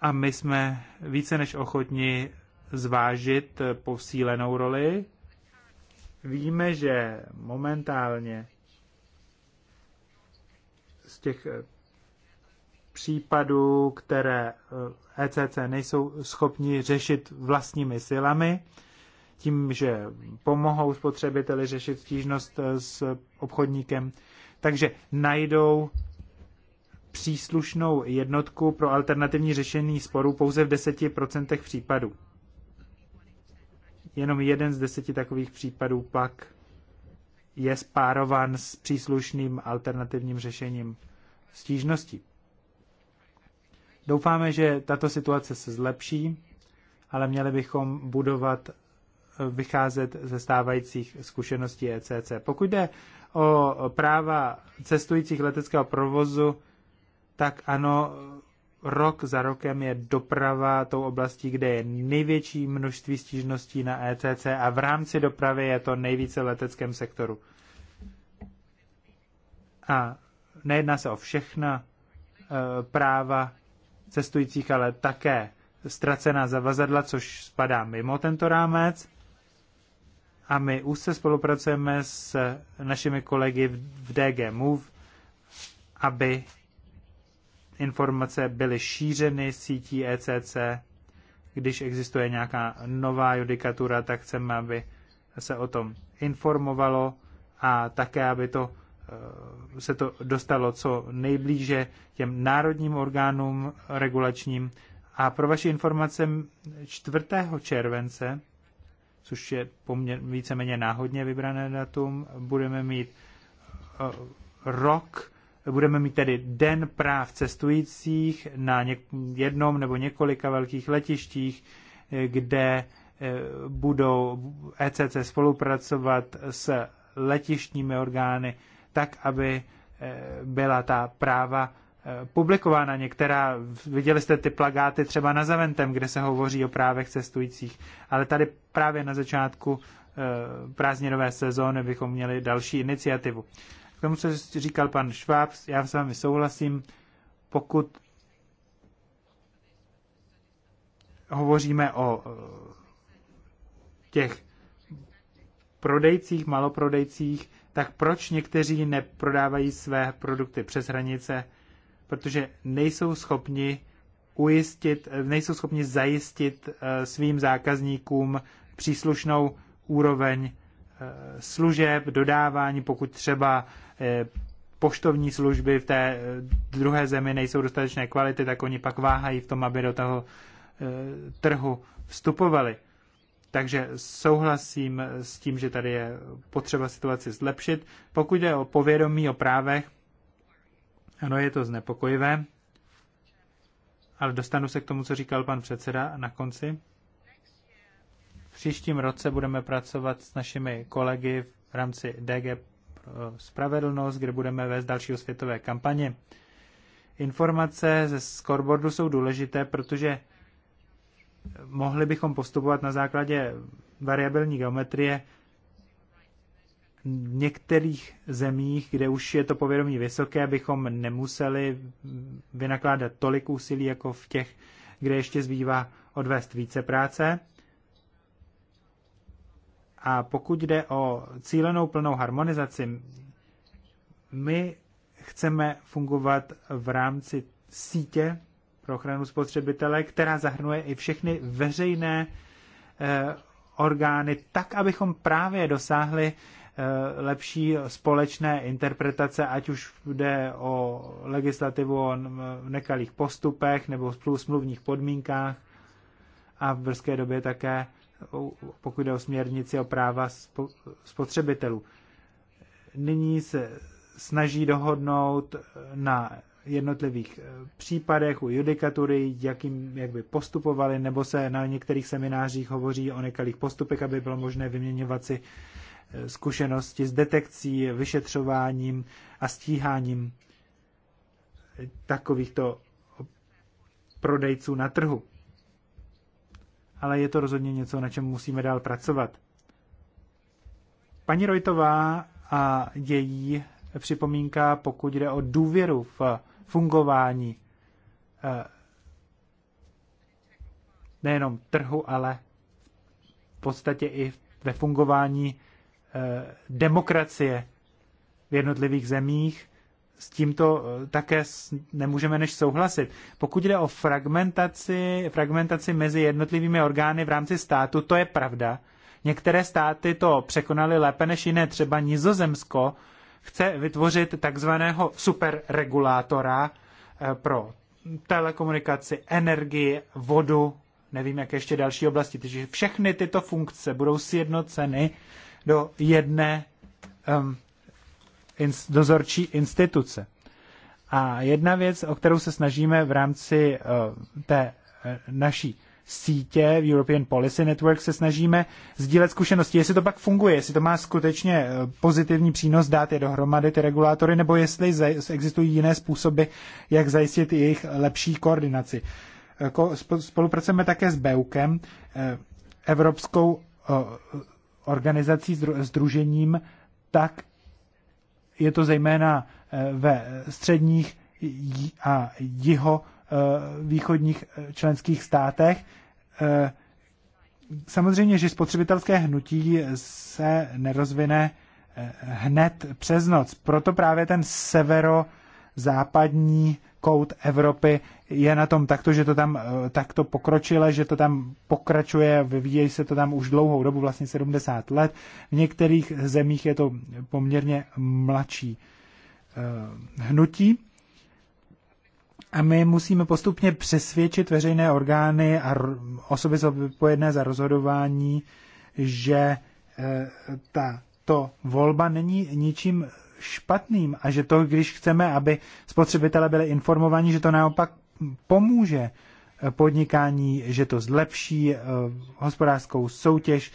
A my jsme více než ochotni zvážit posílenou roli. Víme, že momentálně z těch případů, které ECC e nejsou schopni řešit vlastními silami, tím, že pomohou spotřebiteli řešit stížnost s obchodníkem, takže najdou příslušnou jednotku pro alternativní řešení sporů pouze v 10% případů. Jenom jeden z deseti takových případů pak je spárovan s příslušným alternativním řešením stížnosti. Doufáme, že tato situace se zlepší, ale měli bychom budovat, vycházet ze stávajících zkušeností ECC. Pokud jde o práva cestujících leteckého provozu, tak ano, rok za rokem je doprava tou oblastí, kde je největší množství stížností na ECC a v rámci dopravy je to nejvíce v leteckém sektoru. A nejedná se o všechna e, práva cestujících, ale také ztracená zavazadla, což spadá mimo tento rámec a my úzce spolupracujeme s našimi kolegy v DG Move, aby informace byly šířeny sítí ECC. Když existuje nějaká nová judikatura, tak chceme, aby se o tom informovalo a také, aby to, eh, se to dostalo co nejblíže těm národním orgánům regulačním. A pro vaši informace 4. července což je poměr, víceméně náhodně vybrané datum, budeme mít uh, rok, budeme mít tedy den práv cestujících na jednom nebo několika velkých letištích, eh, kde eh, budou ECC spolupracovat s letištními orgány, tak aby byla ta práva Eh, publikována některá, viděli jste ty plagáty třeba na Zaventem, kde se hovoří o právech cestujících, ale tady právě na začátku eh, prázdninové sezóny bychom měli další iniciativu. K tomu, co říkal pan Schwab, já s vámi souhlasím, pokud hovoříme o eh, těch prodejcích, maloprodejcích, tak proč někteří neprodávají své produkty přes hranice, protože nejsou schopni ujistit, nejsou schopni zajistit eh, svým zákazníkům příslušnou úroveň eh, služeb, dodávání, pokud třeba eh, poštovní služby v té druhé zemi nejsou dostatečné kvality, tak oni pak váhají v tom, aby do toho trhu vstupovali. Takže souhlasím s tím, že tady je potřeba situaci zlepšit. Pokud jde o povědomí o právech, ano, je to znepokojivé, ale dostanu se k tomu, co říkal pan předseda na konci. V příštím roce budeme pracovat s našimi kolegy v rámci DG Spravedlnost, kde budeme vést dalšího světové kampaně. Informace ze scoreboardu jsou důležité, protože mohli bychom postupovat na základě variabilní geometrie některých zemích, kde už je to povědomí vysoké, bychom nemuseli vynakládat tolik úsilí, jako v těch, kde ještě zbývá odvést více práce. A pokud jde o cílenou plnou harmonizaci, my chceme fungovat v rámci sítě pro ochranu spotřebitele, která zahrnuje i všechny veřejné eh, orgány, tak, abychom právě dosáhli Eh, lepší společné interpretace, ať už jde o legislativu o nekalých postupech nebo smluvních podmínkách a v brzké době také, pokud jde o směrnici o práva spotřebitelů. Nyní se snaží dohodnout na jednotlivých eh, případech u judikatury, jakým, jak by postupovali, nebo se na některých seminářích hovoří o nekalých postupech, aby bylo možné vyměňovat si zkušenosti s detekcí, vyšetřováním a stíháním takovýchto prodejců na trhu. Ale je to rozhodně něco, na čem musíme dál pracovat. Paní Rojtová a její připomínka, pokud jde o důvěru v fungování eh, nejenom trhu, ale v podstatě i ve fungování Eh, demokracie v jednotlivých zemích. S tímto eh, také nemůžeme než souhlasit. Pokud jde o fragmentaci, fragmentaci mezi jednotlivými orgány v rámci státu, to je pravda. Některé státy to překonaly lépe než jiné, třeba Nizozemsko chce vytvořit takzvaného superregulátora eh, pro telekomunikaci, energii, vodu, nevím, jak ještě další oblasti. Takže všechny tyto funkce budou sjednoceny do jedné um, ins, dozorčí instituce. A jedna věc, o kterou se snažíme v rámci uh, té uh, naší sítě v European Policy Network se snažíme sdílet zkušenosti, jestli to pak funguje, jestli to má skutečně eh, pozitivní přínos dát je dohromady ty regulátory, nebo jestli existují jiné způsoby, jak zajistit jejich lepší koordinaci. Spolupracujeme také s BEUKem, Evropskou organizací, združením, tak je to zejména eh, ve středních a jiho eh, východních eh, členských státech. Samozřejmě, že spotřebitelské hnutí se nerozvine hned přes noc. Proto právě ten severo západní kout Evropy je na tom takto, že to tam eh, takto pokročile, že to tam pokračuje, vyvíjejí se to tam už dlouhou dobu, vlastně 70 let. V některých zemích je to poměrně mladší eh, hnutí. A my musíme postupně přesvědčit veřejné orgány a osoby zodpovědné za rozhodování, že eh, ta to volba není ničím špatným a že to, když chceme, aby spotřebitelé byli informovaní, že to naopak pomůže eh, podnikání, že to zlepší eh, hospodářskou soutěž,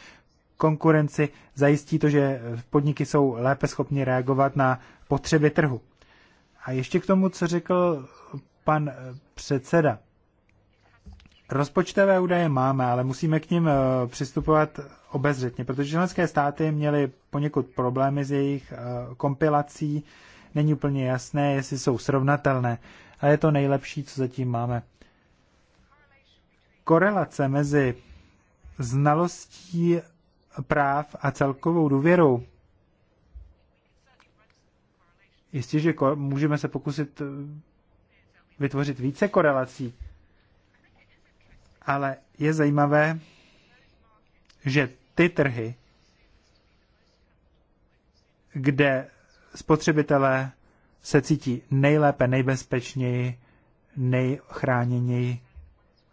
konkurenci, zajistí to, že eh, podniky jsou lépe schopni reagovat na potřeby trhu. A ještě k tomu, co řekl pan předseda. Rozpočtové údaje máme, ale musíme k ním přistupovat obezřetně, protože členské státy měly poněkud problémy s jejich eh, kompilací. Není úplně jasné, jestli jsou srovnatelné, ale je to nejlepší, co zatím máme. Korelace mezi znalostí práv a celkovou důvěrou. Jistě, že můžeme se pokusit eh, vytvořit více korelací, ale je zajímavé, že ty trhy, kde spotřebitelé se cítí nejlépe, nejbezpečněji, nejchráněněji,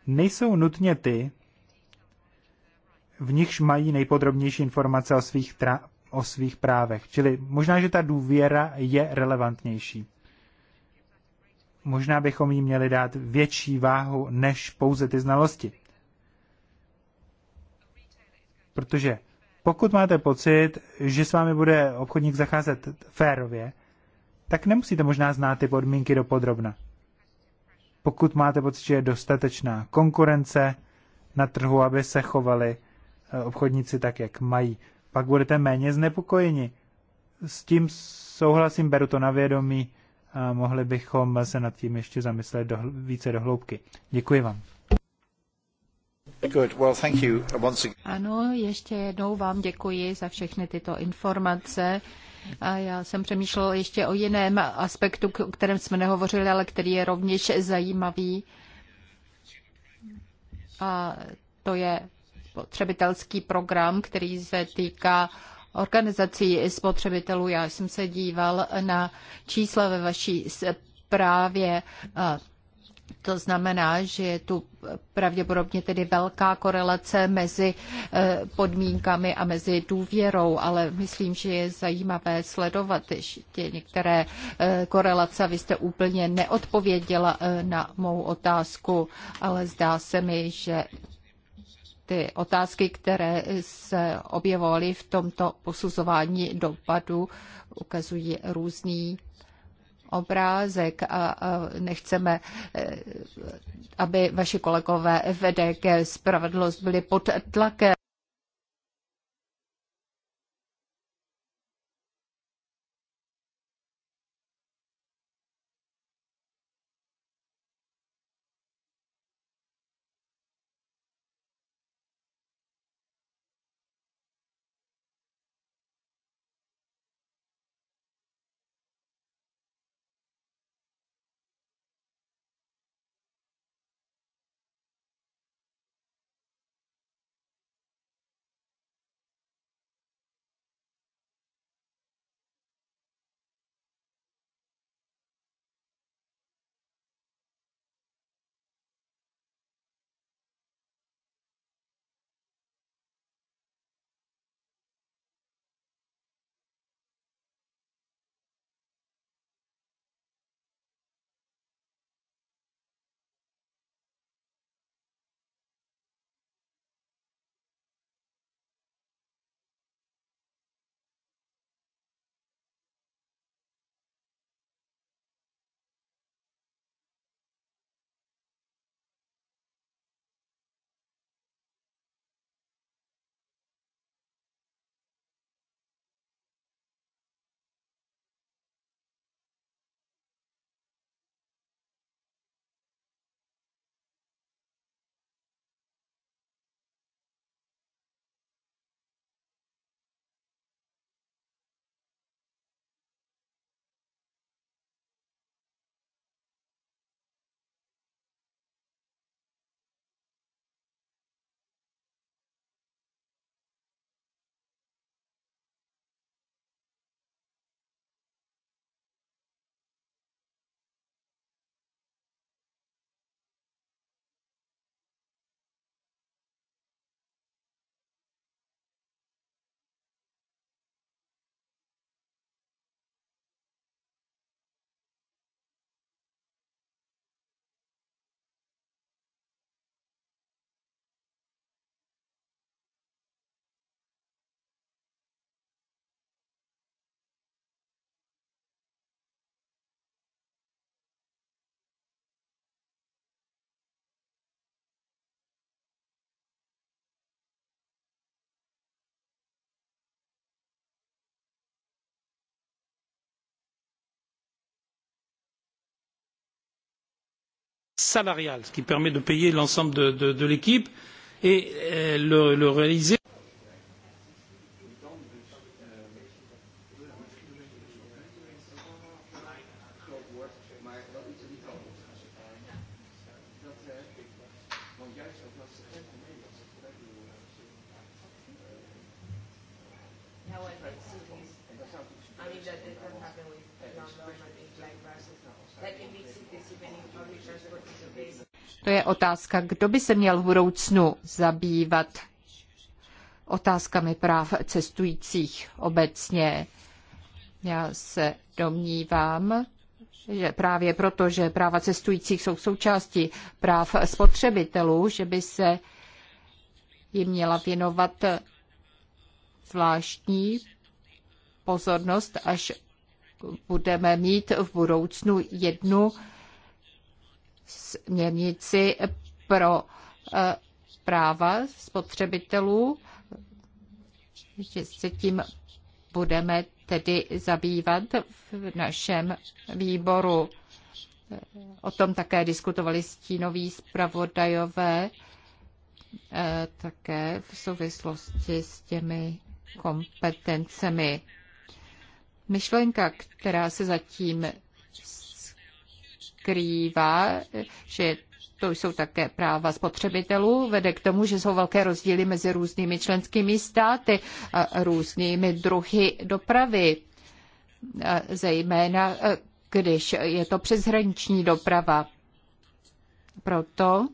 nejsou nutně ty, v nichž mají nejpodrobnější informace o svých, tra- o svých právech. Čili možná, že ta důvěra je relevantnější. Možná bychom jí měli dát větší váhu než pouze ty znalosti. Protože pokud máte pocit, že s vámi bude obchodník zacházet férově, tak nemusíte možná znát ty podmínky do podrobna. Pokud máte pocit, že je dostatečná konkurence na trhu, aby se chovali eh, obchodníci tak, jak mají, pak budete méně znepokojeni. S tím souhlasím, beru to na vědomí a mohli bychom se nad tím ještě zamyslet do, více dohloubky. Děkuji
vám. Good. Well, thank you once again. Ano, ještě jednou vám děkuji za všechny tyto informace. A já jsem přemýšlel ještě o jiném aspektu, o kterém jsme nehovořili, ale který je rovněž zajímavý. A to je potřebitelský program, který se týká organizací spotřebitelů. Já jsem se díval na čísla ve vaší zprávě. To znamená, že je tu pravděpodobně tedy velká korelace mezi eh, podmínkami a mezi důvěrou, ale myslím, že je zajímavé sledovat ještě některé eh, korelace. Vy jste úplně neodpověděla eh, na mou otázku, ale zdá se mi, že ty otázky, které se objevovaly v tomto posuzování dopadu, ukazují různý obrázek a nechceme, eh, aby vaši kolegové v Spravedlnost byli pod tlakem.
salariale ce qui
permet de payer
l'ensemble de, l'équipe et de euh, le réaliser
otázka, kdo by se měl v budoucnu zabývat otázkami práv cestujících obecně. Já se domnívám, že právě proto, že práva cestujících jsou součástí práv spotřebitelů, že by se jim měla věnovat zvláštní pozornost, až budeme mít v budoucnu jednu směrnici pro eh, práva spotřebitelů, že se tím budeme tedy zabývat v našem výboru. O tom také diskutovali stínoví zpravodajové, eh, také v souvislosti s těmi kompetencemi. Myšlenka, která se zatím skrývá, že je to jsou také práva spotřebitelů, vede k tomu, že jsou velké rozdíly mezi různými členskými státy a různými druhy dopravy, zejména když je to přeshraniční doprava. Proto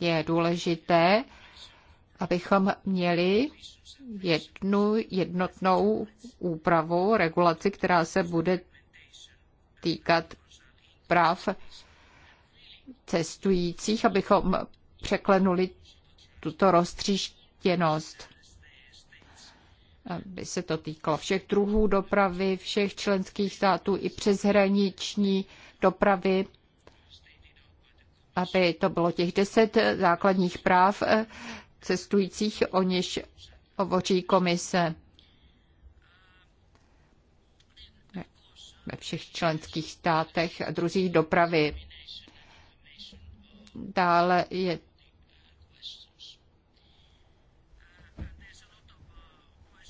je důležité, abychom měli jednu jednotnou úpravu, regulaci, která se bude týkat práv cestujících, abychom překlenuli tuto roztříštěnost. Aby se to týkalo všech druhů dopravy, všech členských států i přeshraniční dopravy, aby to bylo těch deset základních práv cestujících, o něž hovoří komise. ve všech členských státech a druzích dopravy. Dále je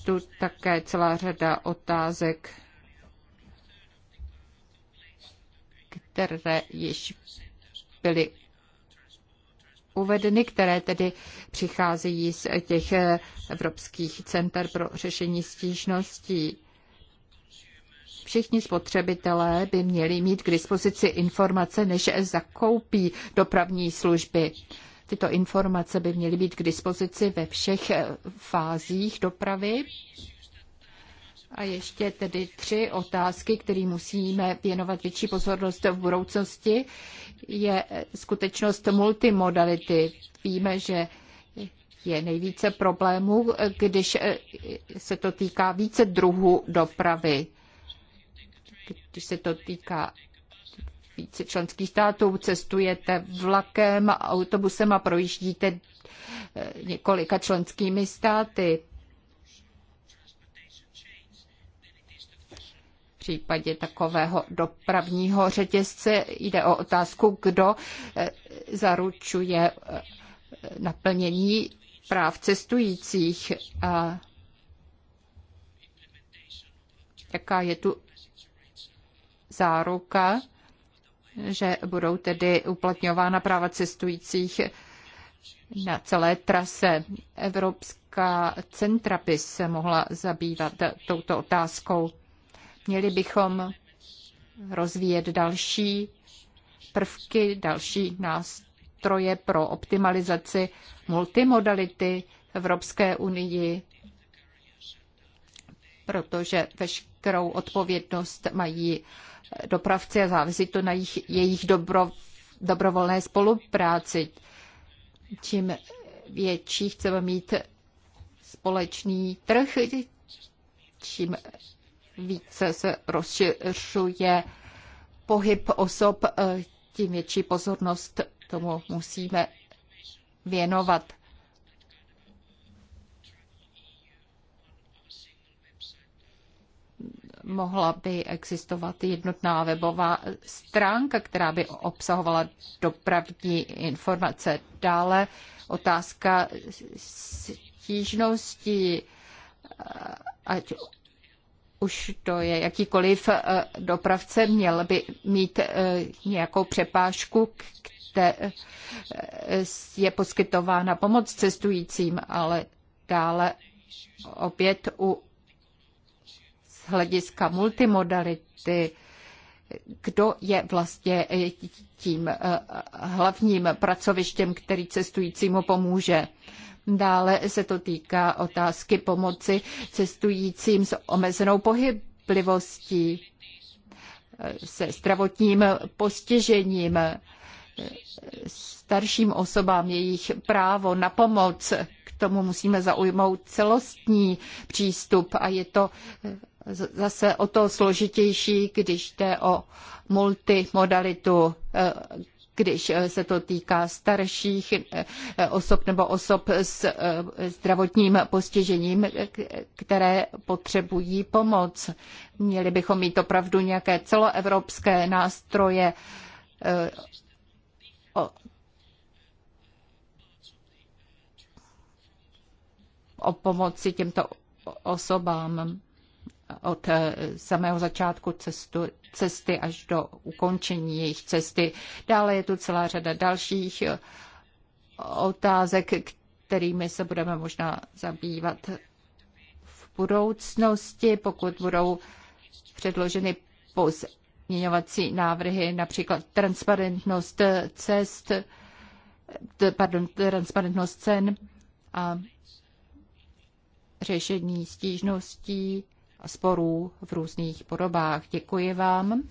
tu také celá řada otázek, které již byly uvedeny, které tedy přicházejí z těch evropských center pro řešení stížností. Všichni spotřebitelé by měli mít k dispozici informace, než je zakoupí dopravní služby. Tyto informace by měly být k dispozici ve všech eh, fázích dopravy. A ještě tedy tři otázky, které musíme věnovat větší pozornost v budoucnosti, je eh, skutečnost multimodality. Víme, že je nejvíce problémů, eh, když se to týká více druhů dopravy když se to týká více členských států, cestujete vlakem, autobusem a projíždíte eh, několika členskými státy. V případě takového dopravního řetězce jde o otázku, kdo eh, zaručuje eh, naplnění práv cestujících a jaká je tu záruka, že budou tedy uplatňována práva cestujících na celé trase. Evropská centra by se mohla zabývat touto otázkou. Měli bychom rozvíjet další prvky, další nástroje pro optimalizaci multimodality v Evropské unii, protože veškerou odpovědnost mají dopravci a závisí to na jich, jejich dobro, dobrovolné spolupráci. Čím větší chceme mít společný trh, čím více se rozšiřuje pohyb osob, tím větší pozornost tomu musíme věnovat. mohla by existovat jednotná webová stránka, která by obsahovala dopravní informace. Dále otázka stížností, ať už to je jakýkoliv eh, dopravce, měl by mít eh, nějakou přepážku, kde eh, je poskytována pomoc cestujícím, ale dále opět u hlediska multimodality, kdo je vlastně tím eh, hlavním pracovištěm, který cestujícímu pomůže. Dále se to týká otázky pomoci cestujícím s omezenou pohyblivostí, eh, se zdravotním postižením, eh, starším osobám jejich právo na pomoc. K tomu musíme zaujmout celostní přístup a je to zase o to složitější, když jde o multimodalitu, eh, když eh, se to týká starších eh, osob nebo osob s zdravotním postižením, které potřebují pomoc. Měli bychom mít opravdu nějaké celoevropské nástroje o pomoci těmto osobám od eh, samého začátku cestu, cesty až do ukončení jejich cesty. Dále je tu celá řada dalších eh, otázek, kterými se budeme možná zabývat v budoucnosti, pokud budou předloženy pozměňovací návrhy, například transparentnost cest, pardon, transparentnost cen a řešení stížností sporů v různých podobách. Děkuji vám.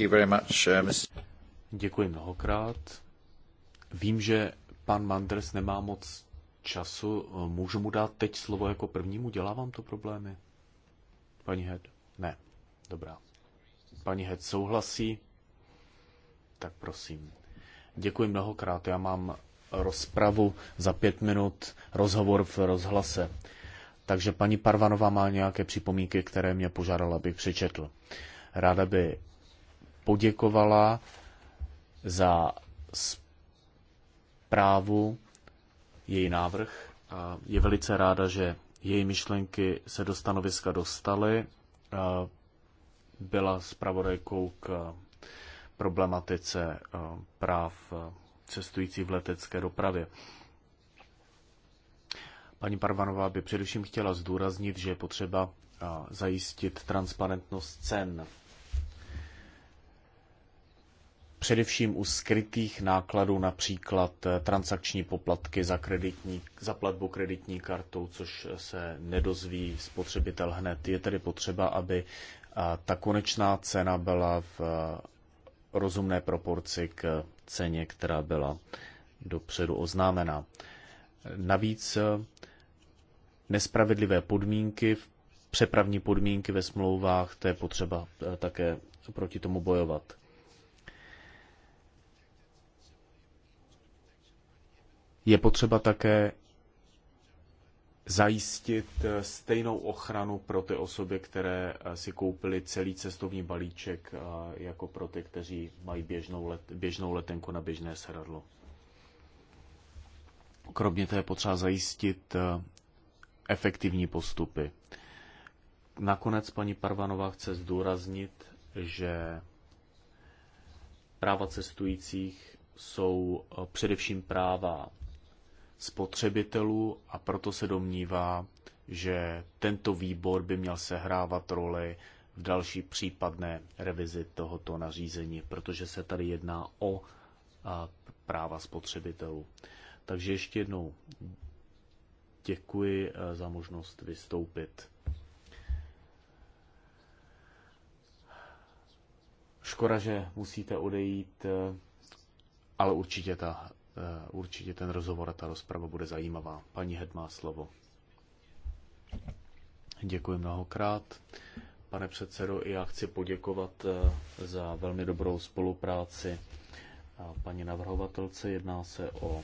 Uh, Děkuji mnohokrát. Vím, že pan Manders nemá moc času. Můžu mu dát teď slovo jako prvnímu? Dělá vám to problémy? Paní Head? Ne. Dobrá. Paní Head souhlasí? Tak prosím. Děkuji mnohokrát. Já mám rozpravu za pět minut, rozhovor v rozhlase. Takže paní Parvanová má nějaké připomínky, které mě požádala, abych přečetl. Ráda by poděkovala za zprávu, její návrh. A je velice ráda, že její myšlenky se do stanoviska dostaly. Byla zpravodajkou k problematice práv cestující v letecké dopravě. Paní Parvanová by především chtěla zdůraznit, že je potřeba zajistit transparentnost cen. Především u skrytých nákladů, například e, transakční poplatky za, kreditní, za platbu kreditní kartou, což se nedozví spotřebitel hned. Je tedy potřeba, aby ta konečná cena byla v e, rozumné proporci k ceně, která byla dopředu oznámena. Navíc e, nespravedlivé podmínky, přepravní podmínky ve smlouvách, to je potřeba eh, také proti tomu bojovat. Je potřeba také zajistit eh, stejnou ochranu pro ty osoby, které eh, si koupili celý cestovní balíček, jako pro ty, kteří mají běžnou, let, běžnou letenku na běžné sedadlo. Kromě toho je potřeba zajistit efektivní postupy. Nakonec paní Parvanová chce zdůraznit, že práva cestujících jsou eh, především práva spotřebitelů a proto se domnívá, že tento výbor by měl sehrávat roli v další případné revizi tohoto nařízení, protože se tady jedná o eh, práva spotřebitelů. Takže ještě jednou děkuji eh, za možnost vystoupit. Škoda, že musíte odejít, eh, ale určitě, ta, eh, určitě ten rozhovor a ta rozprava bude zajímavá. Paní Hed má slovo. Děkuji mnohokrát. Pane předsedo, i já chci poděkovat za velmi dobrou spolupráci paní navrhovatelce. Jedná se o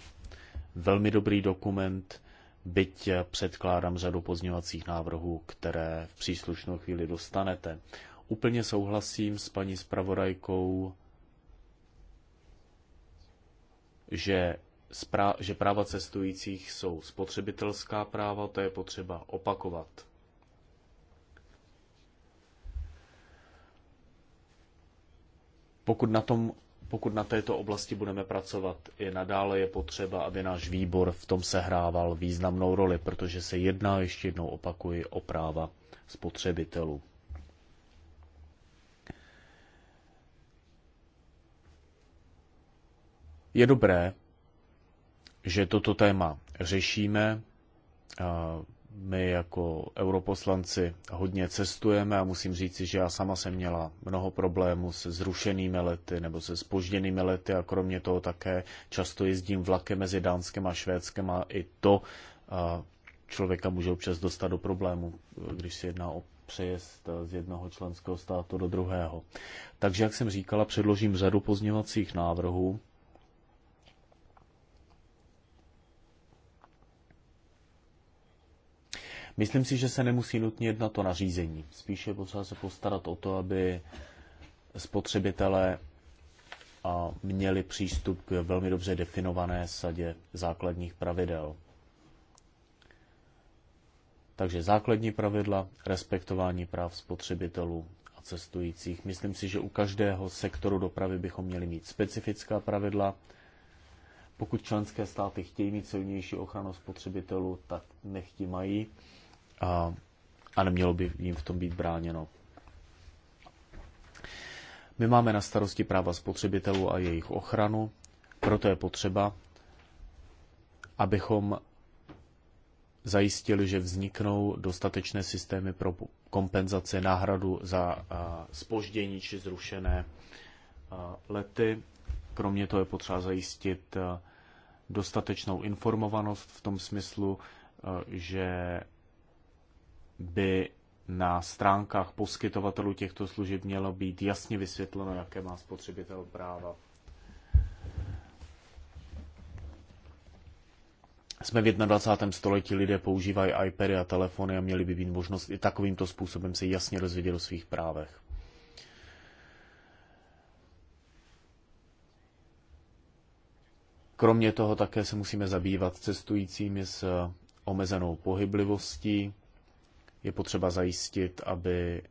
velmi dobrý dokument, byť předkládám řadu pozměňovacích návrhů, které v příslušnou chvíli dostanete. Úplně souhlasím s paní zpravodajkou, že, spra- že práva cestujících jsou spotřebitelská práva, to je potřeba opakovat. Pokud na tom pokud na této oblasti budeme pracovat i nadále, je potřeba, aby náš výbor v tom sehrával významnou roli, protože se jedná, ještě jednou opakuji, o práva spotřebitelů. Je dobré, že toto téma řešíme my jako europoslanci hodně cestujeme a musím říci, že já sama jsem měla mnoho problémů se zrušenými lety nebo se spožděnými lety a kromě toho také často jezdím vlakem mezi Dánskem a Švédskem a i to člověka může občas dostat do problému, když se jedná o přejezd z jednoho členského státu do druhého. Takže, jak jsem říkala, předložím řadu pozněvacích návrhů Myslím si, že se nemusí nutně jednat o nařízení. Spíše potřeba se postarat o to, aby spotřebitelé a měli přístup k velmi dobře definované sadě základních pravidel. Takže základní pravidla, respektování práv spotřebitelů a cestujících. Myslím si, že u každého sektoru dopravy bychom měli mít specifická pravidla. Pokud členské státy chtějí mít silnější ochranu spotřebitelů, tak nechtí mají a, a nemělo by jim v tom být bráněno. My máme na starosti práva spotřebitelů a jejich ochranu, proto je potřeba, abychom zajistili, že vzniknou dostatečné systémy pro kompenzaci náhradu za spoždění či zrušené lety. Kromě toho je potřeba zajistit dostatečnou informovanost v tom smyslu, že by na stránkách poskytovatelů těchto služeb mělo být jasně vysvětleno, jaké má spotřebitel práva. Jsme v 21. století, lidé používají iPady a telefony a měli by být možnost i takovýmto způsobem se jasně rozvědět o svých právech. Kromě toho také se musíme zabývat cestujícími s omezenou pohyblivostí, je potřeba zajistit, aby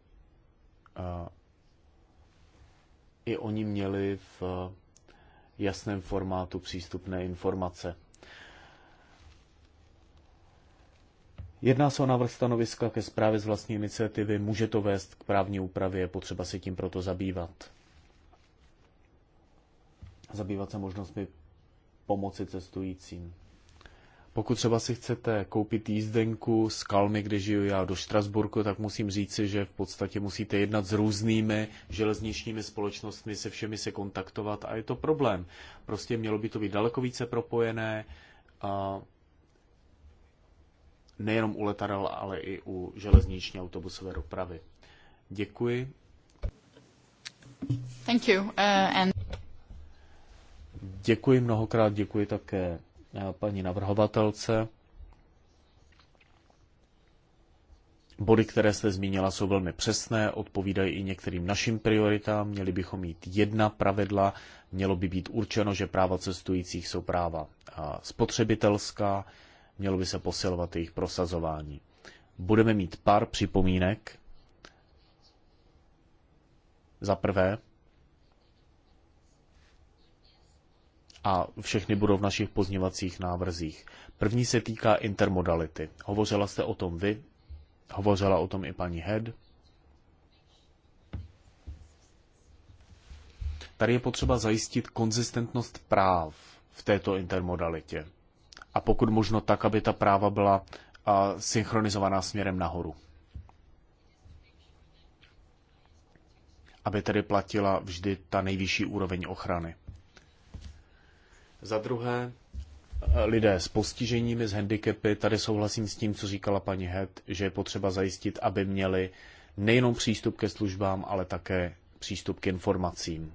i oni měli v jasném formátu přístupné informace. Jedná se o návrh stanoviska ke zprávě z vlastní iniciativy, může to vést k právní úpravě, je potřeba se tím proto zabývat. Zabývat se možnostmi pomoci cestujícím. Pokud třeba si chcete koupit jízdenku z Kalmy, kde žiju já, do Štrasburku, tak musím říci, že v podstatě musíte jednat s různými železničními společnostmi, se všemi se kontaktovat a je to problém. Prostě mělo by to být daleko více propojené, a nejenom u letadel, ale i u železniční autobusové dopravy. Děkuji.
Thank you. Uh, and...
Děkuji mnohokrát, děkuji také paní navrhovatelce. Body, které jste zmínila, jsou velmi přesné, odpovídají i některým našim prioritám. Měli bychom mít jedna pravidla, mělo by být určeno, že práva cestujících jsou práva spotřebitelská, mělo by se posilovat jejich prosazování. Budeme mít pár připomínek. Za prvé, a všechny budou v našich pozněvacích návrzích. První se týká intermodality. Hovořila jste o tom vy, hovořila o tom i paní Head. Tady je potřeba zajistit konzistentnost práv v této intermodalitě. A pokud možno tak, aby ta práva byla synchronizovaná směrem nahoru. Aby tedy platila vždy ta nejvyšší úroveň ochrany. Za druhé, lidé s postiženími, s handicapy, tady souhlasím s tím, co říkala paní Het, že je potřeba zajistit, aby měli nejenom přístup ke službám, ale také přístup k informacím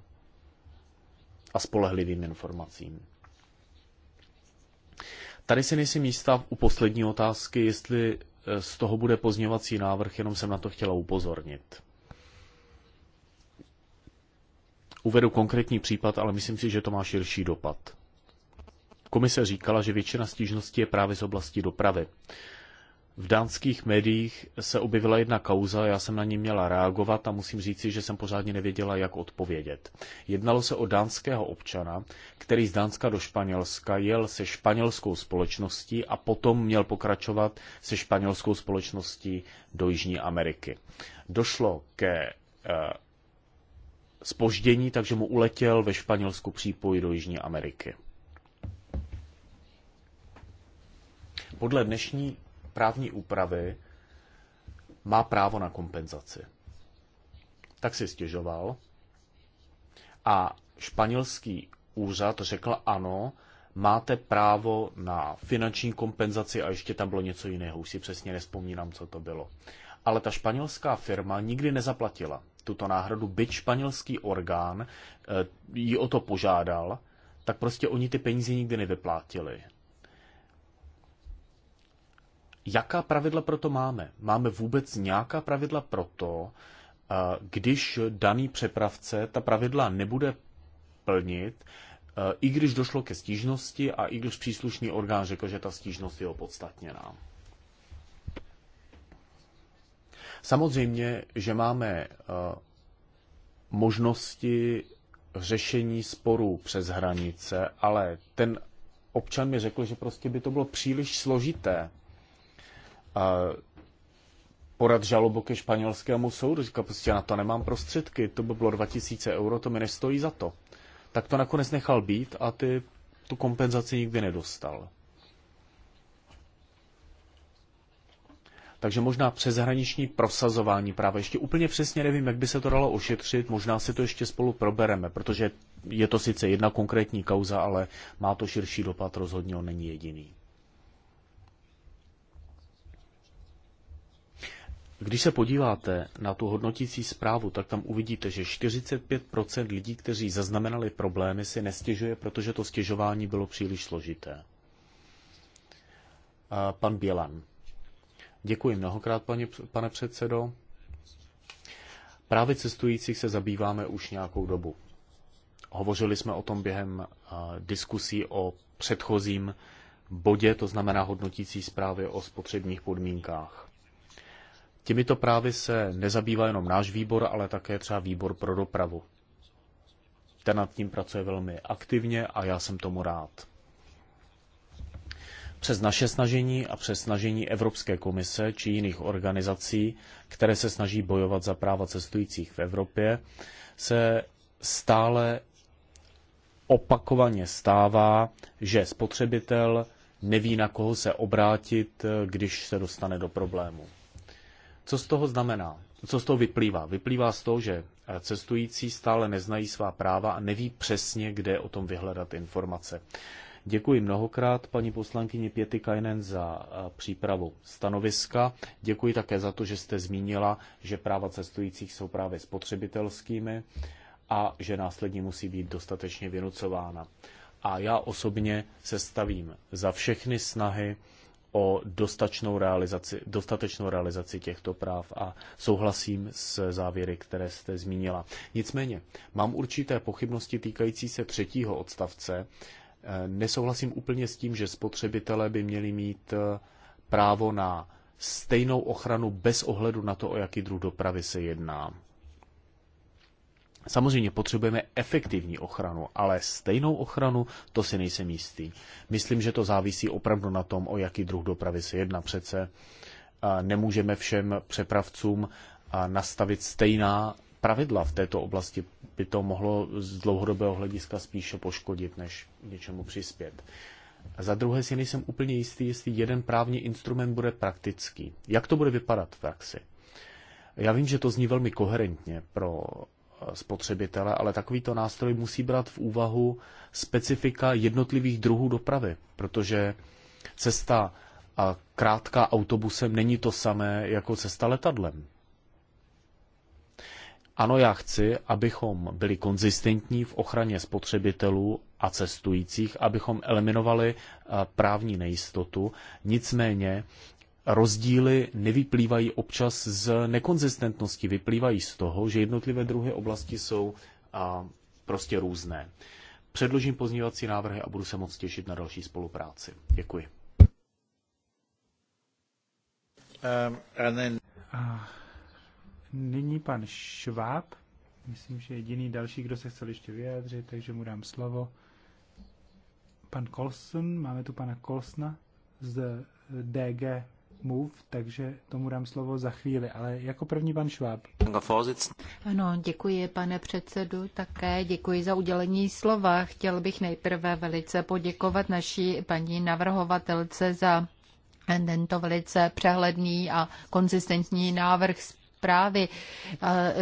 a spolehlivým informacím. Tady si nejsem jistá u poslední otázky, jestli eh, z toho bude pozněvací návrh, jenom jsem na to chtěla upozornit. Uvedu konkrétní případ, ale myslím si, že to má širší dopad. Komise říkala, že většina stížností je právě z oblasti dopravy. V dánských médiích se objevila jedna kauza, já jsem na ní měla reagovat a musím říci, že jsem pořádně nevěděla, jak odpovědět. Jednalo se o dánského občana, který z Dánska do Španělska jel se španělskou společností a potom měl pokračovat se španělskou společností do Jižní Ameriky. Došlo ke spoždění, eh, takže mu uletěl ve Španělsku přípoj do Jižní Ameriky. Podle dnešní právní úpravy má právo na kompenzaci. Tak si stěžoval a španělský úřad řekl ano, máte právo na finanční kompenzaci a ještě tam bylo něco jiného, už si přesně nespomínám, co to bylo. Ale ta španělská firma nikdy nezaplatila tuto náhradu, byť španělský orgán eh, ji o to požádal, tak prostě oni ty peníze nikdy nevyplátili. Jaká pravidla proto máme? Máme vůbec nějaká pravidla proto, eh, když daný přepravce ta pravidla nebude plnit, eh, i když došlo ke stížnosti a i když příslušný orgán řekl, že ta stížnost je opodstatněná. Samozřejmě, že máme eh, možnosti řešení sporů přes hranice, ale ten občan mi řekl, že prostě by to bylo příliš složité podat žalobu ke španělskému soudu. Říkal, prostě na to nemám prostředky, to by bylo 2000 euro, to mi nestojí za to. Tak to nakonec nechal být a ty tu kompenzaci nikdy nedostal. Takže možná přeshraniční prosazování práva. Ještě úplně přesně nevím, jak by se to dalo ošetřit. Možná si to ještě spolu probereme, protože je to sice jedna konkrétní kauza, ale má to širší dopad, rozhodně on není jediný. Když se podíváte na tu hodnotící zprávu, tak tam uvidíte, že 45% lidí, kteří zaznamenali problémy, si nestěžuje, protože to stěžování bylo příliš složité. Pan Bělan. Děkuji mnohokrát, paní, pane předsedo. Právě cestujících se zabýváme už nějakou dobu. Hovořili jsme o tom během diskusí o předchozím bodě, to znamená hodnotící zprávy o spotřebních podmínkách. Těmito právy se nezabývá jenom náš výbor, ale také třeba výbor pro dopravu. Ten nad tím pracuje velmi aktivně a já jsem tomu rád. Přes naše snažení a přes snažení Evropské komise či jiných organizací, které se snaží bojovat za práva cestujících v Evropě, se stále opakovaně stává, že spotřebitel neví, na koho se obrátit, když se dostane do problému. Co z toho znamená? Co z toho vyplývá? Vyplývá z toho, že eh, cestující stále neznají svá práva a neví přesně, kde o tom vyhledat informace. Děkuji mnohokrát paní poslankyni Pěty Kajnen za eh, přípravu stanoviska. Děkuji také za to, že jste zmínila, že práva cestujících jsou právě spotřebitelskými a že následně musí být dostatečně vynucována. A já osobně se stavím za všechny snahy o dostačnou realizaci, dostatečnou realizaci těchto práv a souhlasím s závěry, které jste zmínila. Nicméně, mám určité pochybnosti týkající se třetího odstavce. E, nesouhlasím úplně s tím, že spotřebitelé by měli mít e, právo na stejnou ochranu bez ohledu na to, o jaký druh dopravy se jedná. Samozřejmě potřebujeme efektivní ochranu, ale stejnou ochranu, to si nejsem jistý. Myslím, že to závisí opravdu na tom, o jaký druh dopravy se jedná. Přece nemůžeme všem přepravcům nastavit stejná pravidla v této oblasti. By to mohlo z dlouhodobého hlediska spíše poškodit, než něčemu přispět. Za druhé si nejsem úplně jistý, jestli jeden právní instrument bude praktický. Jak to bude vypadat v praxi? Já vím, že to zní velmi koherentně pro spotřebitele, ale takovýto nástroj musí brát v úvahu specifika jednotlivých druhů dopravy, protože cesta a krátká autobusem není to samé jako cesta letadlem. Ano, já chci, abychom byli konzistentní v ochraně spotřebitelů a cestujících, abychom eliminovali eh, právní nejistotu. Nicméně rozdíly nevyplývají občas z nekonzistentnosti, vyplývají z toho, že jednotlivé druhy oblasti jsou a, prostě různé. Předložím pozměňovací návrhy a budu se moc těšit na další spolupráci. Děkuji.
Um, and then... uh, nyní pan Šváb. Myslím, že jediný další, kdo se chce ještě vyjádřit, takže mu dám slovo. Pan Colson, máme tu pana Kolsna z DG move, takže tomu dám slovo za chvíli, ale jako první pan Šváb.
Ano, děkuji pane předsedu, také děkuji za udělení slova. Chtěl bych nejprve velice poděkovat naší paní navrhovatelce za tento velice přehledný a konzistentní návrh zprávy.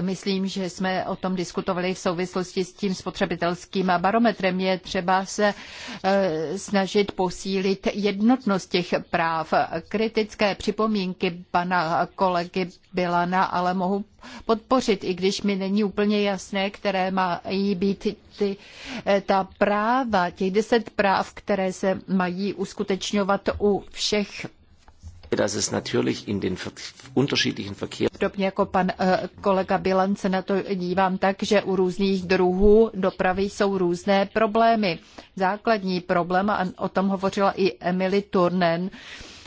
Myslím, že jsme o tom diskutovali v souvislosti s tím spotřebitelským barometrem. Je třeba se e, snažit posílit jednotnost těch práv. Kritické připomínky pana kolegy Bilana ale mohu podpořit, i když mi není úplně jasné, které mají být ty, e, ta práva, těch deset práv, které se mají uskutečňovat u všech
dass es natürlich in den unterschiedlichen
Podobně jako pan eh, kolega Bilan se na to dívám tak, že u různých druhů dopravy jsou různé problémy. Základní problém, a o tom hovořila i Emily Turnen,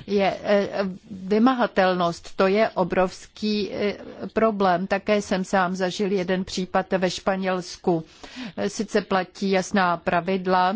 je eh, vymahatelnost. To je obrovský eh, problém. Také jsem sám zažil jeden případ ve Španělsku. Sice platí jasná pravidla,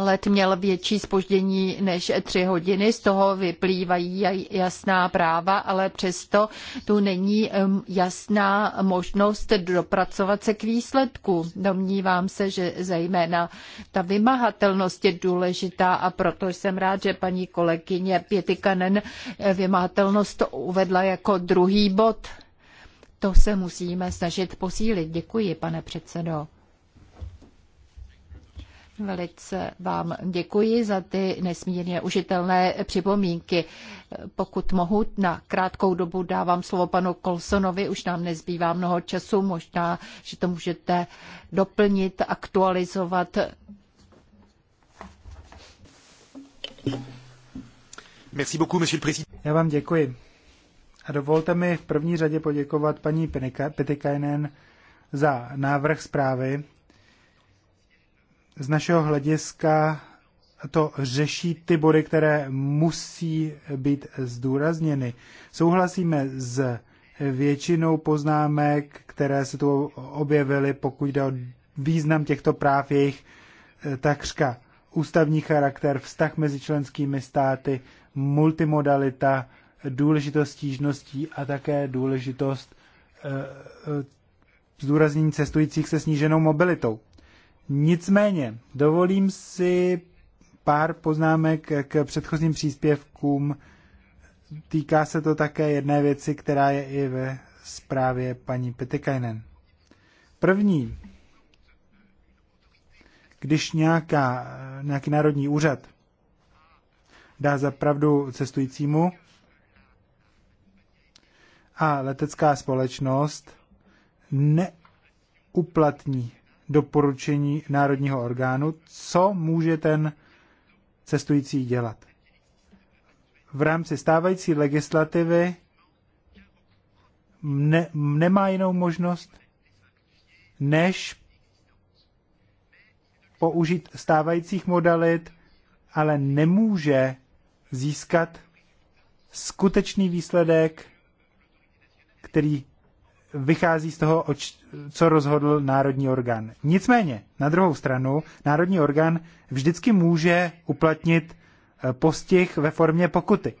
let měl větší spoždění než tři hodiny, z toho vyplývají jasná práva, ale přesto tu není um, jasná možnost dopracovat se k výsledku. Domnívám se, že zejména ta vymahatelnost je důležitá a proto jsem rád, že paní kolegyně Pětikanen eh, vymahatelnost uvedla jako druhý bod. To se musíme snažit posílit. Děkuji, pane předsedo. Velice vám děkuji za ty nesmírně užitelné připomínky. Pokud mohu, na krátkou dobu dávám slovo panu Kolsonovi, už nám nezbývá mnoho času, možná, že to můžete doplnit, aktualizovat.
Merci beaucoup, monsieur
le président. Já vám děkuji. A dovolte mi v první řadě poděkovat paní Petikainen za návrh zprávy z našeho hlediska to řeší ty body, které musí být zdůrazněny. Souhlasíme s většinou poznámek, které se tu objevily, pokud jde o význam těchto práv, jejich eh, takřka ústavní charakter, vztah mezi členskými státy, multimodalita, důležitost stížností a také důležitost eh, eh, zdůraznění cestujících se sníženou mobilitou. Nicméně, dovolím si pár poznámek k předchozím příspěvkům. Týká se to také jedné věci, která je i ve zprávě paní Pitikainen. První, když nějaká, nějaký národní úřad dá zapravdu cestujícímu a letecká společnost neuplatní doporučení národního orgánu, co může ten cestující dělat. V rámci stávající legislativy ne, nemá jinou možnost, než použít stávajících modalit, ale nemůže získat skutečný výsledek, který vychází z toho, co rozhodl národní orgán. Nicméně, na druhou stranu, národní orgán vždycky může uplatnit eh, postih ve formě pokuty.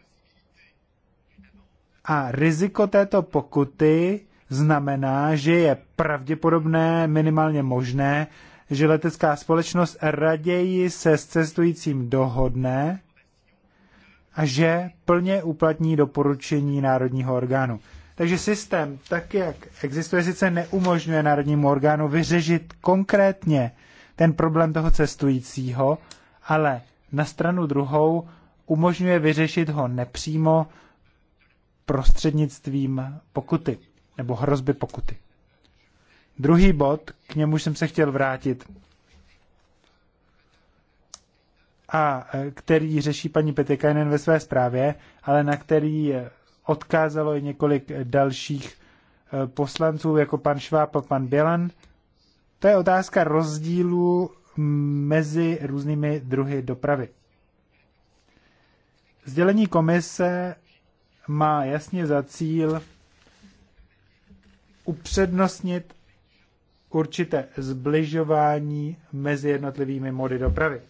A riziko této pokuty znamená, že je pravděpodobné, minimálně možné, že letecká společnost raději se s cestujícím dohodne a že plně uplatní doporučení národního orgánu. Takže systém, tak jak existuje, sice neumožňuje národnímu orgánu vyřešit konkrétně ten problém toho cestujícího, ale na stranu druhou umožňuje vyřešit ho nepřímo prostřednictvím pokuty nebo hrozby pokuty. Druhý bod, k němu jsem se chtěl vrátit, a e, který řeší paní Petekainen ve své zprávě, ale na který e, odkázalo i několik dalších e, poslanců, jako pan Šváb a pan Bělan. To je otázka rozdílu mezi různými druhy dopravy. Sdělení komise má jasně za cíl upřednostnit určité zbližování mezi jednotlivými mody dopravy.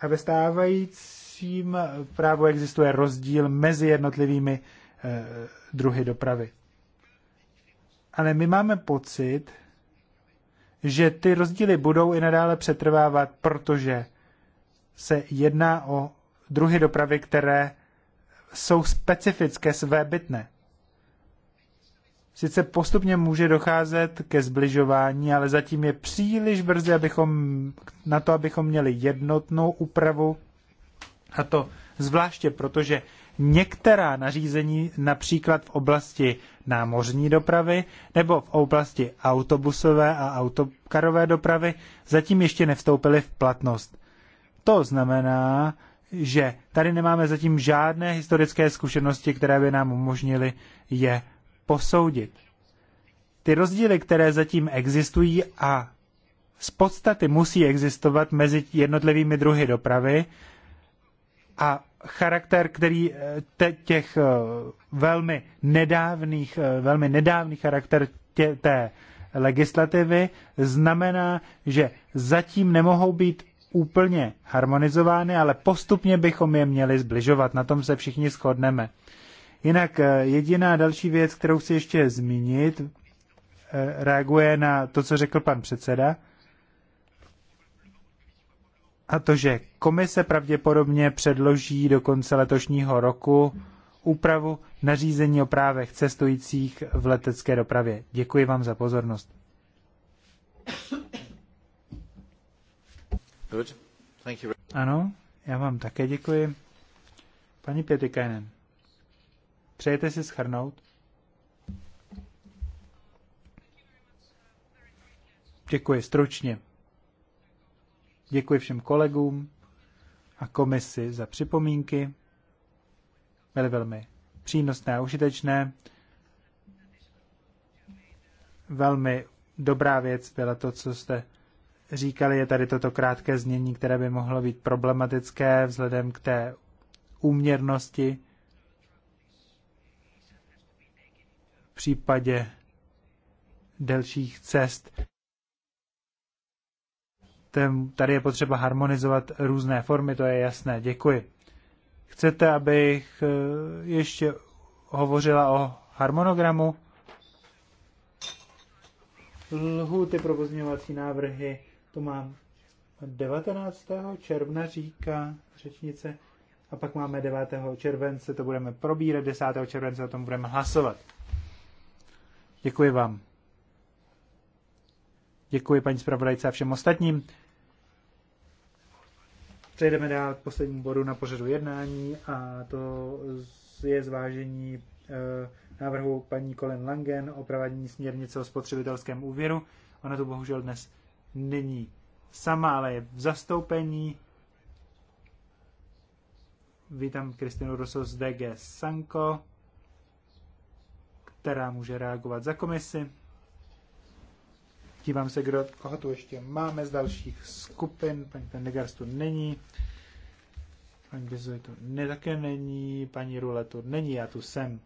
A ve stávající vnitřním právu existuje rozdíl mezi jednotlivými eh, druhy dopravy. Ale my máme pocit, že ty rozdíly budou i nadále přetrvávat, protože se jedná o druhy dopravy, které jsou specifické, bytné. Sice postupně může docházet ke zbližování, ale zatím je příliš brzy abychom, na to, abychom měli jednotnou úpravu, a to zvláště protože některá nařízení, například v oblasti námořní dopravy nebo v oblasti autobusové a autokarové dopravy, zatím ještě nevstoupily v platnost. To znamená, že tady nemáme zatím žádné historické zkušenosti, které by nám umožnily je posoudit. Ty rozdíly, které zatím existují a z podstaty musí existovat mezi jednotlivými druhy dopravy, a charakter, který eh, těch eh, velmi nedávných, eh, velmi nedávný charakter tě, té legislativy znamená, že zatím nemohou být úplně harmonizovány, ale postupně bychom je měli zbližovat. Na tom se všichni shodneme. Jinak jediná další věc, kterou chci ještě zmínit, reaguje na to, co řekl pan předseda a to, že komise pravděpodobně předloží do konce letošního roku úpravu nařízení o právech cestujících v letecké dopravě. Děkuji vám za pozornost.
Good. Thank you.
Ano, já vám také děkuji. Paní Pětikajnen, přejete si schrnout? Děkuji, stručně. Děkuji všem kolegům a komisi za připomínky. Byly velmi přínosné a užitečné. Velmi dobrá věc byla to, co jste říkali, je tady toto krátké znění, které by mohlo být problematické vzhledem k té úměrnosti v případě delších cest tady je potřeba harmonizovat různé formy, to je jasné. Děkuji. Chcete, abych eh, ještě hovořila o harmonogramu? Lhuty pro pozměňovací návrhy, to mám 19. června, říká řečnice, a pak máme 9. července, to budeme probírat, 10. července o tom budeme hlasovat. Děkuji vám. Děkuji paní zpravodajce a všem ostatním. Přejdeme dál k poslednímu bodu na pořadu jednání a to je zvážení e, návrhu paní Colin Langen o provádění směrnice o spotřebitelském úvěru. Ona tu bohužel dnes není sama, ale je v zastoupení. Vítám Kristinu Rosso z DG Sanko, která může reagovat za komisi. Dívám se, kdo koho tu ještě máme z dalších skupin. Paní Pendegars tu není. Paní Bizoy tu ne, také není. Paní Rule tu není, já tu jsem.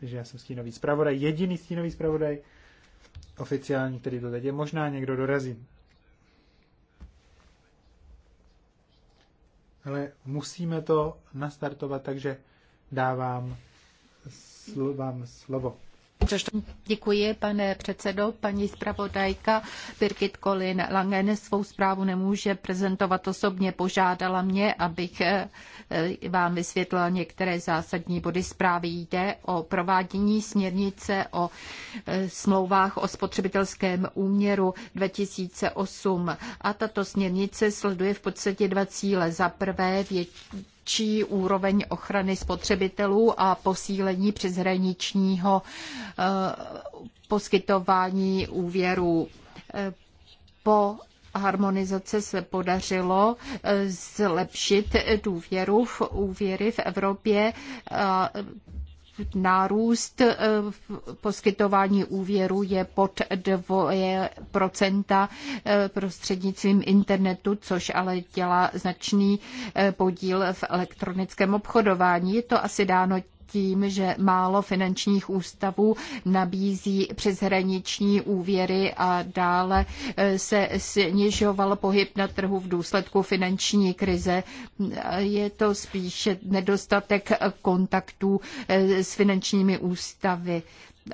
Takže já jsem stínový zpravodaj. Jediný stínový zpravodaj oficiální, který to teď je. Možná někdo dorazí. Ale musíme to nastartovat, takže dávám sl- vám slovo.
Děkuji, pane předsedo. Paní zpravodajka Birgit Kolin Langen svou zprávu nemůže prezentovat osobně. Požádala mě, abych eh, vám vysvětlila některé zásadní body zprávy. Jde o provádění směrnice o eh, smlouvách o spotřebitelském úměru 2008. A tato směrnice sleduje v podstatě dva cíle. Za prvé větší zvýší úroveň ochrany spotřebitelů a posílení přeshraničního eh, poskytování úvěrů. Eh, po harmonizace se podařilo eh, zlepšit důvěru v úvěry v Evropě nárůst eh, poskytování úvěru je pod 2% eh, prostřednictvím internetu, což ale dělá značný eh, podíl v elektronickém obchodování. Je to asi dáno tím, že málo finančních ústavů nabízí přeshraniční úvěry a dále eh, se snižoval pohyb na trhu v důsledku finanční krize. Je to spíše nedostatek kontaktů eh, s finančními ústavy.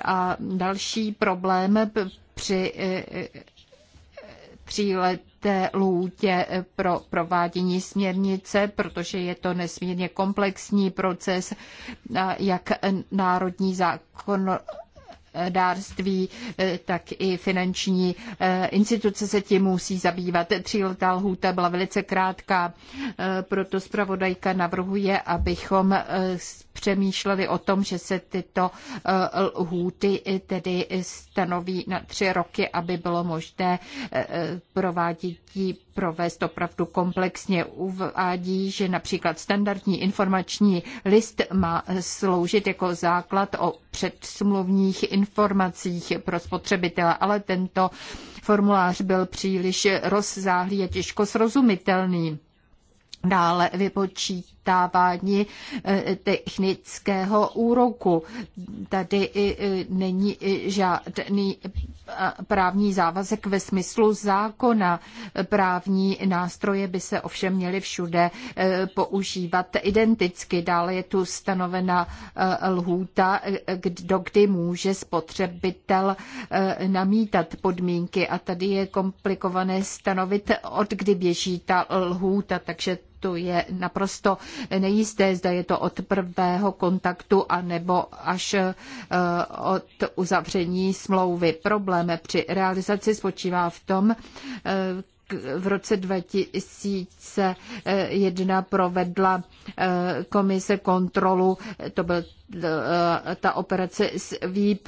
A další problém při eh, třílet té lůtě eh, pro provádění směrnice, protože je to nesmírně komplexní proces, jak národní zákon dárství, eh, tak i finanční eh, instituce se tím musí zabývat. Tříletá lhůta byla velice krátká, proto zpravodajka navrhuje, abychom přemýšleli o tom, že se tyto eh, lhůty eh, tedy stanoví na tři roky, aby bylo možné eh, provádění provést opravdu komplexně. Uvádí, že například standardní informační list má sloužit jako základ o předsmluvních informacích pro spotřebitele, ale tento formulář byl příliš rozsáhlý a těžko srozumitelný. Dále vypočít dávání eh, technického úroku. Tady eh, není eh, žádný právní závazek ve smyslu zákona. Právní nástroje by se ovšem měly všude používat identicky. Dále je tu stanovena lhůta, do kdy může spotřebitel namítat podmínky a tady je komplikované stanovit, od kdy běží ta lhůta, takže kontaktu je naprosto nejisté, zda je to od prvého kontaktu nebo až eh, od uzavření smlouvy. Problém při realizaci spočívá v tom, eh, v roce 2001 provedla eh, komise kontrolu, to byl ta operace SWEEP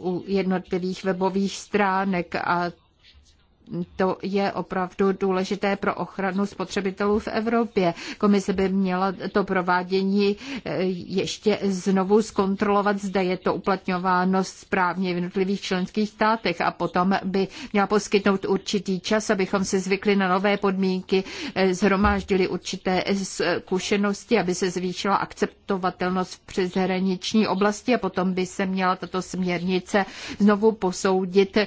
u jednotlivých webových stránek a to je opravdu důležité pro ochranu spotřebitelů v Evropě. Komise by měla to provádění eh, ještě znovu zkontrolovat, zda je to uplatňováno správně v jednotlivých členských státech a potom by měla poskytnout určitý čas, abychom se zvykli na nové podmínky, eh, zhromáždili určité zkušenosti, aby se zvýšila akceptovatelnost v přeshraniční oblasti a potom by se měla tato směrnice znovu posoudit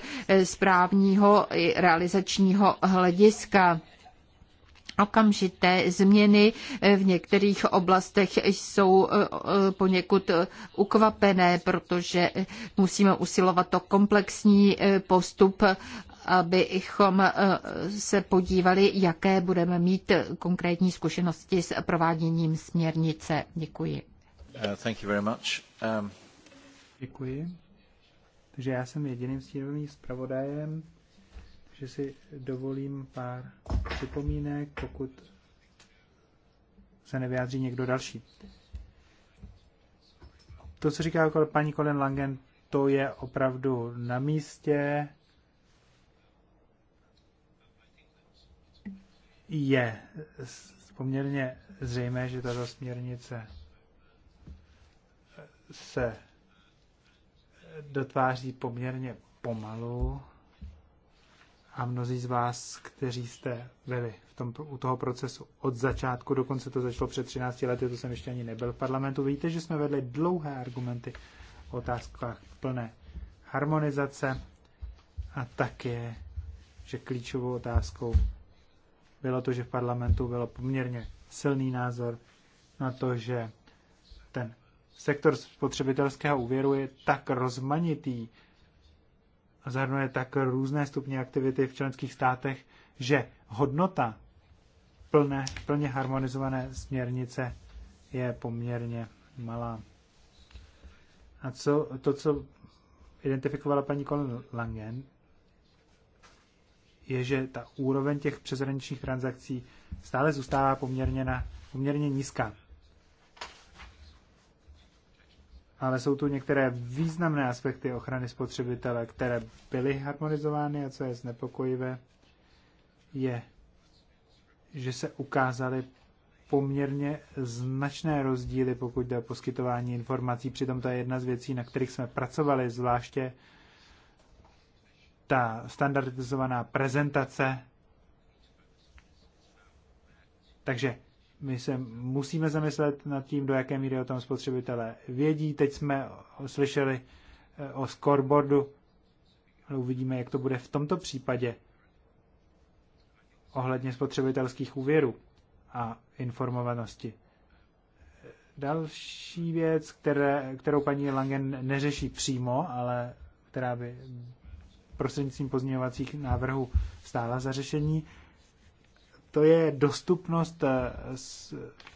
správního eh, realizačního hlediska. Okamžité změny v některých oblastech jsou eh, eh, poněkud eh, ukvapené, protože musíme usilovat o komplexní postup, abychom se podívali, jaké budeme mít konkrétní zkušenosti s prováděním směrnice. Děkuji.
Uh, thank you very much. Um... Děkuji. Takže já jsem jediným stínovým zpravodajem že si dovolím pár připomínek, pokud se nevyjádří někdo další. To, co říká paní Colin Langen, to je opravdu na místě. Je poměrně zřejmé, že tato směrnice se dotváří poměrně pomalu a mnozí z vás, kteří jste byli v tomto, u toho procesu od začátku, dokonce to začalo před 13 lety, to jsem ještě ani nebyl v parlamentu, víte, že jsme vedli dlouhé argumenty o otázkách plné harmonizace a také, že klíčovou otázkou bylo to, že v parlamentu bylo poměrně silný názor na to, že ten sektor spotřebitelského úvěru je tak rozmanitý, zahrnuje tak různé stupně aktivity v členských státech, že hodnota plné, plně harmonizované směrnice je poměrně malá. A co, to, co identifikovala paní Colin Langen, je, že ta úroveň těch přeshraničních transakcí stále zůstává poměrně, na, poměrně nízká. ale jsou tu některé významné aspekty ochrany spotřebitele, které byly harmonizovány a co je znepokojivé, je, že se ukázaly poměrně značné rozdíly, pokud jde o poskytování informací. Přitom to je jedna z věcí, na kterých jsme pracovali, zvláště ta standardizovaná prezentace. Takže my se musíme zamyslet nad tím, do jaké míry o tom spotřebitelé vědí. Teď jsme slyšeli eh, o scoreboardu, ale uvidíme, jak to bude v tomto případě ohledně spotřebitelských úvěrů a informovanosti. Další věc, které, kterou paní Langen neřeší přímo, ale která by prostřednictvím pozměňovacích návrhů stála za řešení, to je dostupnost eh,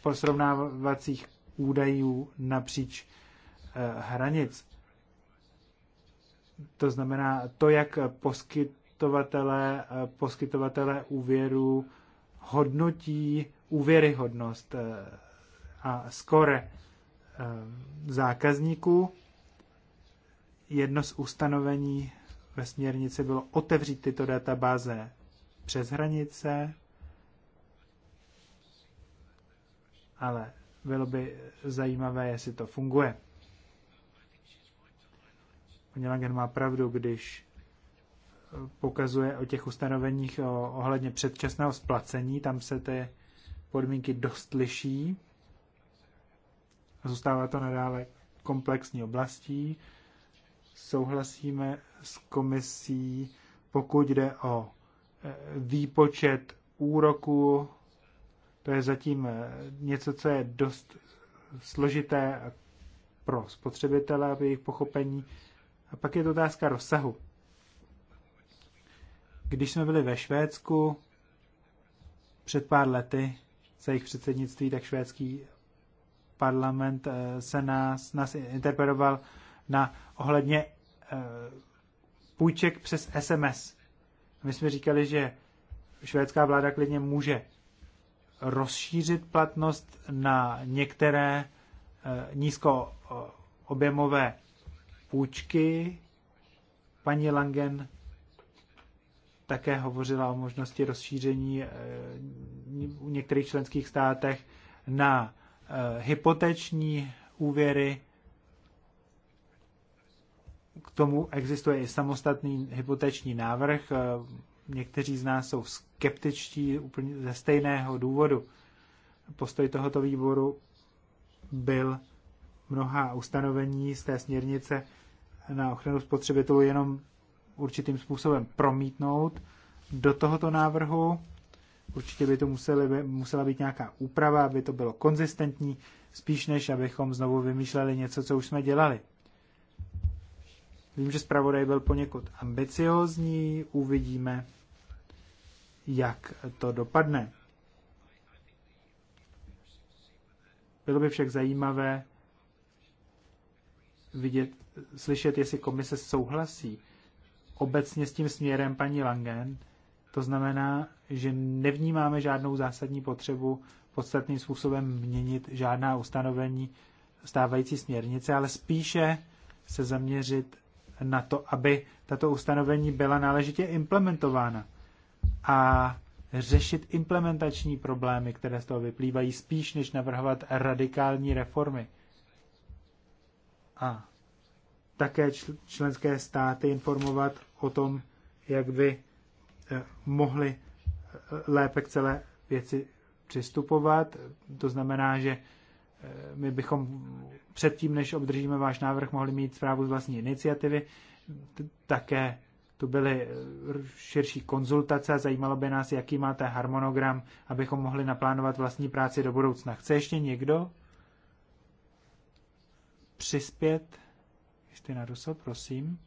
posrovnávacích údajů napříč eh, hranic. To znamená to, jak poskytovatele, eh, poskytovatele úvěru hodnotí úvěryhodnost a skore zákazníků. Jedno z ustanovení ve směrnici bylo otevřít tyto databáze přes hranice, ale bylo by zajímavé, jestli to funguje. Paní Langen má pravdu, když eh, pokazuje o těch ustanoveních ohledně předčasného splacení, tam se ty podmínky dost liší. Zůstává to nadále komplexní oblastí. Souhlasíme s komisí, pokud jde o eh, výpočet úroku to je zatím eh, něco, co je dost složité pro spotřebitele, jejich pochopení. A pak je to otázka rozsahu. Když jsme byli ve Švédsku před pár lety za jejich předsednictví, tak švédský parlament eh, se nás, nás interpretoval na ohledně eh, půjček přes SMS. My jsme říkali, že švédská vláda klidně může rozšířit platnost na některé eh, nízkoobjemové půjčky. Paní Langen také hovořila o možnosti rozšíření eh, u některých členských státech na eh, hypoteční úvěry. K tomu existuje i samostatný hypoteční návrh někteří z nás jsou skeptičtí úplně ze stejného důvodu. Postoj tohoto výboru byl mnoha ustanovení z té směrnice na ochranu spotřebitelů jenom určitým způsobem promítnout do tohoto návrhu. Určitě by to museli, musela být nějaká úprava, aby to bylo konzistentní, spíš než abychom znovu vymýšleli něco, co už jsme dělali. Vím, že zpravodaj byl poněkud ambiciózní. uvidíme, jak to dopadne. Bylo by však zajímavé vidět, slyšet, jestli komise souhlasí obecně s tím směrem paní Langen. To znamená, že nevnímáme žádnou zásadní potřebu podstatným způsobem měnit žádná ustanovení stávající směrnice, ale spíše se zaměřit na to, aby tato ustanovení byla náležitě implementována a řešit implementační problémy, které z toho vyplývají, spíš než navrhovat radikální reformy. A také členské státy informovat o tom, jak by eh, mohli eh, lépe k celé věci přistupovat. To znamená, že eh, my bychom předtím, než obdržíme váš návrh, mohli mít zprávu z vlastní iniciativy, také to byly eh, širší konzultace. Zajímalo by nás, jaký máte harmonogram, abychom mohli naplánovat vlastní práci do budoucna. Chce ještě někdo přispět? Ještě na Ruso, prosím.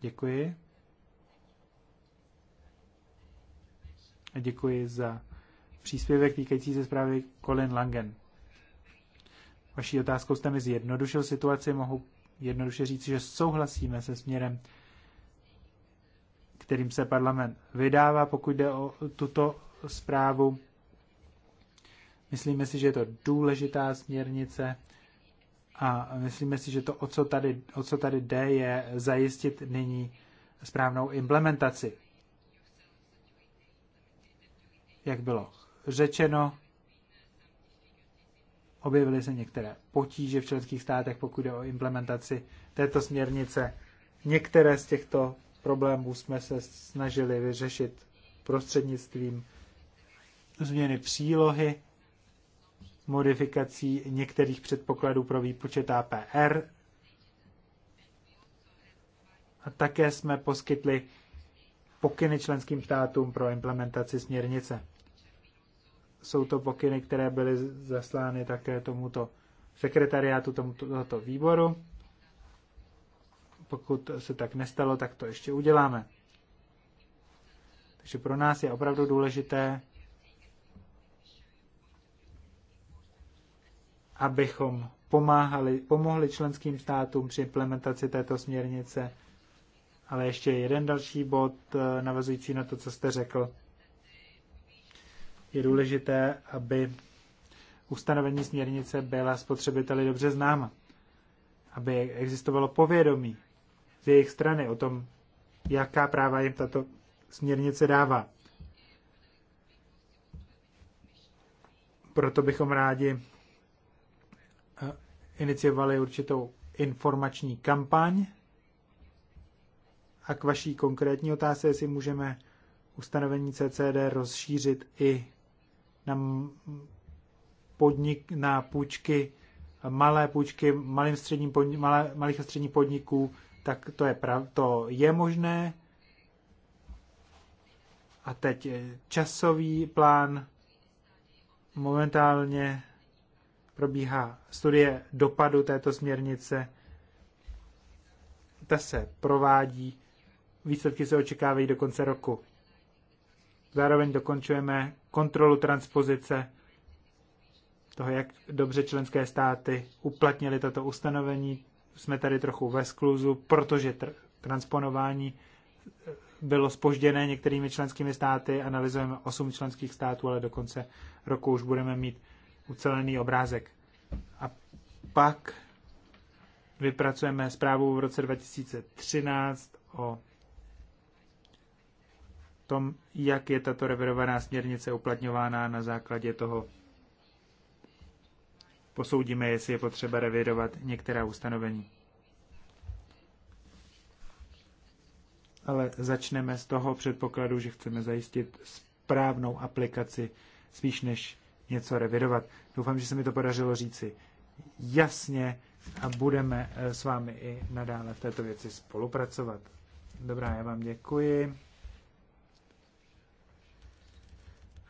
Děkuji. A děkuji za příspěvek týkající se zprávy Colin Langen. Vaší otázkou jste mi zjednodušil situaci, mohu jednoduše říct, že souhlasíme se směrem kterým se parlament vydává, pokud jde o tuto zprávu. Myslíme si, že je to důležitá směrnice a myslíme si, že to, o co tady, o co tady jde, je zajistit nyní správnou implementaci. Jak bylo řečeno, objevily se některé potíže v členských státech, pokud jde o implementaci této směrnice. Některé z těchto problémů jsme se snažili vyřešit prostřednictvím změny přílohy, modifikací některých předpokladů pro výpočet APR. A také jsme poskytli pokyny členským státům pro implementaci směrnice. Jsou to pokyny, které byly zaslány také tomuto sekretariátu tomuto výboru. Pokud se tak nestalo, tak to ještě uděláme. Takže pro nás je opravdu důležité, abychom pomáhali, pomohli členským státům při implementaci této směrnice. Ale ještě jeden další bod eh, navazující na to, co jste řekl. Je důležité, aby ustanovení směrnice byla spotřebiteli dobře známa, aby existovalo povědomí z jejich strany o tom, jaká práva jim tato směrnice dává. Proto bychom rádi eh, iniciovali určitou informační kampaň. A k vaší konkrétní otázce, jestli můžeme ustanovení CCD rozšířit i na podnik, na půjčky, malé půjčky malým středním podnik, malé, malých a středních podniků, tak to je, prav, to je možné. A teď eh, časový plán. Momentálně probíhá studie dopadu této směrnice. Ta se provádí. Výsledky se očekávají do konce roku. Zároveň dokončujeme kontrolu transpozice toho, jak dobře členské státy uplatnili toto ustanovení jsme tady trochu ve skluzu, protože transponování eh, bylo spožděné některými členskými státy, analyzujeme 8 členských států, ale do konce roku už budeme mít ucelený obrázek. A pak vypracujeme zprávu v roce 2013 o tom, jak je tato revidovaná směrnice uplatňována na základě toho posoudíme, jestli je potřeba revidovat některá ustanovení. Ale začneme z toho předpokladu, že chceme zajistit správnou aplikaci spíš než něco revidovat. Doufám, že se mi to podařilo říci jasně a budeme eh, s vámi i nadále v této věci spolupracovat. Dobrá, já vám děkuji.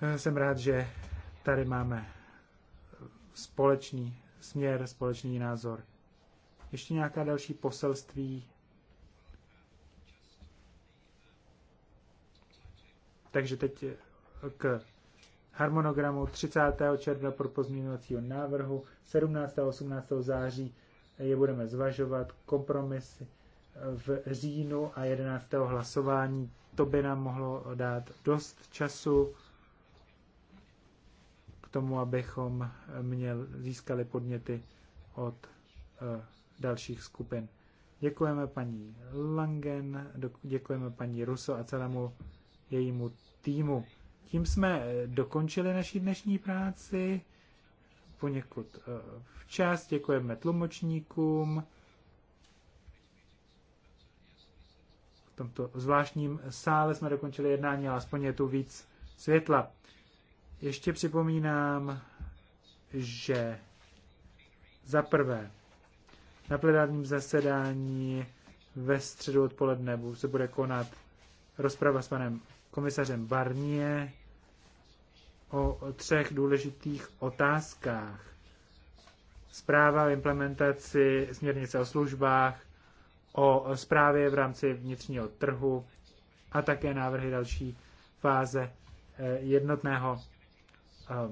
Eh, jsem rád, že tady máme společný směr, společný názor. Ještě nějaká další poselství? Takže teď eh, k harmonogramu 30. června pro pozměňovacího návrhu, 17. a 18. září je budeme zvažovat, kompromisy eh, v říjnu a 11. hlasování. To by nám mohlo dát dost času tomu, abychom eh, měl, získali podněty od eh, dalších skupin. Děkujeme paní Langen, děkujeme paní Ruso a celému jejímu týmu. Tím jsme eh, dokončili naší dnešní práci poněkud včas. Děkujeme tlumočníkům v tomto zvláštním sále jsme dokončili jednání, ale aspoň je tu víc světla. Ještě připomínám, že za prvé na plenárním zasedání ve středu odpoledne se bude konat rozprava s panem komisařem Barnie o třech důležitých otázkách. Zpráva o implementaci směrnice o službách, o zprávě v rámci vnitřního trhu a také návrhy další fáze eh, jednotného Eh,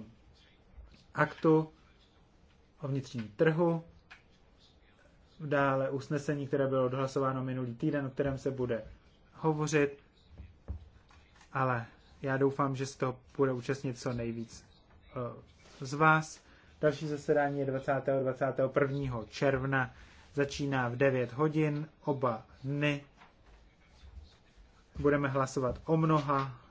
aktu o vnitřním trhu, dále usnesení, které bylo odhlasováno minulý týden, o kterém se bude hovořit, ale já doufám, že se to bude účastnit co nejvíc eh, z vás. Další zasedání je 20. 21. června. Začíná v 9 hodin oba dny. Budeme hlasovat o mnoha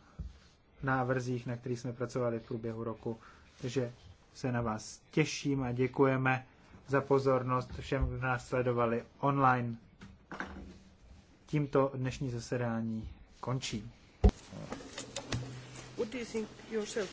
návrzích, na kterých jsme pracovali v průběhu roku. Takže se na vás těším a děkujeme za pozornost všem, kdo nás sledovali online. Tímto dnešní zasedání končí.